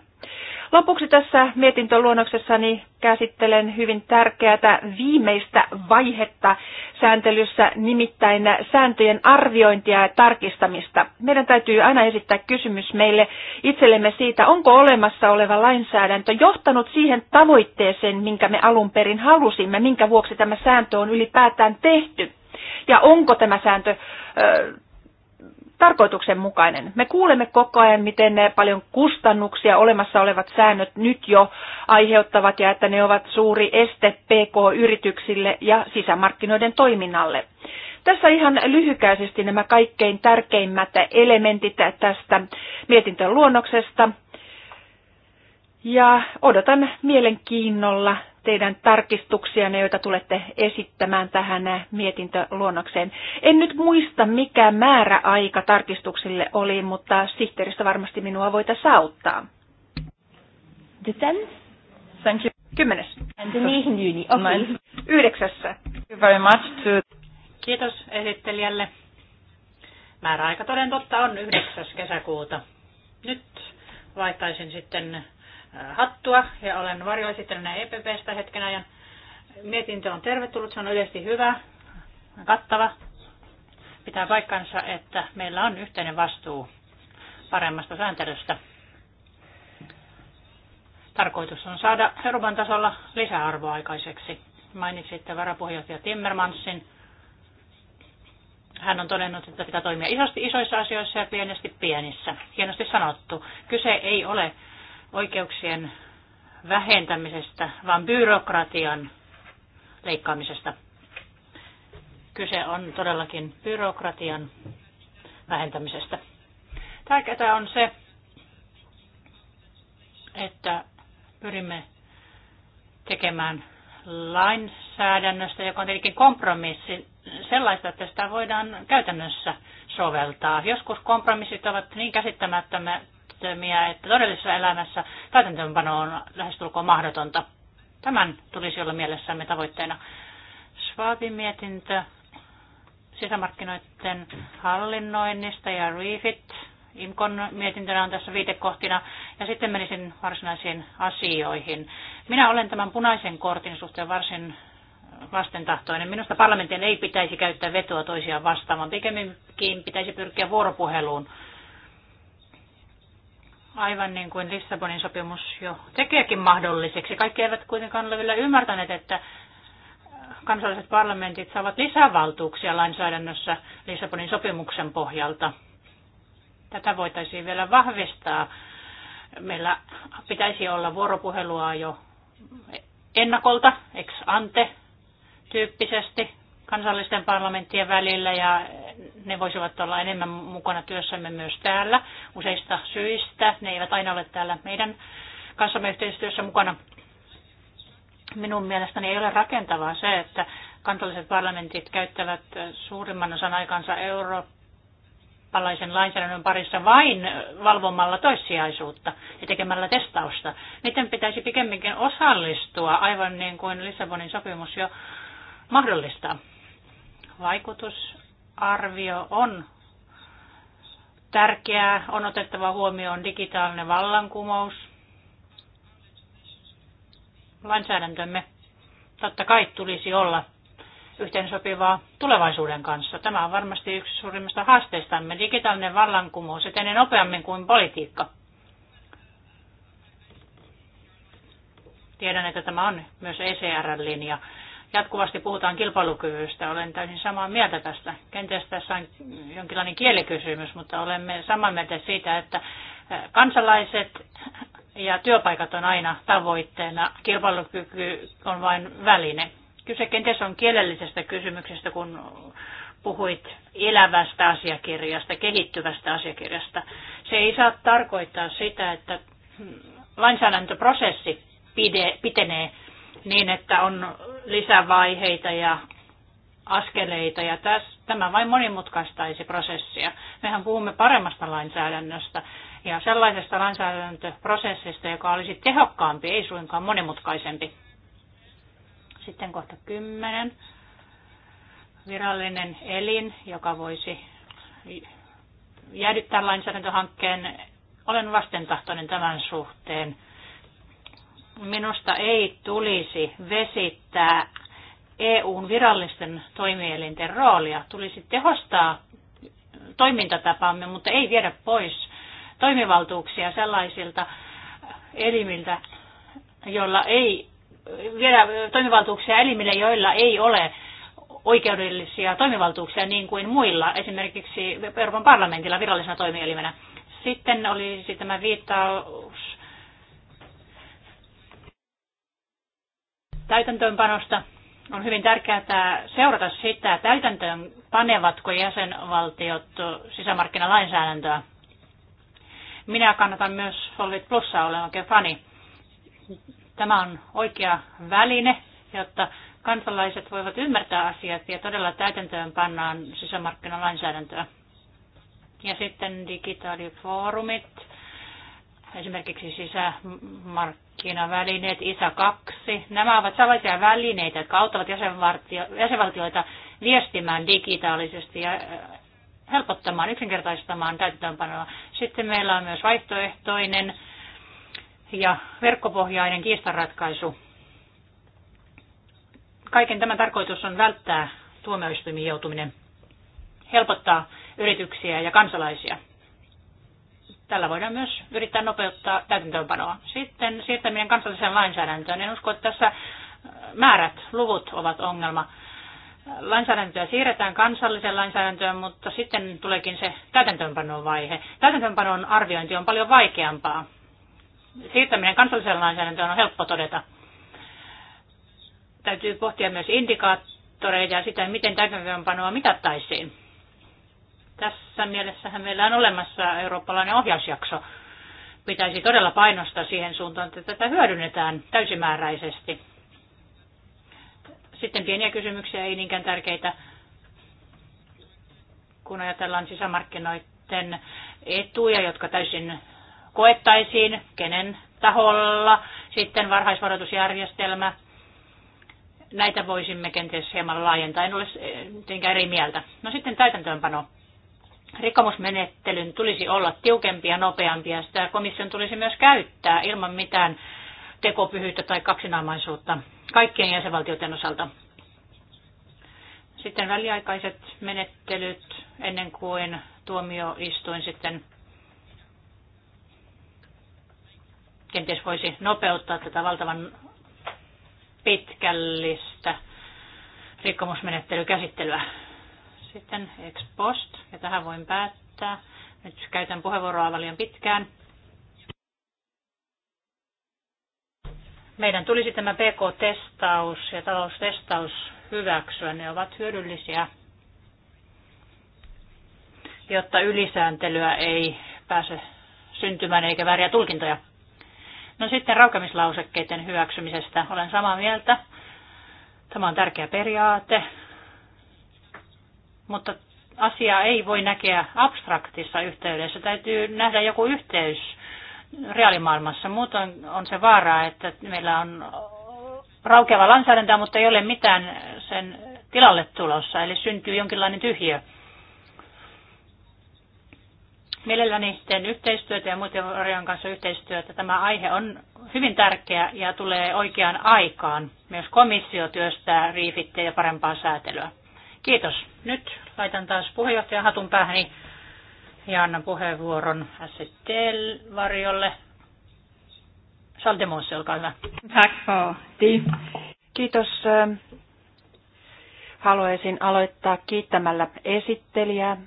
S4: Lopuksi tässä mietintöluonnoksessani käsittelen hyvin tärkeää viimeistä vaihetta sääntelyssä, nimittäin sääntöjen arviointia ja tarkistamista. Meidän täytyy aina esittää kysymys meille itsellemme siitä, onko olemassa oleva lainsäädäntö johtanut siihen tavoitteeseen, minkä me alun perin halusimme, minkä vuoksi tämä sääntö on ylipäätään tehty. Ja onko tämä sääntö tarkoituksenmukainen. Me kuulemme koko ajan, miten paljon kustannuksia olemassa olevat säännöt nyt jo aiheuttavat ja että ne ovat suuri este PK-yrityksille ja sisämarkkinoiden toiminnalle. Tässä ihan lyhykäisesti nämä kaikkein tärkeimmät elementit tästä mietintöluonnoksesta. luonnoksesta. Ja odotan mielenkiinnolla teidän ne joita tulette esittämään tähän mietintöluonnokseen. En nyt muista, mikä määräaika tarkistuksille oli, mutta sihteeristä varmasti minua voitaisiin auttaa. The tenth? Thank you. Kymmenes. And the Okay.
S2: Yhdeksässä. Thank you very much to... Kiitos esittelijälle. Määräaika toden totta on 9. kesäkuuta. Nyt vaihtaisin sitten Äh, hattua ja olen varjoesittelijänä EPPstä hetken ajan. Mietintö on tervetullut, se on yleisesti hyvä, kattava. Pitää paikkansa, että meillä on yhteinen vastuu paremmasta sääntelystä. Tarkoitus on saada Euroopan tasolla lisäarvoa aikaiseksi. Mainitsitte varapuheenjohtaja Timmermansin. Hän on todennut, että pitää toimia isosti isoissa asioissa ja pienesti pienissä. Hienosti sanottu. Kyse ei ole oikeuksien vähentämisestä, vaan byrokratian leikkaamisesta. Kyse on todellakin byrokratian vähentämisestä. Tärkeää on se, että pyrimme tekemään lainsäädännöstä, joka on tietenkin kompromissi, sellaista, että sitä voidaan käytännössä soveltaa. Joskus kompromissit ovat niin käsittämättömät, välttämättömiä, että todellisessa elämässä täytäntöönpano on lähestulkoon mahdotonta. Tämän tulisi olla mielessämme tavoitteena. Schwabin mietintö sisämarkkinoiden hallinnoinnista ja REFIT. IMKON mietintönä on tässä viitekohtina. Ja sitten menisin varsinaisiin asioihin. Minä olen tämän punaisen kortin suhteen varsin vastentahtoinen. Minusta parlamentin ei pitäisi käyttää vetoa toisiaan vastaan, vaan pikemminkin pitäisi pyrkiä vuoropuheluun aivan niin kuin Lissabonin sopimus jo tekeekin mahdolliseksi. Kaikki eivät kuitenkaan ole vielä ymmärtäneet, että kansalliset parlamentit saavat lisävaltuuksia lainsäädännössä Lissabonin sopimuksen pohjalta. Tätä voitaisiin vielä vahvistaa. Meillä pitäisi olla vuoropuhelua jo ennakolta, ex ante tyyppisesti kansallisten parlamenttien välillä ja ne voisivat olla enemmän mukana työssämme myös täällä useista syistä. Ne eivät aina ole täällä meidän kanssamme yhteistyössä mukana. Minun mielestäni ei ole rakentavaa se, että kansalliset parlamentit käyttävät suurimman osan aikansa eurooppalaisen lainsäädännön parissa vain valvomalla toissijaisuutta ja tekemällä testausta. Miten pitäisi pikemminkin osallistua, aivan niin kuin Lissabonin sopimus jo mahdollistaa? Vaikutusarvio on tärkeää. On otettava huomioon digitaalinen vallankumous. Lainsäädäntömme totta kai tulisi olla sopivaa tulevaisuuden kanssa. Tämä on varmasti yksi suurimmista haasteistamme. Digitaalinen vallankumous etenee nopeammin kuin politiikka. Tiedän, että tämä on myös ECR-linja jatkuvasti puhutaan kilpailukyvystä. Olen täysin samaa mieltä tästä. Kenties tässä on jonkinlainen kielikysymys, mutta olemme samaa mieltä siitä, että kansalaiset ja työpaikat on aina tavoitteena. Kilpailukyky on vain väline. Kyse kenties on kielellisestä kysymyksestä, kun puhuit elävästä asiakirjasta, kehittyvästä asiakirjasta. Se ei saa tarkoittaa sitä, että mm, lainsäädäntöprosessi pide, pitenee niin, että on lisävaiheita ja askeleita ja täs, tämä vain monimutkaistaisi prosessia. Mehän puhumme paremmasta lainsäädännöstä ja sellaisesta lainsäädäntöprosessista, joka olisi tehokkaampi, ei suinkaan monimutkaisempi. Sitten kohta kymmenen Virallinen elin, joka voisi jäädyttää lainsäädäntöhankkeen. Olen vastentahtoinen tämän suhteen minusta ei tulisi vesittää EUn virallisten toimielinten roolia. Tulisi tehostaa toimintatapaamme, mutta ei viedä pois toimivaltuuksia sellaisilta elimiltä, joilla ei viedä toimivaltuuksia elimille, joilla ei ole oikeudellisia toimivaltuuksia niin kuin muilla, esimerkiksi Euroopan parlamentilla virallisena toimielimenä. Sitten olisi tämä viittaus täytäntöönpanosta. On hyvin tärkeää seurata sitä, täytäntöön panevatko jäsenvaltiot sisämarkkinalainsäädäntöä. Minä kannatan myös Solvit Plussa, olen oikein fani. Tämä on oikea väline, jotta kansalaiset voivat ymmärtää asiat ja todella täytäntöön pannaan sisämarkkinalainsäädäntöä. Ja sitten digitaalifoorumit esimerkiksi sisämarkkinavälineet, ISA 2, nämä ovat sellaisia välineitä, jotka auttavat jäsenvaltioita viestimään digitaalisesti ja äh, helpottamaan, yksinkertaistamaan täytäntöönpanoa. Sitten meillä on myös vaihtoehtoinen ja verkkopohjainen kiistanratkaisu. Kaiken tämän tarkoitus on välttää tuomioistuimien joutuminen, helpottaa yrityksiä ja kansalaisia. Tällä voidaan myös yrittää nopeuttaa täytäntöönpanoa. Sitten siirtäminen kansalliseen lainsäädäntöön. En usko, että tässä äh, määrät, luvut ovat ongelma. Lainsäädäntöä siirretään kansalliseen lainsäädäntöön, mutta sitten tuleekin se täytäntöönpanon vaihe. Täytäntöönpanon arviointi on paljon vaikeampaa. Siirtäminen kansalliseen lainsäädäntöön on helppo todeta. Täytyy pohtia myös indikaattoreita ja sitä, miten täytäntöönpanoa mitattaisiin. Tässä mielessähän meillä on olemassa eurooppalainen ohjausjakso. Pitäisi todella painostaa siihen suuntaan, että tätä hyödynnetään täysimääräisesti. Sitten pieniä kysymyksiä, ei niinkään tärkeitä, kun ajatellaan sisämarkkinoiden etuja, jotka täysin koettaisiin, kenen taholla, sitten varhaisvaroitusjärjestelmä. Näitä voisimme kenties hieman laajentaa, en ole tietenkään eri mieltä. No sitten täytäntöönpano rikkomusmenettelyn tulisi olla tiukempi ja nopeampi ja sitä komission tulisi myös käyttää ilman mitään tekopyhyyttä tai kaksinaamaisuutta kaikkien jäsenvaltioiden osalta. Sitten väliaikaiset menettelyt ennen kuin tuomioistuin sitten kenties voisi nopeuttaa tätä valtavan pitkällistä rikkomusmenettelykäsittelyä. Sitten ex post, ja tähän voin päättää. Nyt käytän puheenvuoroa liian pitkään. Meidän tulisi tämä PK-testaus ja taloustestaus hyväksyä. Ne ovat hyödyllisiä, jotta ylisääntelyä ei pääse syntymään eikä vääriä tulkintoja. No sitten raukemislausekkeiden hyväksymisestä olen samaa mieltä. Tämä on tärkeä periaate mutta asiaa ei voi näkeä abstraktissa yhteydessä. Täytyy nähdä joku yhteys reaalimaailmassa. Muuten on se vaara, että meillä on raukeava lainsäädäntö, mutta ei ole mitään sen tilalle tulossa, eli syntyy jonkinlainen tyhjö. Mielelläni teen yhteistyötä ja muiden Orion kanssa yhteistyötä. Tämä aihe on hyvin tärkeä ja tulee oikeaan aikaan. Myös komissio työstää riifittejä ja parempaa säätelyä. Kiitos. Nyt laitan taas puheenjohtajan hatun päähäni ja annan puheenvuoron sst varjolle Saldemos, olkaa hyvä.
S4: Tack Kiitos. Haluaisin aloittaa kiittämällä esittelijää.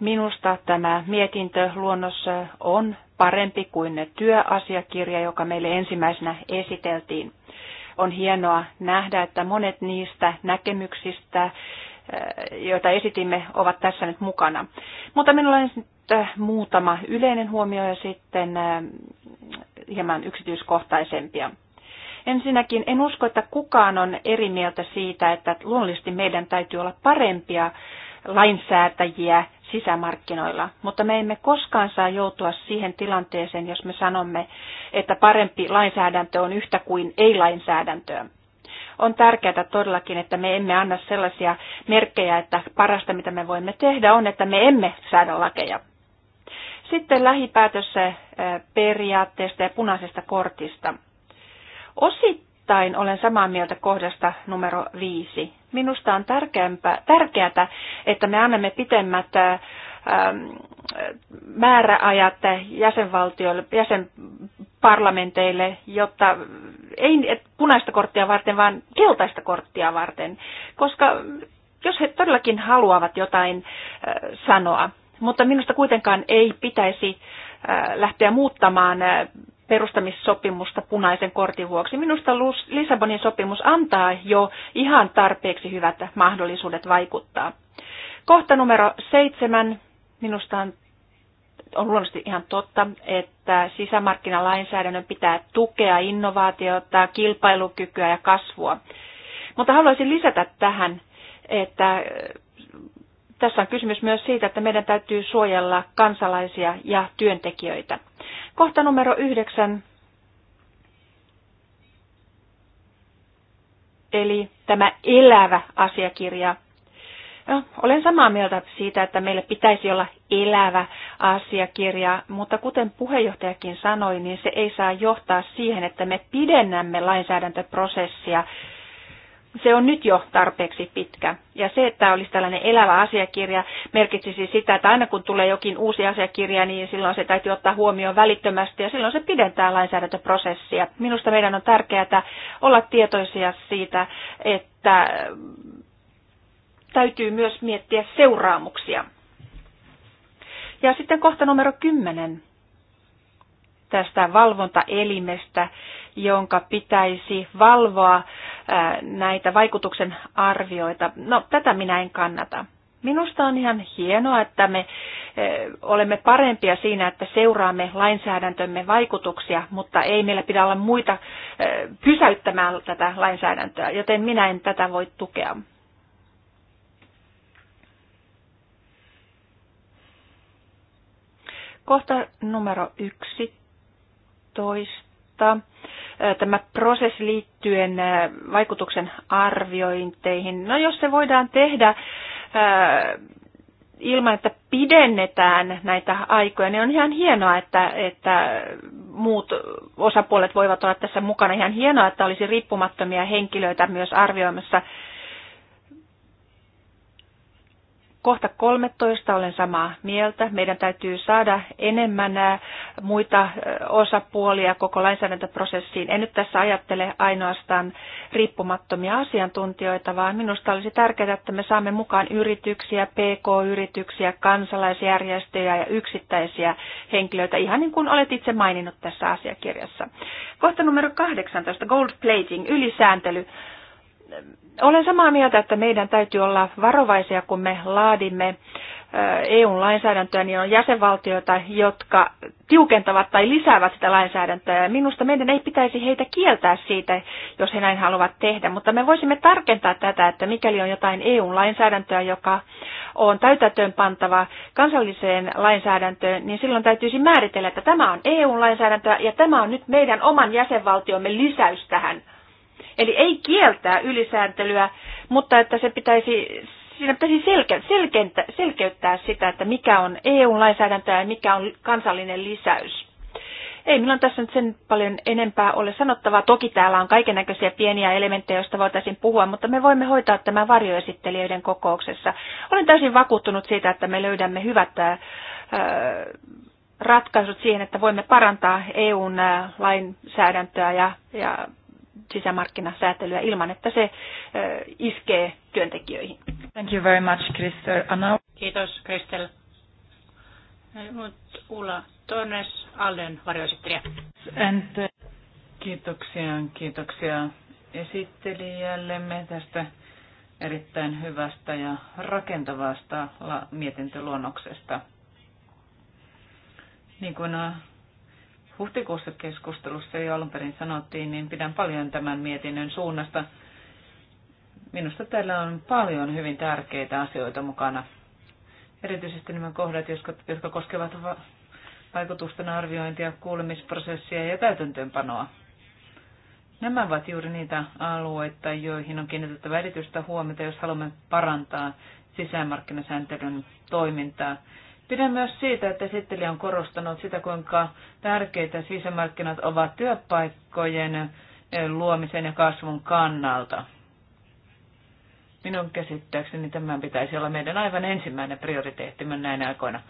S4: Minusta tämä mietintöluonnos on parempi kuin ne työasiakirja, joka meille ensimmäisenä esiteltiin. On hienoa nähdä, että monet niistä näkemyksistä, eh, joita esitimme, ovat tässä nyt mukana. Mutta minulla on nyt eh, muutama yleinen huomio ja sitten eh, hieman yksityiskohtaisempia. Ensinnäkin en usko, että kukaan on eri mieltä siitä, että luonnollisesti meidän täytyy olla parempia lainsäätäjiä sisämarkkinoilla, mutta me emme koskaan saa joutua siihen tilanteeseen, jos me sanomme, että parempi lainsäädäntö on yhtä kuin ei-lainsäädäntöä. On tärkeää todellakin, että me emme anna sellaisia merkkejä, että parasta mitä me voimme tehdä on, että me emme säädä lakeja. Sitten lähipäätössä eh, periaatteesta ja punaisesta kortista. Osittain osittain olen samaa mieltä kohdasta numero viisi. Minusta on tärkeää, että me annamme pitemmät määräajat jäsenvaltioille, jäsenparlamenteille, jotta ei punaista korttia varten, vaan keltaista korttia varten, koska jos he todellakin haluavat jotain sanoa, mutta minusta kuitenkaan ei pitäisi lähteä muuttamaan perustamissopimusta punaisen kortin vuoksi. Minusta Lissabonin sopimus antaa jo ihan tarpeeksi hyvät mahdollisuudet vaikuttaa. Kohta numero seitsemän. Minusta on, on luonnollisesti ihan totta, että sisämarkkinalainsäädännön pitää tukea innovaatiota, kilpailukykyä ja kasvua. Mutta haluaisin lisätä tähän, että tässä on kysymys myös siitä, että meidän täytyy suojella kansalaisia ja työntekijöitä. Kohta numero yhdeksän. Eli tämä elävä asiakirja. No, olen samaa mieltä siitä, että meillä pitäisi olla elävä asiakirja, mutta kuten puheenjohtajakin sanoi, niin se ei saa johtaa siihen, että me pidennämme lainsäädäntöprosessia se on nyt jo tarpeeksi pitkä. Ja se, että olisi tällainen elävä asiakirja, merkitsisi sitä, että aina kun tulee jokin uusi asiakirja, niin silloin se täytyy ottaa huomioon välittömästi ja silloin se pidentää lainsäädäntöprosessia. Minusta meidän on tärkeää olla tietoisia siitä, että täytyy myös miettiä seuraamuksia. Ja sitten kohta numero 10 tästä valvontaelimestä, jonka pitäisi valvoa näitä vaikutuksen arvioita. No, tätä minä en kannata. Minusta on ihan hienoa, että me olemme parempia siinä, että seuraamme lainsäädäntömme vaikutuksia, mutta ei meillä pidä olla muita pysäyttämään tätä lainsäädäntöä, joten minä en tätä voi tukea. Kohta numero 11 kohtaa. tämä prosessi liittyen vaikutuksen arviointeihin, no jos se voidaan tehdä ilman, että pidennetään näitä aikoja, niin on ihan hienoa, että, että muut osapuolet voivat olla tässä mukana. Ihan hienoa, että olisi riippumattomia henkilöitä myös arvioimassa Kohta 13 olen samaa mieltä. Meidän täytyy saada enemmän muita osapuolia koko lainsäädäntöprosessiin. En nyt tässä ajattele ainoastaan riippumattomia asiantuntijoita, vaan minusta olisi tärkeää, että me saamme mukaan yrityksiä, PK-yrityksiä, kansalaisjärjestöjä ja yksittäisiä henkilöitä, ihan niin kuin olet itse maininnut tässä asiakirjassa. Kohta numero 18, gold plating, ylisääntely olen samaa mieltä, että meidän täytyy olla varovaisia, kun me laadimme EU-lainsäädäntöä, niin on jäsenvaltioita, jotka tiukentavat tai lisäävät sitä lainsäädäntöä. Minusta meidän ei pitäisi heitä kieltää siitä, jos he näin haluavat tehdä, mutta me voisimme tarkentaa tätä, että mikäli on jotain EU-lainsäädäntöä, joka on täytäntöön pantava kansalliseen lainsäädäntöön, niin silloin täytyisi määritellä, että tämä on EU-lainsäädäntöä ja tämä on nyt meidän oman jäsenvaltiomme lisäys tähän Eli ei kieltää ylisääntelyä, mutta että se pitäisi, siinä pitäisi selke, selkentä, selkeyttää sitä, että mikä on EU-lainsäädäntöä ja mikä on kansallinen lisäys. Ei minulla tässä nyt sen paljon enempää ole sanottavaa. Toki täällä on kaiken näköisiä pieniä elementtejä, joista voitaisiin puhua, mutta me voimme hoitaa tämän varjoesittelijöiden kokouksessa. Olen täysin vakuuttunut siitä, että me löydämme hyvät äh, ratkaisut siihen, että voimme parantaa EUn äh, lainsäädäntöä ja, ja sisämarkkinasäätelyä ilman, että se iskee työntekijöihin.
S1: Thank you very much, Kristel. Anna... Kiitos, Kristel.
S2: Ulla Tornes, Alden varjoesittelijä.
S5: And, uh, kiitoksia, kiitoksia esittelijällemme tästä erittäin hyvästä ja rakentavasta mietintöluonnoksesta. Niin kuin uh, huhtikuussa keskustelussa jo alun perin sanottiin, niin pidän paljon tämän mietinnön suunnasta. Minusta täällä on paljon hyvin tärkeitä asioita mukana. Erityisesti nämä kohdat, jotka, koskevat vaikutusten arviointia, kuulemisprosessia ja täytäntöönpanoa. Nämä ovat juuri niitä alueita, joihin on kiinnitettävä erityistä huomiota, jos haluamme parantaa sisämarkkinasääntelyn toimintaa. Pidän myös siitä, että esittelijä on korostanut sitä, kuinka tärkeitä sisämarkkinat ovat työpaikkojen eh, luomisen ja kasvun kannalta. Minun käsittääkseni tämän pitäisi olla meidän aivan ensimmäinen prioriteettimme näinä aikoina.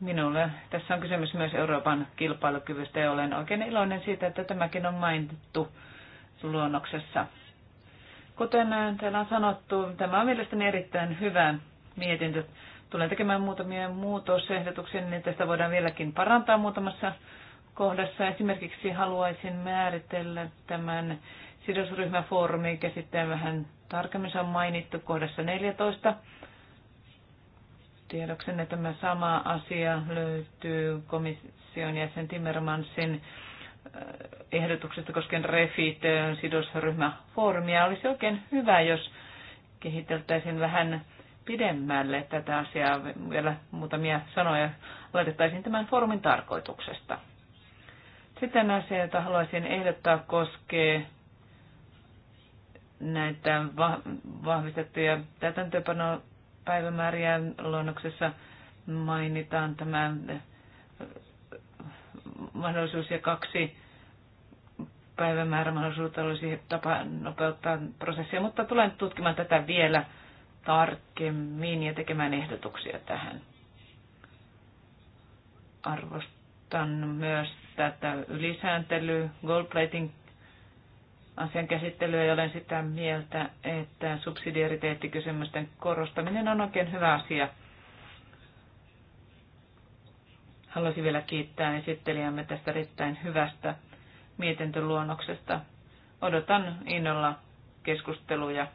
S5: Minulle tässä on kysymys myös Euroopan kilpailukyvystä ja olen oikein iloinen siitä, että tämäkin on mainittu luonnoksessa. Kuten täällä on sanottu, tämä on mielestäni erittäin hyvä mietintö. Tulen tekemään muutamia muutosehdotuksia, niin tästä voidaan vieläkin parantaa muutamassa kohdassa. Esimerkiksi haluaisin määritellä tämän sidosryhmäfoorumin käsitteen vähän tarkemmin. Se on mainittu kohdassa 14. Tiedoksenne tämä sama asia löytyy komission jäsen Timmermansin äh, ehdotuksesta koskien refit äh, sidosryhmäfoorumia. Olisi oikein hyvä, jos kehiteltäisiin vähän pidemmälle tätä asiaa vielä muutamia sanoja laitettaisiin tämän foorumin tarkoituksesta. Sitten asia, jota haluaisin ehdottaa, koskee näitä vahvistettuja täytäntöpanopäivämääriä. Luonnoksessa mainitaan tämä äh, mahdollisuus ja kaksi päivämäärämahdollisuutta olisi tapa nopeuttaa prosessia, mutta tulen tutkimaan tätä vielä tarkemmin ja tekemään ehdotuksia tähän. Arvostan myös tätä ylisääntely, goldplating asian käsittelyä ja olen sitä mieltä, että subsidiariteettikysymysten korostaminen on oikein hyvä asia. Haluaisin vielä kiittää esittelijämme tästä erittäin hyvästä mietintöluonnoksesta. Odotan innolla keskusteluja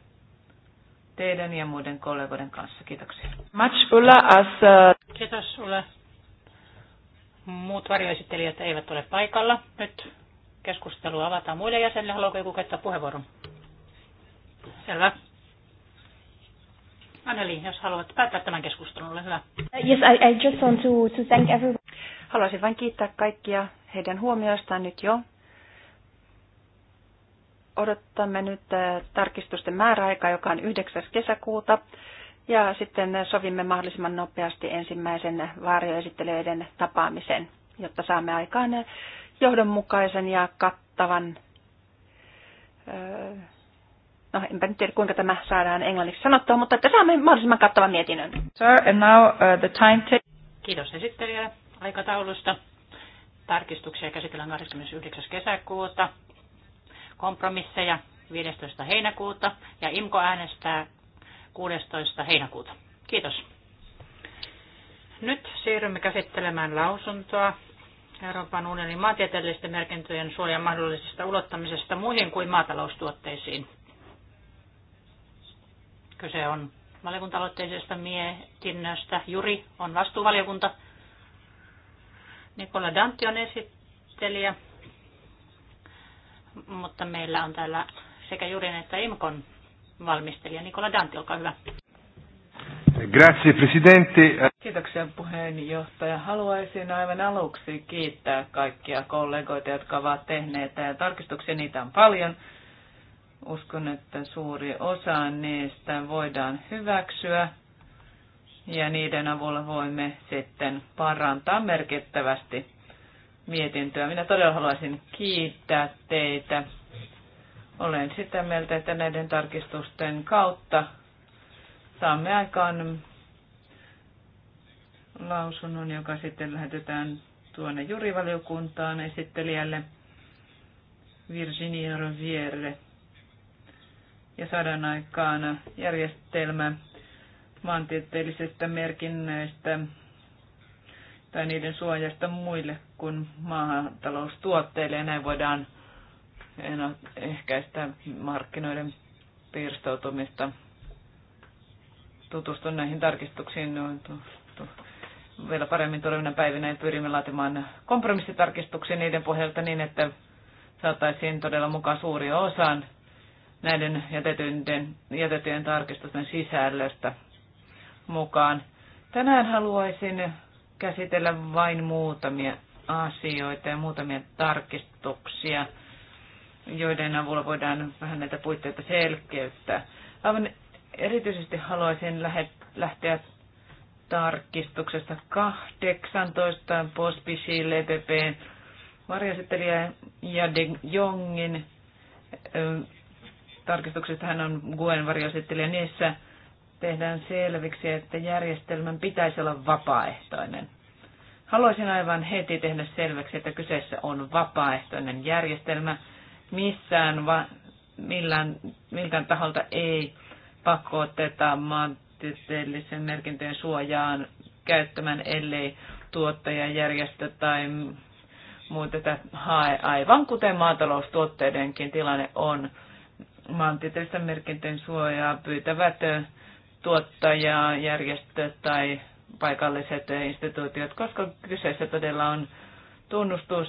S5: teidän ja muiden kollegoiden kanssa. Kiitoksia.
S1: Much Ulla as,
S5: uh...
S2: Kiitos Ulla. Muut varjoesittelijät eivät ole paikalla. Nyt keskustelu avataan muille jäsenille. Haluaako joku käyttää puheenvuoron? Selvä. Anneli, jos haluat päättää tämän keskustelun, ole hyvä.
S4: Uh, yes, I, I just want to, to thank everyone. Haluaisin vain kiittää kaikkia heidän huomioistaan nyt jo odottamme nyt äh, tarkistusten määräaikaa, joka on 9. kesäkuuta. Ja sitten sovimme mahdollisimman nopeasti ensimmäisen vaarioesittelijöiden tapaamisen, jotta saamme aikaan äh, johdonmukaisen ja kattavan, äh, no enpä nyt tiedä kuinka tämä saadaan englanniksi sanottua, mutta että saamme mahdollisimman kattavan mietinnön.
S1: Sir, and now, uh, the
S4: time
S2: Kiitos esittelijä aikataulusta. Tarkistuksia käsitellään 29. kesäkuuta kompromisseja 15. heinäkuuta ja IMKO äänestää 16. heinäkuuta. Kiitos. Nyt siirrymme käsittelemään lausuntoa Euroopan unionin maantieteellisten merkintöjen suojan mahdollisesta ulottamisesta muihin kuin maataloustuotteisiin. Kyse on valiokuntaloitteisesta mietinnöstä. Juri on vastuuvaliokunta. Nikola Dantti on esittelijä mutta meillä on täällä sekä Jurin että Imkon
S5: valmistelija Nikola Danti, olkaa hyvä.
S6: Grazie Presidente.
S5: Kiitoksia puheenjohtaja. Haluaisin aivan aluksi kiittää kaikkia kollegoita, jotka ovat tehneet tarkistuksia. Niitä on paljon. Uskon, että suuri osa niistä voidaan hyväksyä ja niiden avulla voimme sitten parantaa merkittävästi mietintöä. Minä todella haluaisin kiittää teitä. Olen sitä mieltä, että näiden tarkistusten kautta saamme aikaan lausunnon, joka sitten lähetetään tuonne jurivaliokuntaan esittelijälle Virginia Rovierre. Ja saadaan aikaan järjestelmä maantieteellisistä merkinnöistä tai niiden suojasta muille kuin maataloustuotteille. Ja näin voidaan ehkäistä markkinoiden pirstoutumista. Tutustun näihin tarkistuksiin vielä paremmin tulevina päivinä ja pyrimme laatimaan kompromissitarkistuksia niiden pohjalta niin, että saataisiin todella mukaan suuri osaan näiden jätetyiden, jätetyjen tarkistusten sisällöstä mukaan. Tänään haluaisin käsitellä vain muutamia asioita ja muutamia tarkistuksia, joiden avulla voidaan vähän näitä puitteita selkeyttää. Aivan erityisesti haluaisin lähteä tarkistuksesta 18 Pospisille LPPn varjasittelijä ja De Jongin tarkistuksesta hän on Guen varjasittelijä niissä tehdään selviksi, että järjestelmän pitäisi olla vapaaehtoinen. Haluaisin aivan heti tehdä selväksi, että kyseessä on vapaaehtoinen järjestelmä. Missään va- millään, millään taholta ei pakko oteta maantieteellisen merkintöjen suojaan käyttämään, ellei tuottajajärjestö tai muu tätä hae, aivan kuten maataloustuotteidenkin tilanne on. Maantieteellisten merkintöjen suojaa pyytävät tuottajaa, järjestö tai paikalliset instituutiot, koska kyseessä todella on tunnustus,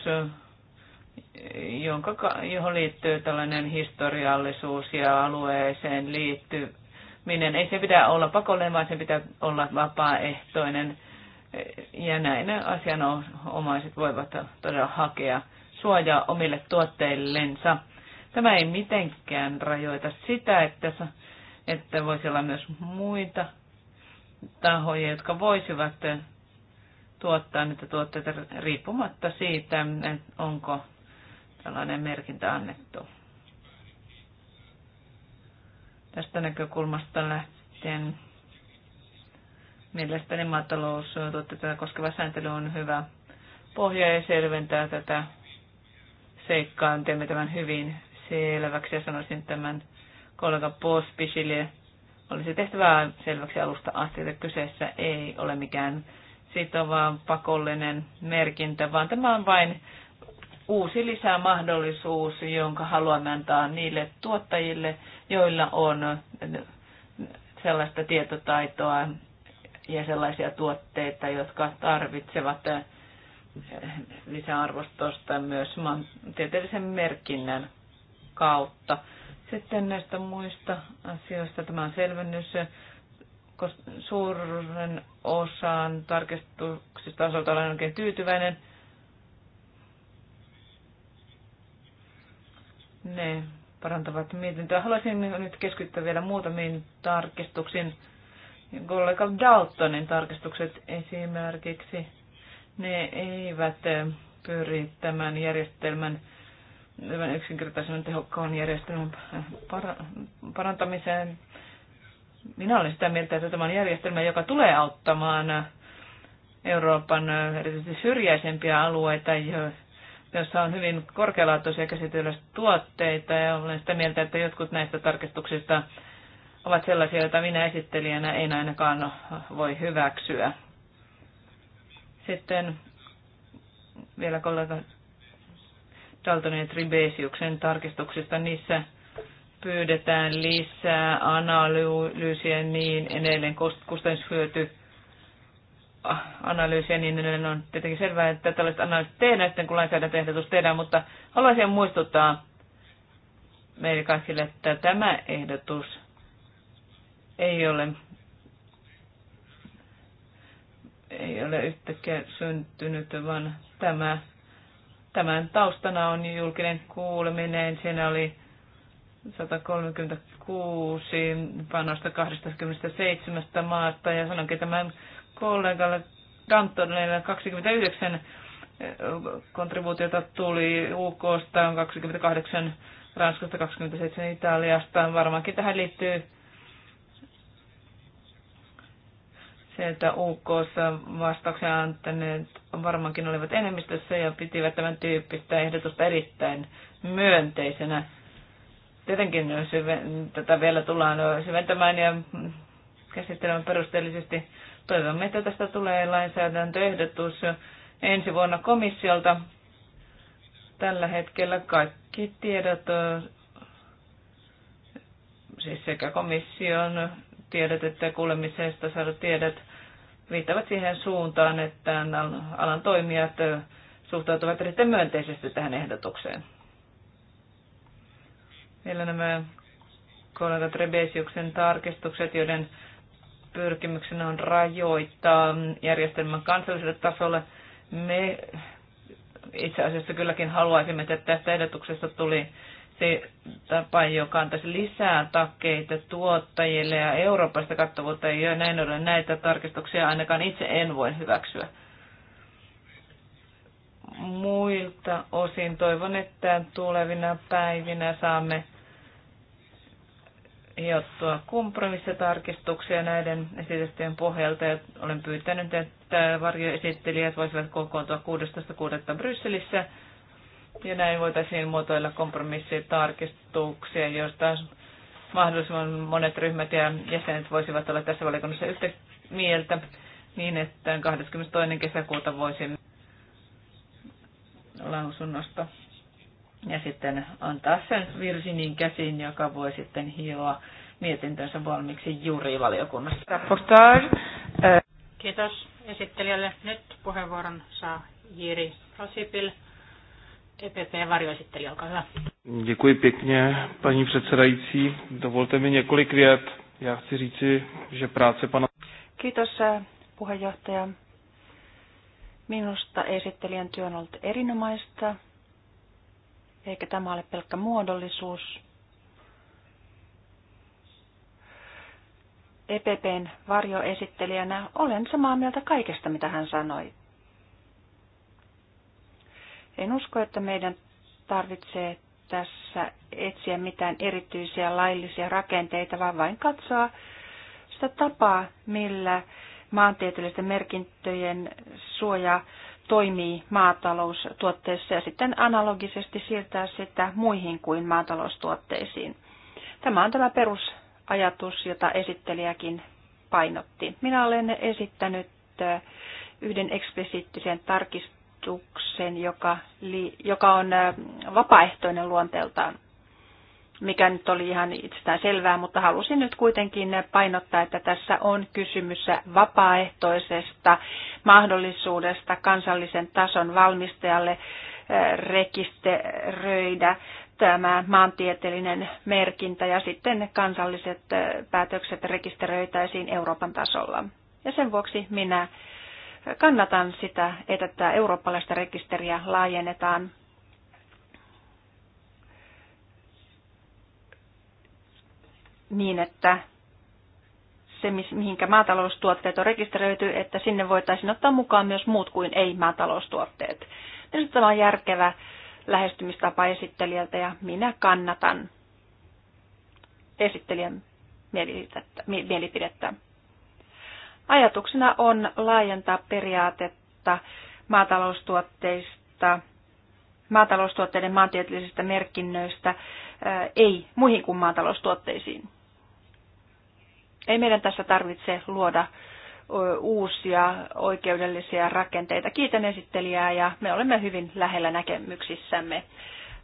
S5: jonka, johon liittyy tällainen historiallisuus ja alueeseen liittyminen. Ei se pitää olla pakollinen, vaan se pitää olla vapaaehtoinen. Ja näin asianomaiset voivat todella hakea suojaa omille tuotteillensa. Tämä ei mitenkään rajoita sitä, että että voisi olla myös muita tahoja, jotka voisivat tuottaa niitä tuotteita riippumatta siitä, onko tällainen merkintä annettu. Tästä näkökulmasta lähtien mielestäni maataloustuotteita koskeva sääntely on hyvä pohja ja selventää tätä seikkaa. Teemme tämän hyvin selväksi ja sanoisin tämän kollega Pospisille olisi tehtävä selväksi alusta asti, että kyseessä ei ole mikään sitova pakollinen merkintä, vaan tämä on vain uusi lisämahdollisuus, jonka haluamme antaa niille tuottajille, joilla on sellaista tietotaitoa ja sellaisia tuotteita, jotka tarvitsevat lisäarvostosta myös maantieteellisen merkinnän kautta. Sitten näistä muista asioista tämä on selvennys. Suuren osan tarkistuksista osalta olen oikein tyytyväinen. Ne parantavat mietintöä. Haluaisin nyt keskittyä vielä muutamiin tarkistuksiin. Kollega Daltonin tarkistukset esimerkiksi, ne eivät eh, pyri tämän järjestelmän hyvän yksinkertaisen tehokkaan järjestelmän parantamiseen. Minä olen sitä mieltä, että tämä on järjestelmä, joka tulee auttamaan Euroopan erityisesti syrjäisempiä alueita, joissa on hyvin korkealaatuisia käsitellä tuotteita. Ja olen sitä mieltä, että jotkut näistä tarkistuksista ovat sellaisia, joita minä esittelijänä en ainakaan voi hyväksyä. Sitten vielä kollega Daltonin ja Tribesiuksen tarkistuksista. Niissä pyydetään lisää analyysiä niin edelleen kustannushyöty analyysiä, niin edelleen on tietenkin selvää, että tällaiset analyysit tehdään sitten, kun lainsäädäntöehdotus tehdään, mutta haluaisin muistuttaa meille kaikille, että tämä ehdotus ei ole, ei ole yhtäkkiä syntynyt, vaan tämä Tämän taustana on julkinen kuuleminen. Siinä oli 136 panosta 27 maasta ja sanonkin tämän kollegalle Dantonelle 29 eh, kontribuutiota tuli UKsta, 28 Ranskasta, 27 Italiasta. Varmaankin tähän liittyy se, että UKssa vastauksen antaneet varmaankin olivat enemmistössä ja pitivät tämän tyyppistä ehdotusta erittäin myönteisenä. Tietenkin tätä vielä tullaan syventämään ja käsittelemään perusteellisesti. Toivomme, että tästä tulee lainsäädäntöehdotus ensi vuonna komissiolta. Tällä hetkellä kaikki tiedot, siis sekä komission tiedot että kuulemisesta saadut tiedot viittavat siihen suuntaan, että alan toimijat suhtautuvat erittäin myönteisesti tähän ehdotukseen. Meillä nämä kollega Trebesiuksen tarkistukset, joiden pyrkimyksenä on rajoittaa järjestelmän kansalliselle tasolle. Me itse asiassa kylläkin haluaisimme, että tästä ehdotuksesta tuli se tapa, joka antaisi lisää takkeita tuottajille ja Euroopasta kattavuutta ei ole näin ollen näitä tarkistuksia ainakaan itse en voi hyväksyä. Muilta osin toivon, että tulevina päivinä saamme hiottua kompromissitarkistuksia näiden esitysten pohjalta. Ja olen pyytänyt, että varjoesittelijät voisivat kokoontua 16.6. Brysselissä ja näin voitaisiin muotoilla tarkistuksia, joista mahdollisimman monet ryhmät ja jäsenet voisivat olla tässä valiokunnassa yhtä mieltä niin, että 22. kesäkuuta voisin lausunnosta ja sitten antaa sen Virginin käsiin, joka voi sitten hioa mietintönsä valmiiksi juuri valiokunnassa. Äh. Kiitos
S2: esittelijälle. Nyt puheenvuoron saa Jiri Rosipil. EPP-varjoesitteli, olkaa hyvä.
S3: Děkuji pěkně, paní předsedající. Dovolte mi několik vět. Já chci říci, že práce pana...
S4: Kiitos, eh, puheenjohtaja. Minusta esittelijän työ on ollut erinomaista, eikä tämä ole pelkkä muodollisuus. EPPn varjoesittelijänä olen samaa mieltä kaikesta, mitä hän sanoi. En usko, että meidän tarvitsee tässä etsiä mitään erityisiä laillisia rakenteita, vaan vain katsoa sitä tapaa, millä maantieteellisten merkintöjen suoja toimii maataloustuotteissa ja sitten analogisesti siirtää sitä muihin kuin maataloustuotteisiin. Tämä on tämä perusajatus, jota esittelijäkin painotti. Minä olen esittänyt äh, yhden eksplisiittisen tarkistuksen tarkistuksen, joka, li, joka on äh, vapaaehtoinen luonteeltaan, mikä nyt oli ihan itsestään selvää, mutta halusin nyt kuitenkin painottaa, että tässä on kysymys vapaaehtoisesta mahdollisuudesta kansallisen tason valmistajalle äh, rekisteröidä tämä maantieteellinen merkintä ja sitten kansalliset äh, päätökset rekisteröitäisiin Euroopan tasolla. Ja sen vuoksi minä kannatan sitä, että tämä eurooppalaista rekisteriä laajennetaan niin, että se, mihinkä maataloustuotteet on rekisteröity, että sinne voitaisiin ottaa mukaan myös muut kuin ei-maataloustuotteet. Minusta tämä on järkevä lähestymistapa esittelijältä ja minä kannatan esittelijän mielipidettä. Ajatuksena on laajentaa periaatetta maataloustuotteista, maataloustuotteiden maantieteellisistä merkinnöistä äh, ei muihin kuin maataloustuotteisiin. Ei meidän tässä tarvitse luoda uusia oikeudellisia rakenteita. Kiitän esittelijää ja me olemme hyvin lähellä näkemyksissämme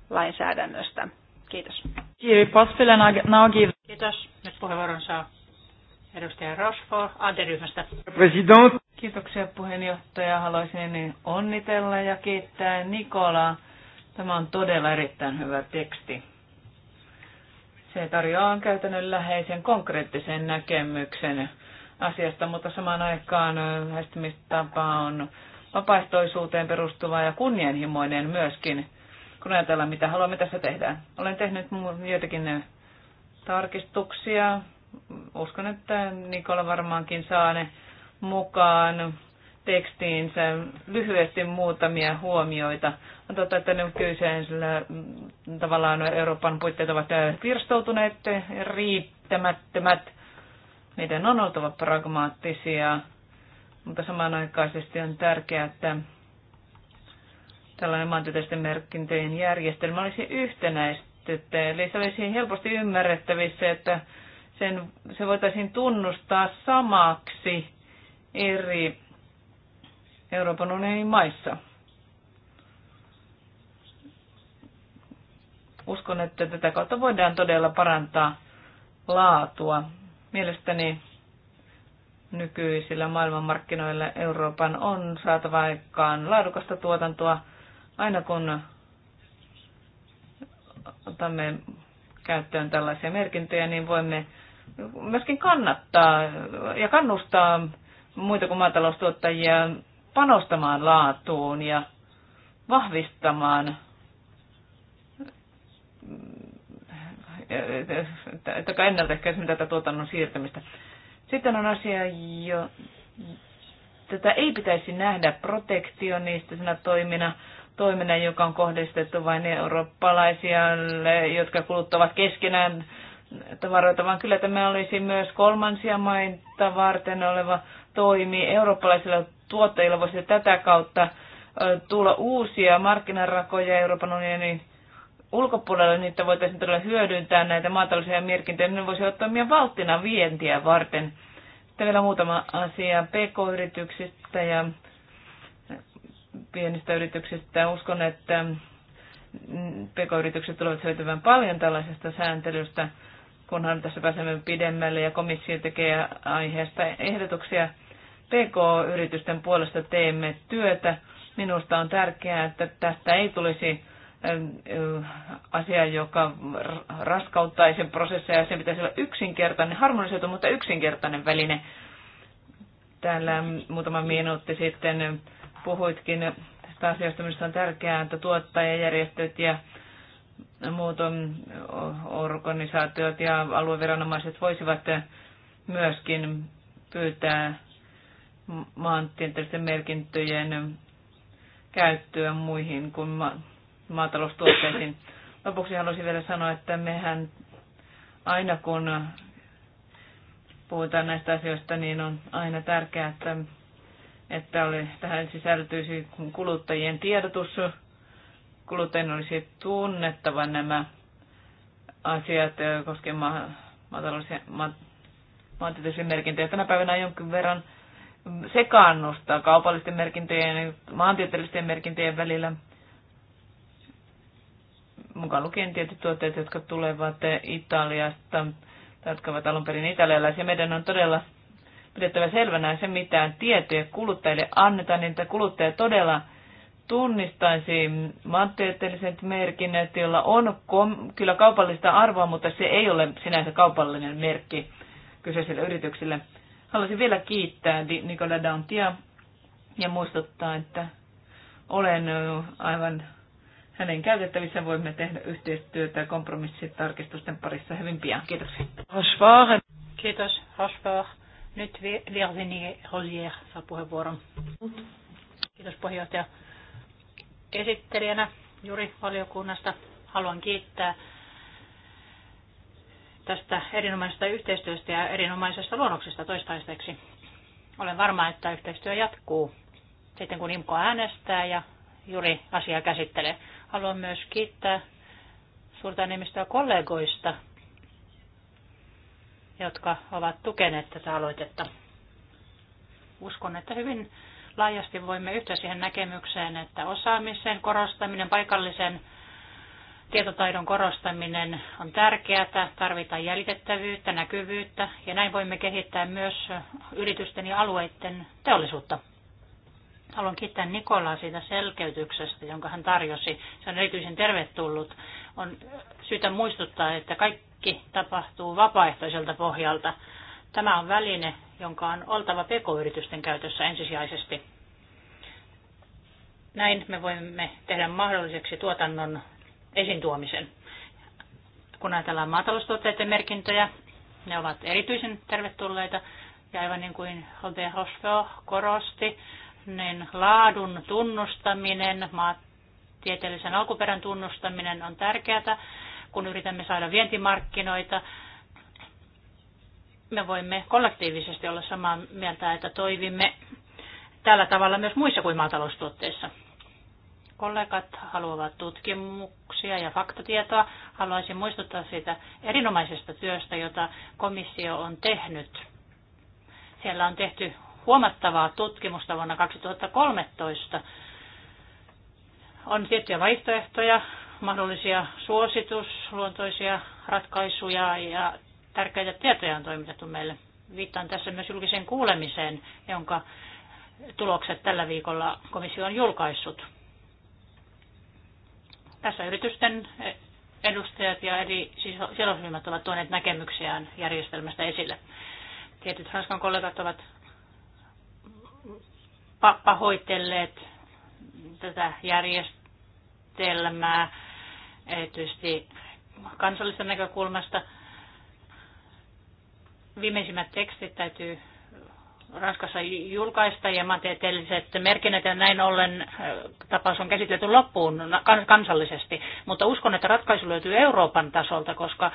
S4: lainsäädännöstä. Kiitos.
S1: Kiitos.
S5: Nyt puheenvuoron saa Edustaja Rosfor, AD-ryhmästä. President. Kiitoksia puheenjohtaja. Haluaisin niin onnitella ja kiittää Nikolaa. Tämä on todella erittäin hyvä teksti. Se tarjoaa läheisen konkreettisen näkemyksen asiasta, mutta samaan aikaan lähestymistapa on vapaaehtoisuuteen perustuva ja kunnianhimoinen myöskin, kun ajatellaan, mitä haluamme tässä tehdä. Olen tehnyt joitakin tarkistuksia uskon, että Nikola varmaankin saa ne mukaan tekstiinsä lyhyesti muutamia huomioita. On totta, että nyt kyseisellä mm, tavallaan Euroopan puitteet ovat pirstoutuneet, riittämättömät. Meidän on oltava pragmaattisia, mutta samanaikaisesti on tärkeää, että tällainen maantieteisten merkintöjen järjestelmä olisi yhtenäistetty. Eli se olisi helposti ymmärrettävissä, että sen, se voitaisiin tunnustaa samaksi eri Euroopan unionin maissa. Uskon, että tätä kautta voidaan todella parantaa laatua. Mielestäni nykyisillä maailmanmarkkinoilla Euroopan on saatava aikaan laadukasta tuotantoa aina kun otamme käyttöön tällaisia merkintöjä, niin voimme myöskin kannattaa ja kannustaa muita kuin maataloustuottajia panostamaan laatuun ja vahvistamaan ennaltaehkäisemmin tätä tuotannon siirtämistä. Sitten on asia, jo, tätä ei pitäisi nähdä protektionistisena toimina, toiminnan, joka on kohdistettu vain eurooppalaisia, jotka kuluttavat keskenään tavaroita, vaan kyllä tämä olisi myös kolmansia maita varten oleva toimi. Eurooppalaisilla tuottajilla voisi tätä kautta tulla uusia markkinarakoja Euroopan unionin ulkopuolella, niitä voitaisiin todella hyödyntää näitä maatalousia merkintöjä, niin ne voisi ottaa meidän valttina vientiä varten. Sitten vielä muutama asia pk-yrityksistä ja pienistä yrityksistä. Uskon, että pk-yritykset tulevat hyötymään paljon tällaisesta sääntelystä kunhan tässä pääsemme pidemmälle ja komissio tekee aiheesta ehdotuksia. PK-yritysten puolesta teemme työtä. Minusta on tärkeää, että tästä ei tulisi eh, asia, joka raskauttaisi prosesseja se pitäisi olla yksinkertainen, harmonisoitu, mutta yksinkertainen väline. Täällä muutama minuutti sitten puhuitkin tästä asiasta, minusta on tärkeää, että tuottajajärjestöt ja muut organisaatiot ja alueviranomaiset voisivat myöskin pyytää maantieteellisten merkintöjen käyttöä muihin kuin ma- maataloustuotteisiin. Lopuksi haluaisin vielä sanoa, että mehän aina kun puhutaan näistä asioista, niin on aina tärkeää, että, että oli, tähän sisältyisi kuluttajien tiedotus kuluttajan olisi tunnettava nämä asiat koskien ma- maataloudellisia ma- maantieteellisiä merkintöjä. Tänä päivänä jonkin verran sekaannusta kaupallisten merkintöjen ja maantieteellisten merkintöjen välillä mukaan lukien tietyt tuotteet, jotka tulevat Italiasta, jotka ovat alun perin italialaisia. Meidän on todella pidettävä selvänä se, mitä tietoja kuluttajille annetaan, niin että kuluttaja todella tunnistaisi maantieteelliset merkinnät, joilla on kom- kyllä kaupallista arvoa, mutta se ei ole sinänsä kaupallinen merkki kyseiselle yritykselle. Haluaisin vielä kiittää Nikola Dantia ja muistuttaa, että olen aivan hänen käytettävissä. Voimme tehdä yhteistyötä kompromissitarkistusten parissa hyvin pian. Kiitoksia.
S2: Kiitos, Rosvar. Nyt Virginie Rosier saa puheenvuoron. Kiitos puheenjohtaja esittelijänä juuri valiokunnasta. Haluan kiittää tästä erinomaisesta yhteistyöstä ja erinomaisesta luonnoksesta toistaiseksi. Olen varma, että yhteistyö jatkuu sitten kun IMKO äänestää ja juuri asiaa käsittelee. Haluan myös kiittää suurta enemmistöä kollegoista, jotka ovat tukeneet tätä aloitetta. Uskon, että hyvin laajasti voimme yhtä siihen näkemykseen, että osaamisen korostaminen, paikallisen tietotaidon korostaminen on tärkeää, tarvitaan jäljitettävyyttä, näkyvyyttä ja näin voimme kehittää myös yritysten ja alueiden teollisuutta. Haluan kiittää Nikolaa siitä selkeytyksestä, jonka hän tarjosi. Se on erityisen tervetullut. On syytä muistuttaa, että kaikki tapahtuu vapaaehtoiselta pohjalta. Tämä on väline, jonka on oltava pk-yritysten käytössä ensisijaisesti. Näin me voimme tehdä mahdolliseksi tuotannon esintuomisen. Kun ajatellaan maataloustuotteiden merkintöjä, ne ovat erityisen tervetulleita. Ja aivan niin kuin Holde Hosfeo korosti, niin laadun tunnustaminen, maatieteellisen alkuperän tunnustaminen on tärkeää, kun yritämme saada vientimarkkinoita me voimme kollektiivisesti olla samaa mieltä, että toivimme tällä tavalla myös muissa kuin maataloustuotteissa. Kollegat haluavat tutkimuksia ja faktatietoa. Haluaisin muistuttaa siitä erinomaisesta työstä, jota komissio on tehnyt. Siellä on tehty huomattavaa tutkimusta vuonna 2013. On tiettyjä vaihtoehtoja, mahdollisia suositusluontoisia ratkaisuja ja tärkeitä tietoja on toimitettu meille. Viittaan tässä myös julkiseen kuulemiseen, jonka tulokset tällä viikolla komissio on julkaissut. Tässä yritysten edustajat ja eri sidosryhmät ovat tuoneet näkemyksiään järjestelmästä esille. Tietyt Ranskan kollegat ovat pahoitelleet tätä järjestelmää erityisesti kansallisesta näkökulmasta – viimeisimmät tekstit täytyy Ranskassa julkaista ja maantieteelliset merkinnät ja näin ollen äh, tapaus on käsitelty loppuun kansallisesti. Mutta uskon, että ratkaisu löytyy Euroopan tasolta, koska äh,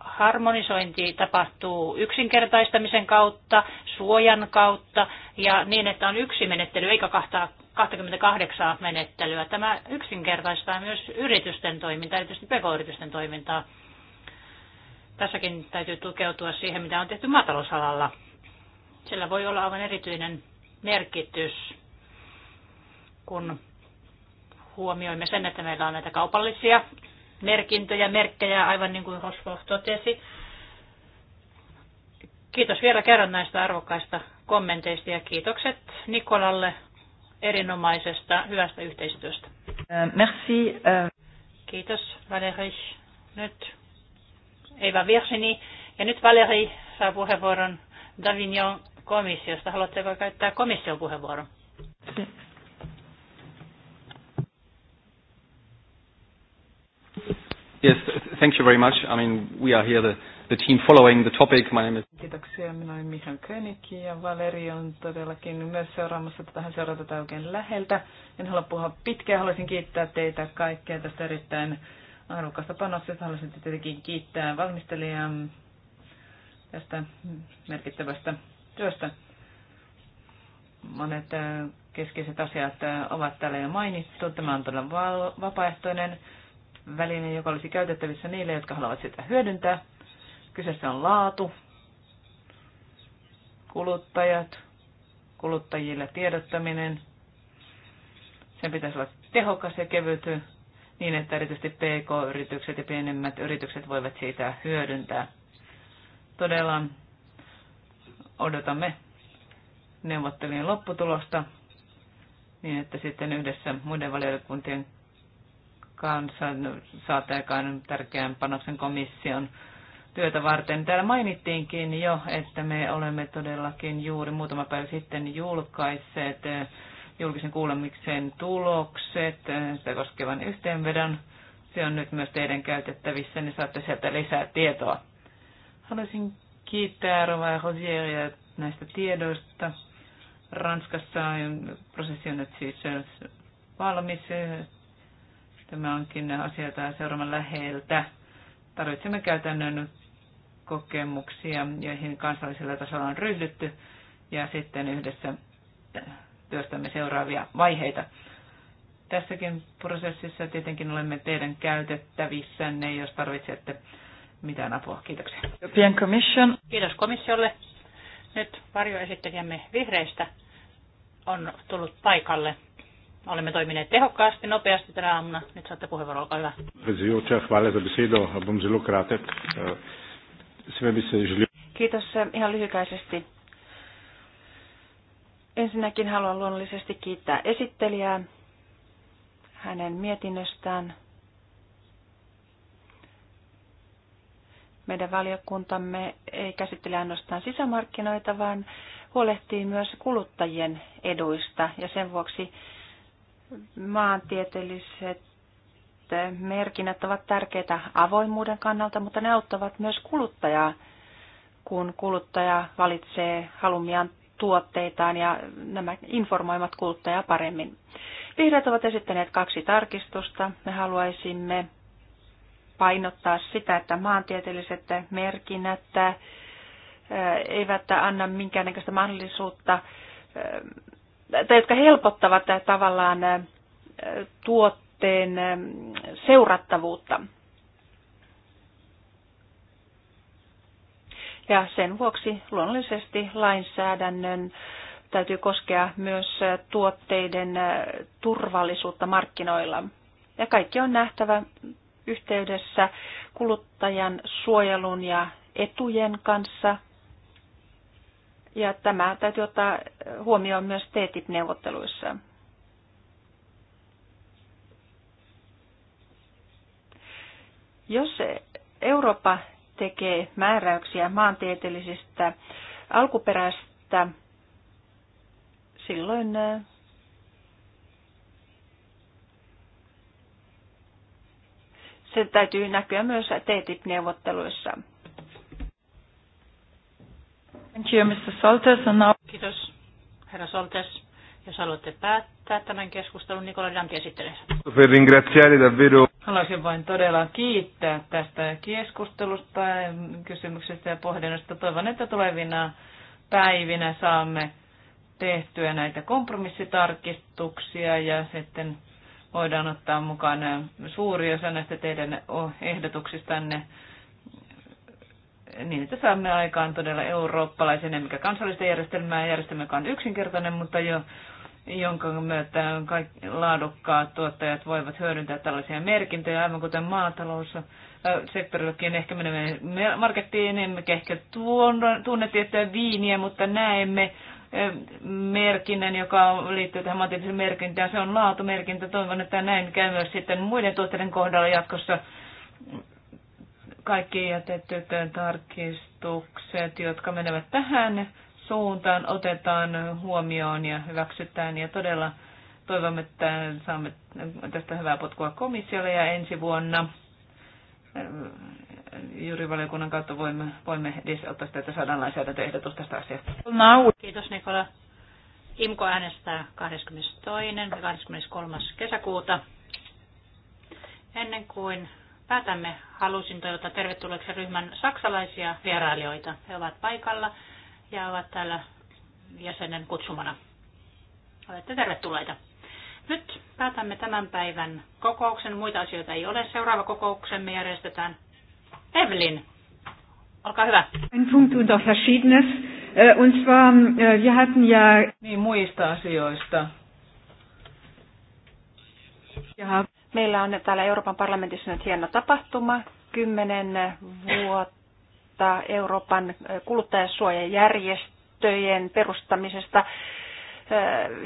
S2: harmonisointi tapahtuu yksinkertaistamisen kautta, suojan kautta ja niin, että on yksi menettely eikä kahta 28 menettelyä. Tämä yksinkertaistaa myös yritysten toimintaa, erityisesti pk-yritysten toimintaa. Tässäkin täytyy tukeutua siihen, mitä on tehty maatalousalalla. Sillä voi olla aivan erityinen merkitys, kun huomioimme sen, että meillä on näitä kaupallisia merkintöjä, merkkejä, aivan niin kuin Rosvo totesi. Kiitos vielä kerran näistä arvokkaista kommenteista ja kiitokset Nikolalle erinomaisesta hyvästä yhteistyöstä.
S1: Äh, merci. Äh.
S2: Kiitos Valerich. Nyt Eva Virsini. Ja nyt Valeri saa puheenvuoron Davignon komissiosta. Haluatteko käyttää komission puheenvuoron?
S4: Yes, thank you very much. I mean, we are here the, the team following the
S6: topic. My name is...
S5: Kiitoksia. Minä olen Mihan König ja Valeri on todellakin myös seuraamassa. Tähän seurata tätä oikein läheltä. En halua puhua pitkään. Haluaisin kiittää teitä kaikkia tästä erittäin arvokasta panoksesta. Haluaisin tietenkin kiittää valmistelijaa tästä merkittävästä työstä. Monet äh, keskeiset asiat äh, ovat täällä jo mainittu. Tämä on todella vapaaehtoinen väline, joka olisi käytettävissä niille, jotka haluavat sitä hyödyntää. Kyseessä on laatu, kuluttajat, kuluttajille tiedottaminen. Sen pitäisi olla tehokas ja kevyt niin, että erityisesti PK-yritykset ja pienemmät yritykset voivat siitä hyödyntää. Todella odotamme neuvottelujen lopputulosta niin, että sitten yhdessä muiden valiokuntien kanssa saat tärkeän panoksen komission työtä varten. Täällä mainittiinkin jo, että me olemme todellakin juuri muutama päivä sitten julkaisseet julkisen kuulemisen tulokset, eh, sitä koskevan yhteenvedon. Se on nyt myös teidän käytettävissä, niin saatte sieltä lisää tietoa. Haluaisin kiittää Rova Rosieria näistä tiedoista. Ranskassa prosessi on nyt siis eh, valmis. Tämä onkin asia tämä seuraavan läheltä. Tarvitsemme käytännön kokemuksia, joihin kansallisella tasolla on ryhdytty, ja sitten yhdessä työstämme seuraavia vaiheita. Tässäkin prosessissa tietenkin olemme teidän käytettävissänne, jos tarvitsette mitään apua. Kiitoksia. European Commission.
S2: Kiitos komissiolle. Nyt varjoesittelijämme vihreistä on tullut paikalle. Olemme toimineet tehokkaasti, nopeasti tänä aamuna. Nyt saatte puheenvuoron, olkaa
S4: hyvä. E, Kiitos ihan lyhykäisesti. Ensinnäkin haluan luonnollisesti kiittää esittelijää hänen mietinnöstään. Meidän valiokuntamme ei käsittele ainoastaan sisämarkkinoita, vaan huolehtii myös kuluttajien eduista ja sen vuoksi maantieteelliset merkinnät ovat tärkeitä avoimuuden kannalta, mutta ne auttavat myös kuluttajaa, kun kuluttaja valitsee halumiaan tuotteitaan ja nämä informoivat kuluttajaa paremmin. Vihreät ovat esittäneet kaksi tarkistusta. Me haluaisimme painottaa sitä, että maantieteelliset merkinnät eivät anna minkäännäköistä mahdollisuutta, tai jotka helpottavat tavallaan tuotteen seurattavuutta. Ja sen vuoksi luonnollisesti lainsäädännön täytyy koskea myös tuotteiden turvallisuutta markkinoilla. Ja kaikki on nähtävä yhteydessä kuluttajan suojelun ja etujen kanssa. Ja tämä täytyy ottaa huomioon myös TTIP-neuvotteluissa. Jos Eurooppa tekee määräyksiä maantieteellisestä alkuperästä, silloin äh, se täytyy näkyä myös TTIP-neuvotteluissa.
S1: Thank you, Mr. Soltes. And now...
S4: Kiitos, herra Soltes.
S5: Jos haluatte päättää tämän keskustelun, Nikola Danti esittelee. Haluaisin vain todella kiittää tästä keskustelusta, ja kysymyksestä ja pohdinnasta. Toivon, että tulevina päivinä saamme tehtyä näitä kompromissitarkistuksia ja sitten voidaan ottaa mukaan suuri osa näistä teidän ehdotuksistanne niin, että saamme aikaan todella eurooppalaisen, mikä kansallista järjestelmää, järjestelmä, joka on yksinkertainen, mutta jo jonka myötä kaikki laadukkaat tuottajat voivat hyödyntää tällaisia merkintöjä, aivan kuten maataloussektorillakin. Ehkä menemme markettiin, emme ehkä tunne tiettyä viiniä, mutta näemme merkinnän, joka liittyy tähän maantieteelliseen merkintään. Se on laatumerkintä. Toivon, että näin käy myös sitten muiden tuotteiden kohdalla jatkossa. Kaikki jätetyt tarkistukset, jotka menevät tähän suuntaan otetaan huomioon ja hyväksytään. Ja todella toivomme, että saamme tästä hyvää potkua komissiolle ja ensi vuonna juurivaliokunnan kautta voimme, voimme ottaa sitä, että saadaan lainsäädäntöehdotus tästä asiasta.
S2: No. Kiitos Nikola. IMKO äänestää 22. ja 23. kesäkuuta. Ennen kuin päätämme, halusin toivottaa tervetulleeksi ryhmän saksalaisia vierailijoita. He ovat paikalla ja ovat täällä jäsenen kutsumana. Olette tervetulleita. Nyt päätämme tämän päivän kokouksen. Muita asioita ei ole. Seuraava kokouksemme järjestetään. Evelin, olkaa hyvä.
S1: Ein Punkt unter Verschiedenes. Äh, und zwar, äh, wir hatten ja...
S5: Niin, muista asioista. Ja Meillä on täällä Euroopan
S4: parlamentissa nyt hieno tapahtuma. Kymmenen vuotta ehdottaa Euroopan kuluttajasuojajärjestöjen perustamisesta.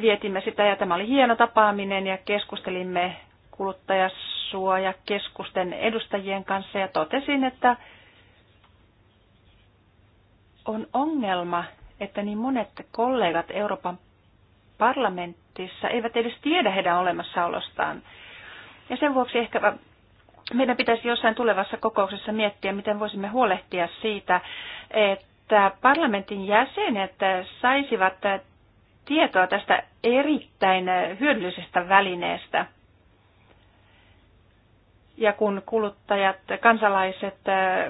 S4: Vietimme sitä ja tämä oli hieno tapaaminen ja keskustelimme kuluttajasuojakeskusten edustajien kanssa ja totesin, että on ongelma, että niin monet kollegat Euroopan parlamentissa eivät edes tiedä heidän olemassaolostaan. Ja sen vuoksi ehkä meidän pitäisi jossain tulevassa kokouksessa miettiä, miten voisimme huolehtia siitä, että parlamentin jäsenet saisivat tietoa tästä erittäin hyödyllisestä välineestä. Ja kun kuluttajat, kansalaiset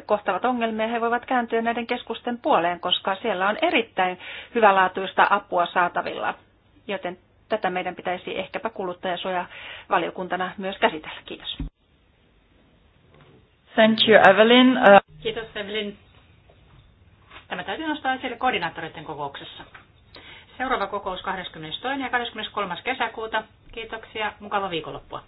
S4: kohtavat ongelmia, he voivat kääntyä näiden keskusten puoleen, koska siellä on erittäin hyvälaatuista apua saatavilla. Joten tätä meidän pitäisi ehkäpä kuluttajasuojavaliokuntana myös käsitellä. Kiitos.
S1: Thank you, Evelyn. Uh...
S4: Kiitos, Evelyn.
S2: Tämä täytyy nostaa esille koordinaattoreiden kokouksessa. Seuraava kokous 22. ja 23. kesäkuuta. Kiitoksia. Mukava viikonloppua.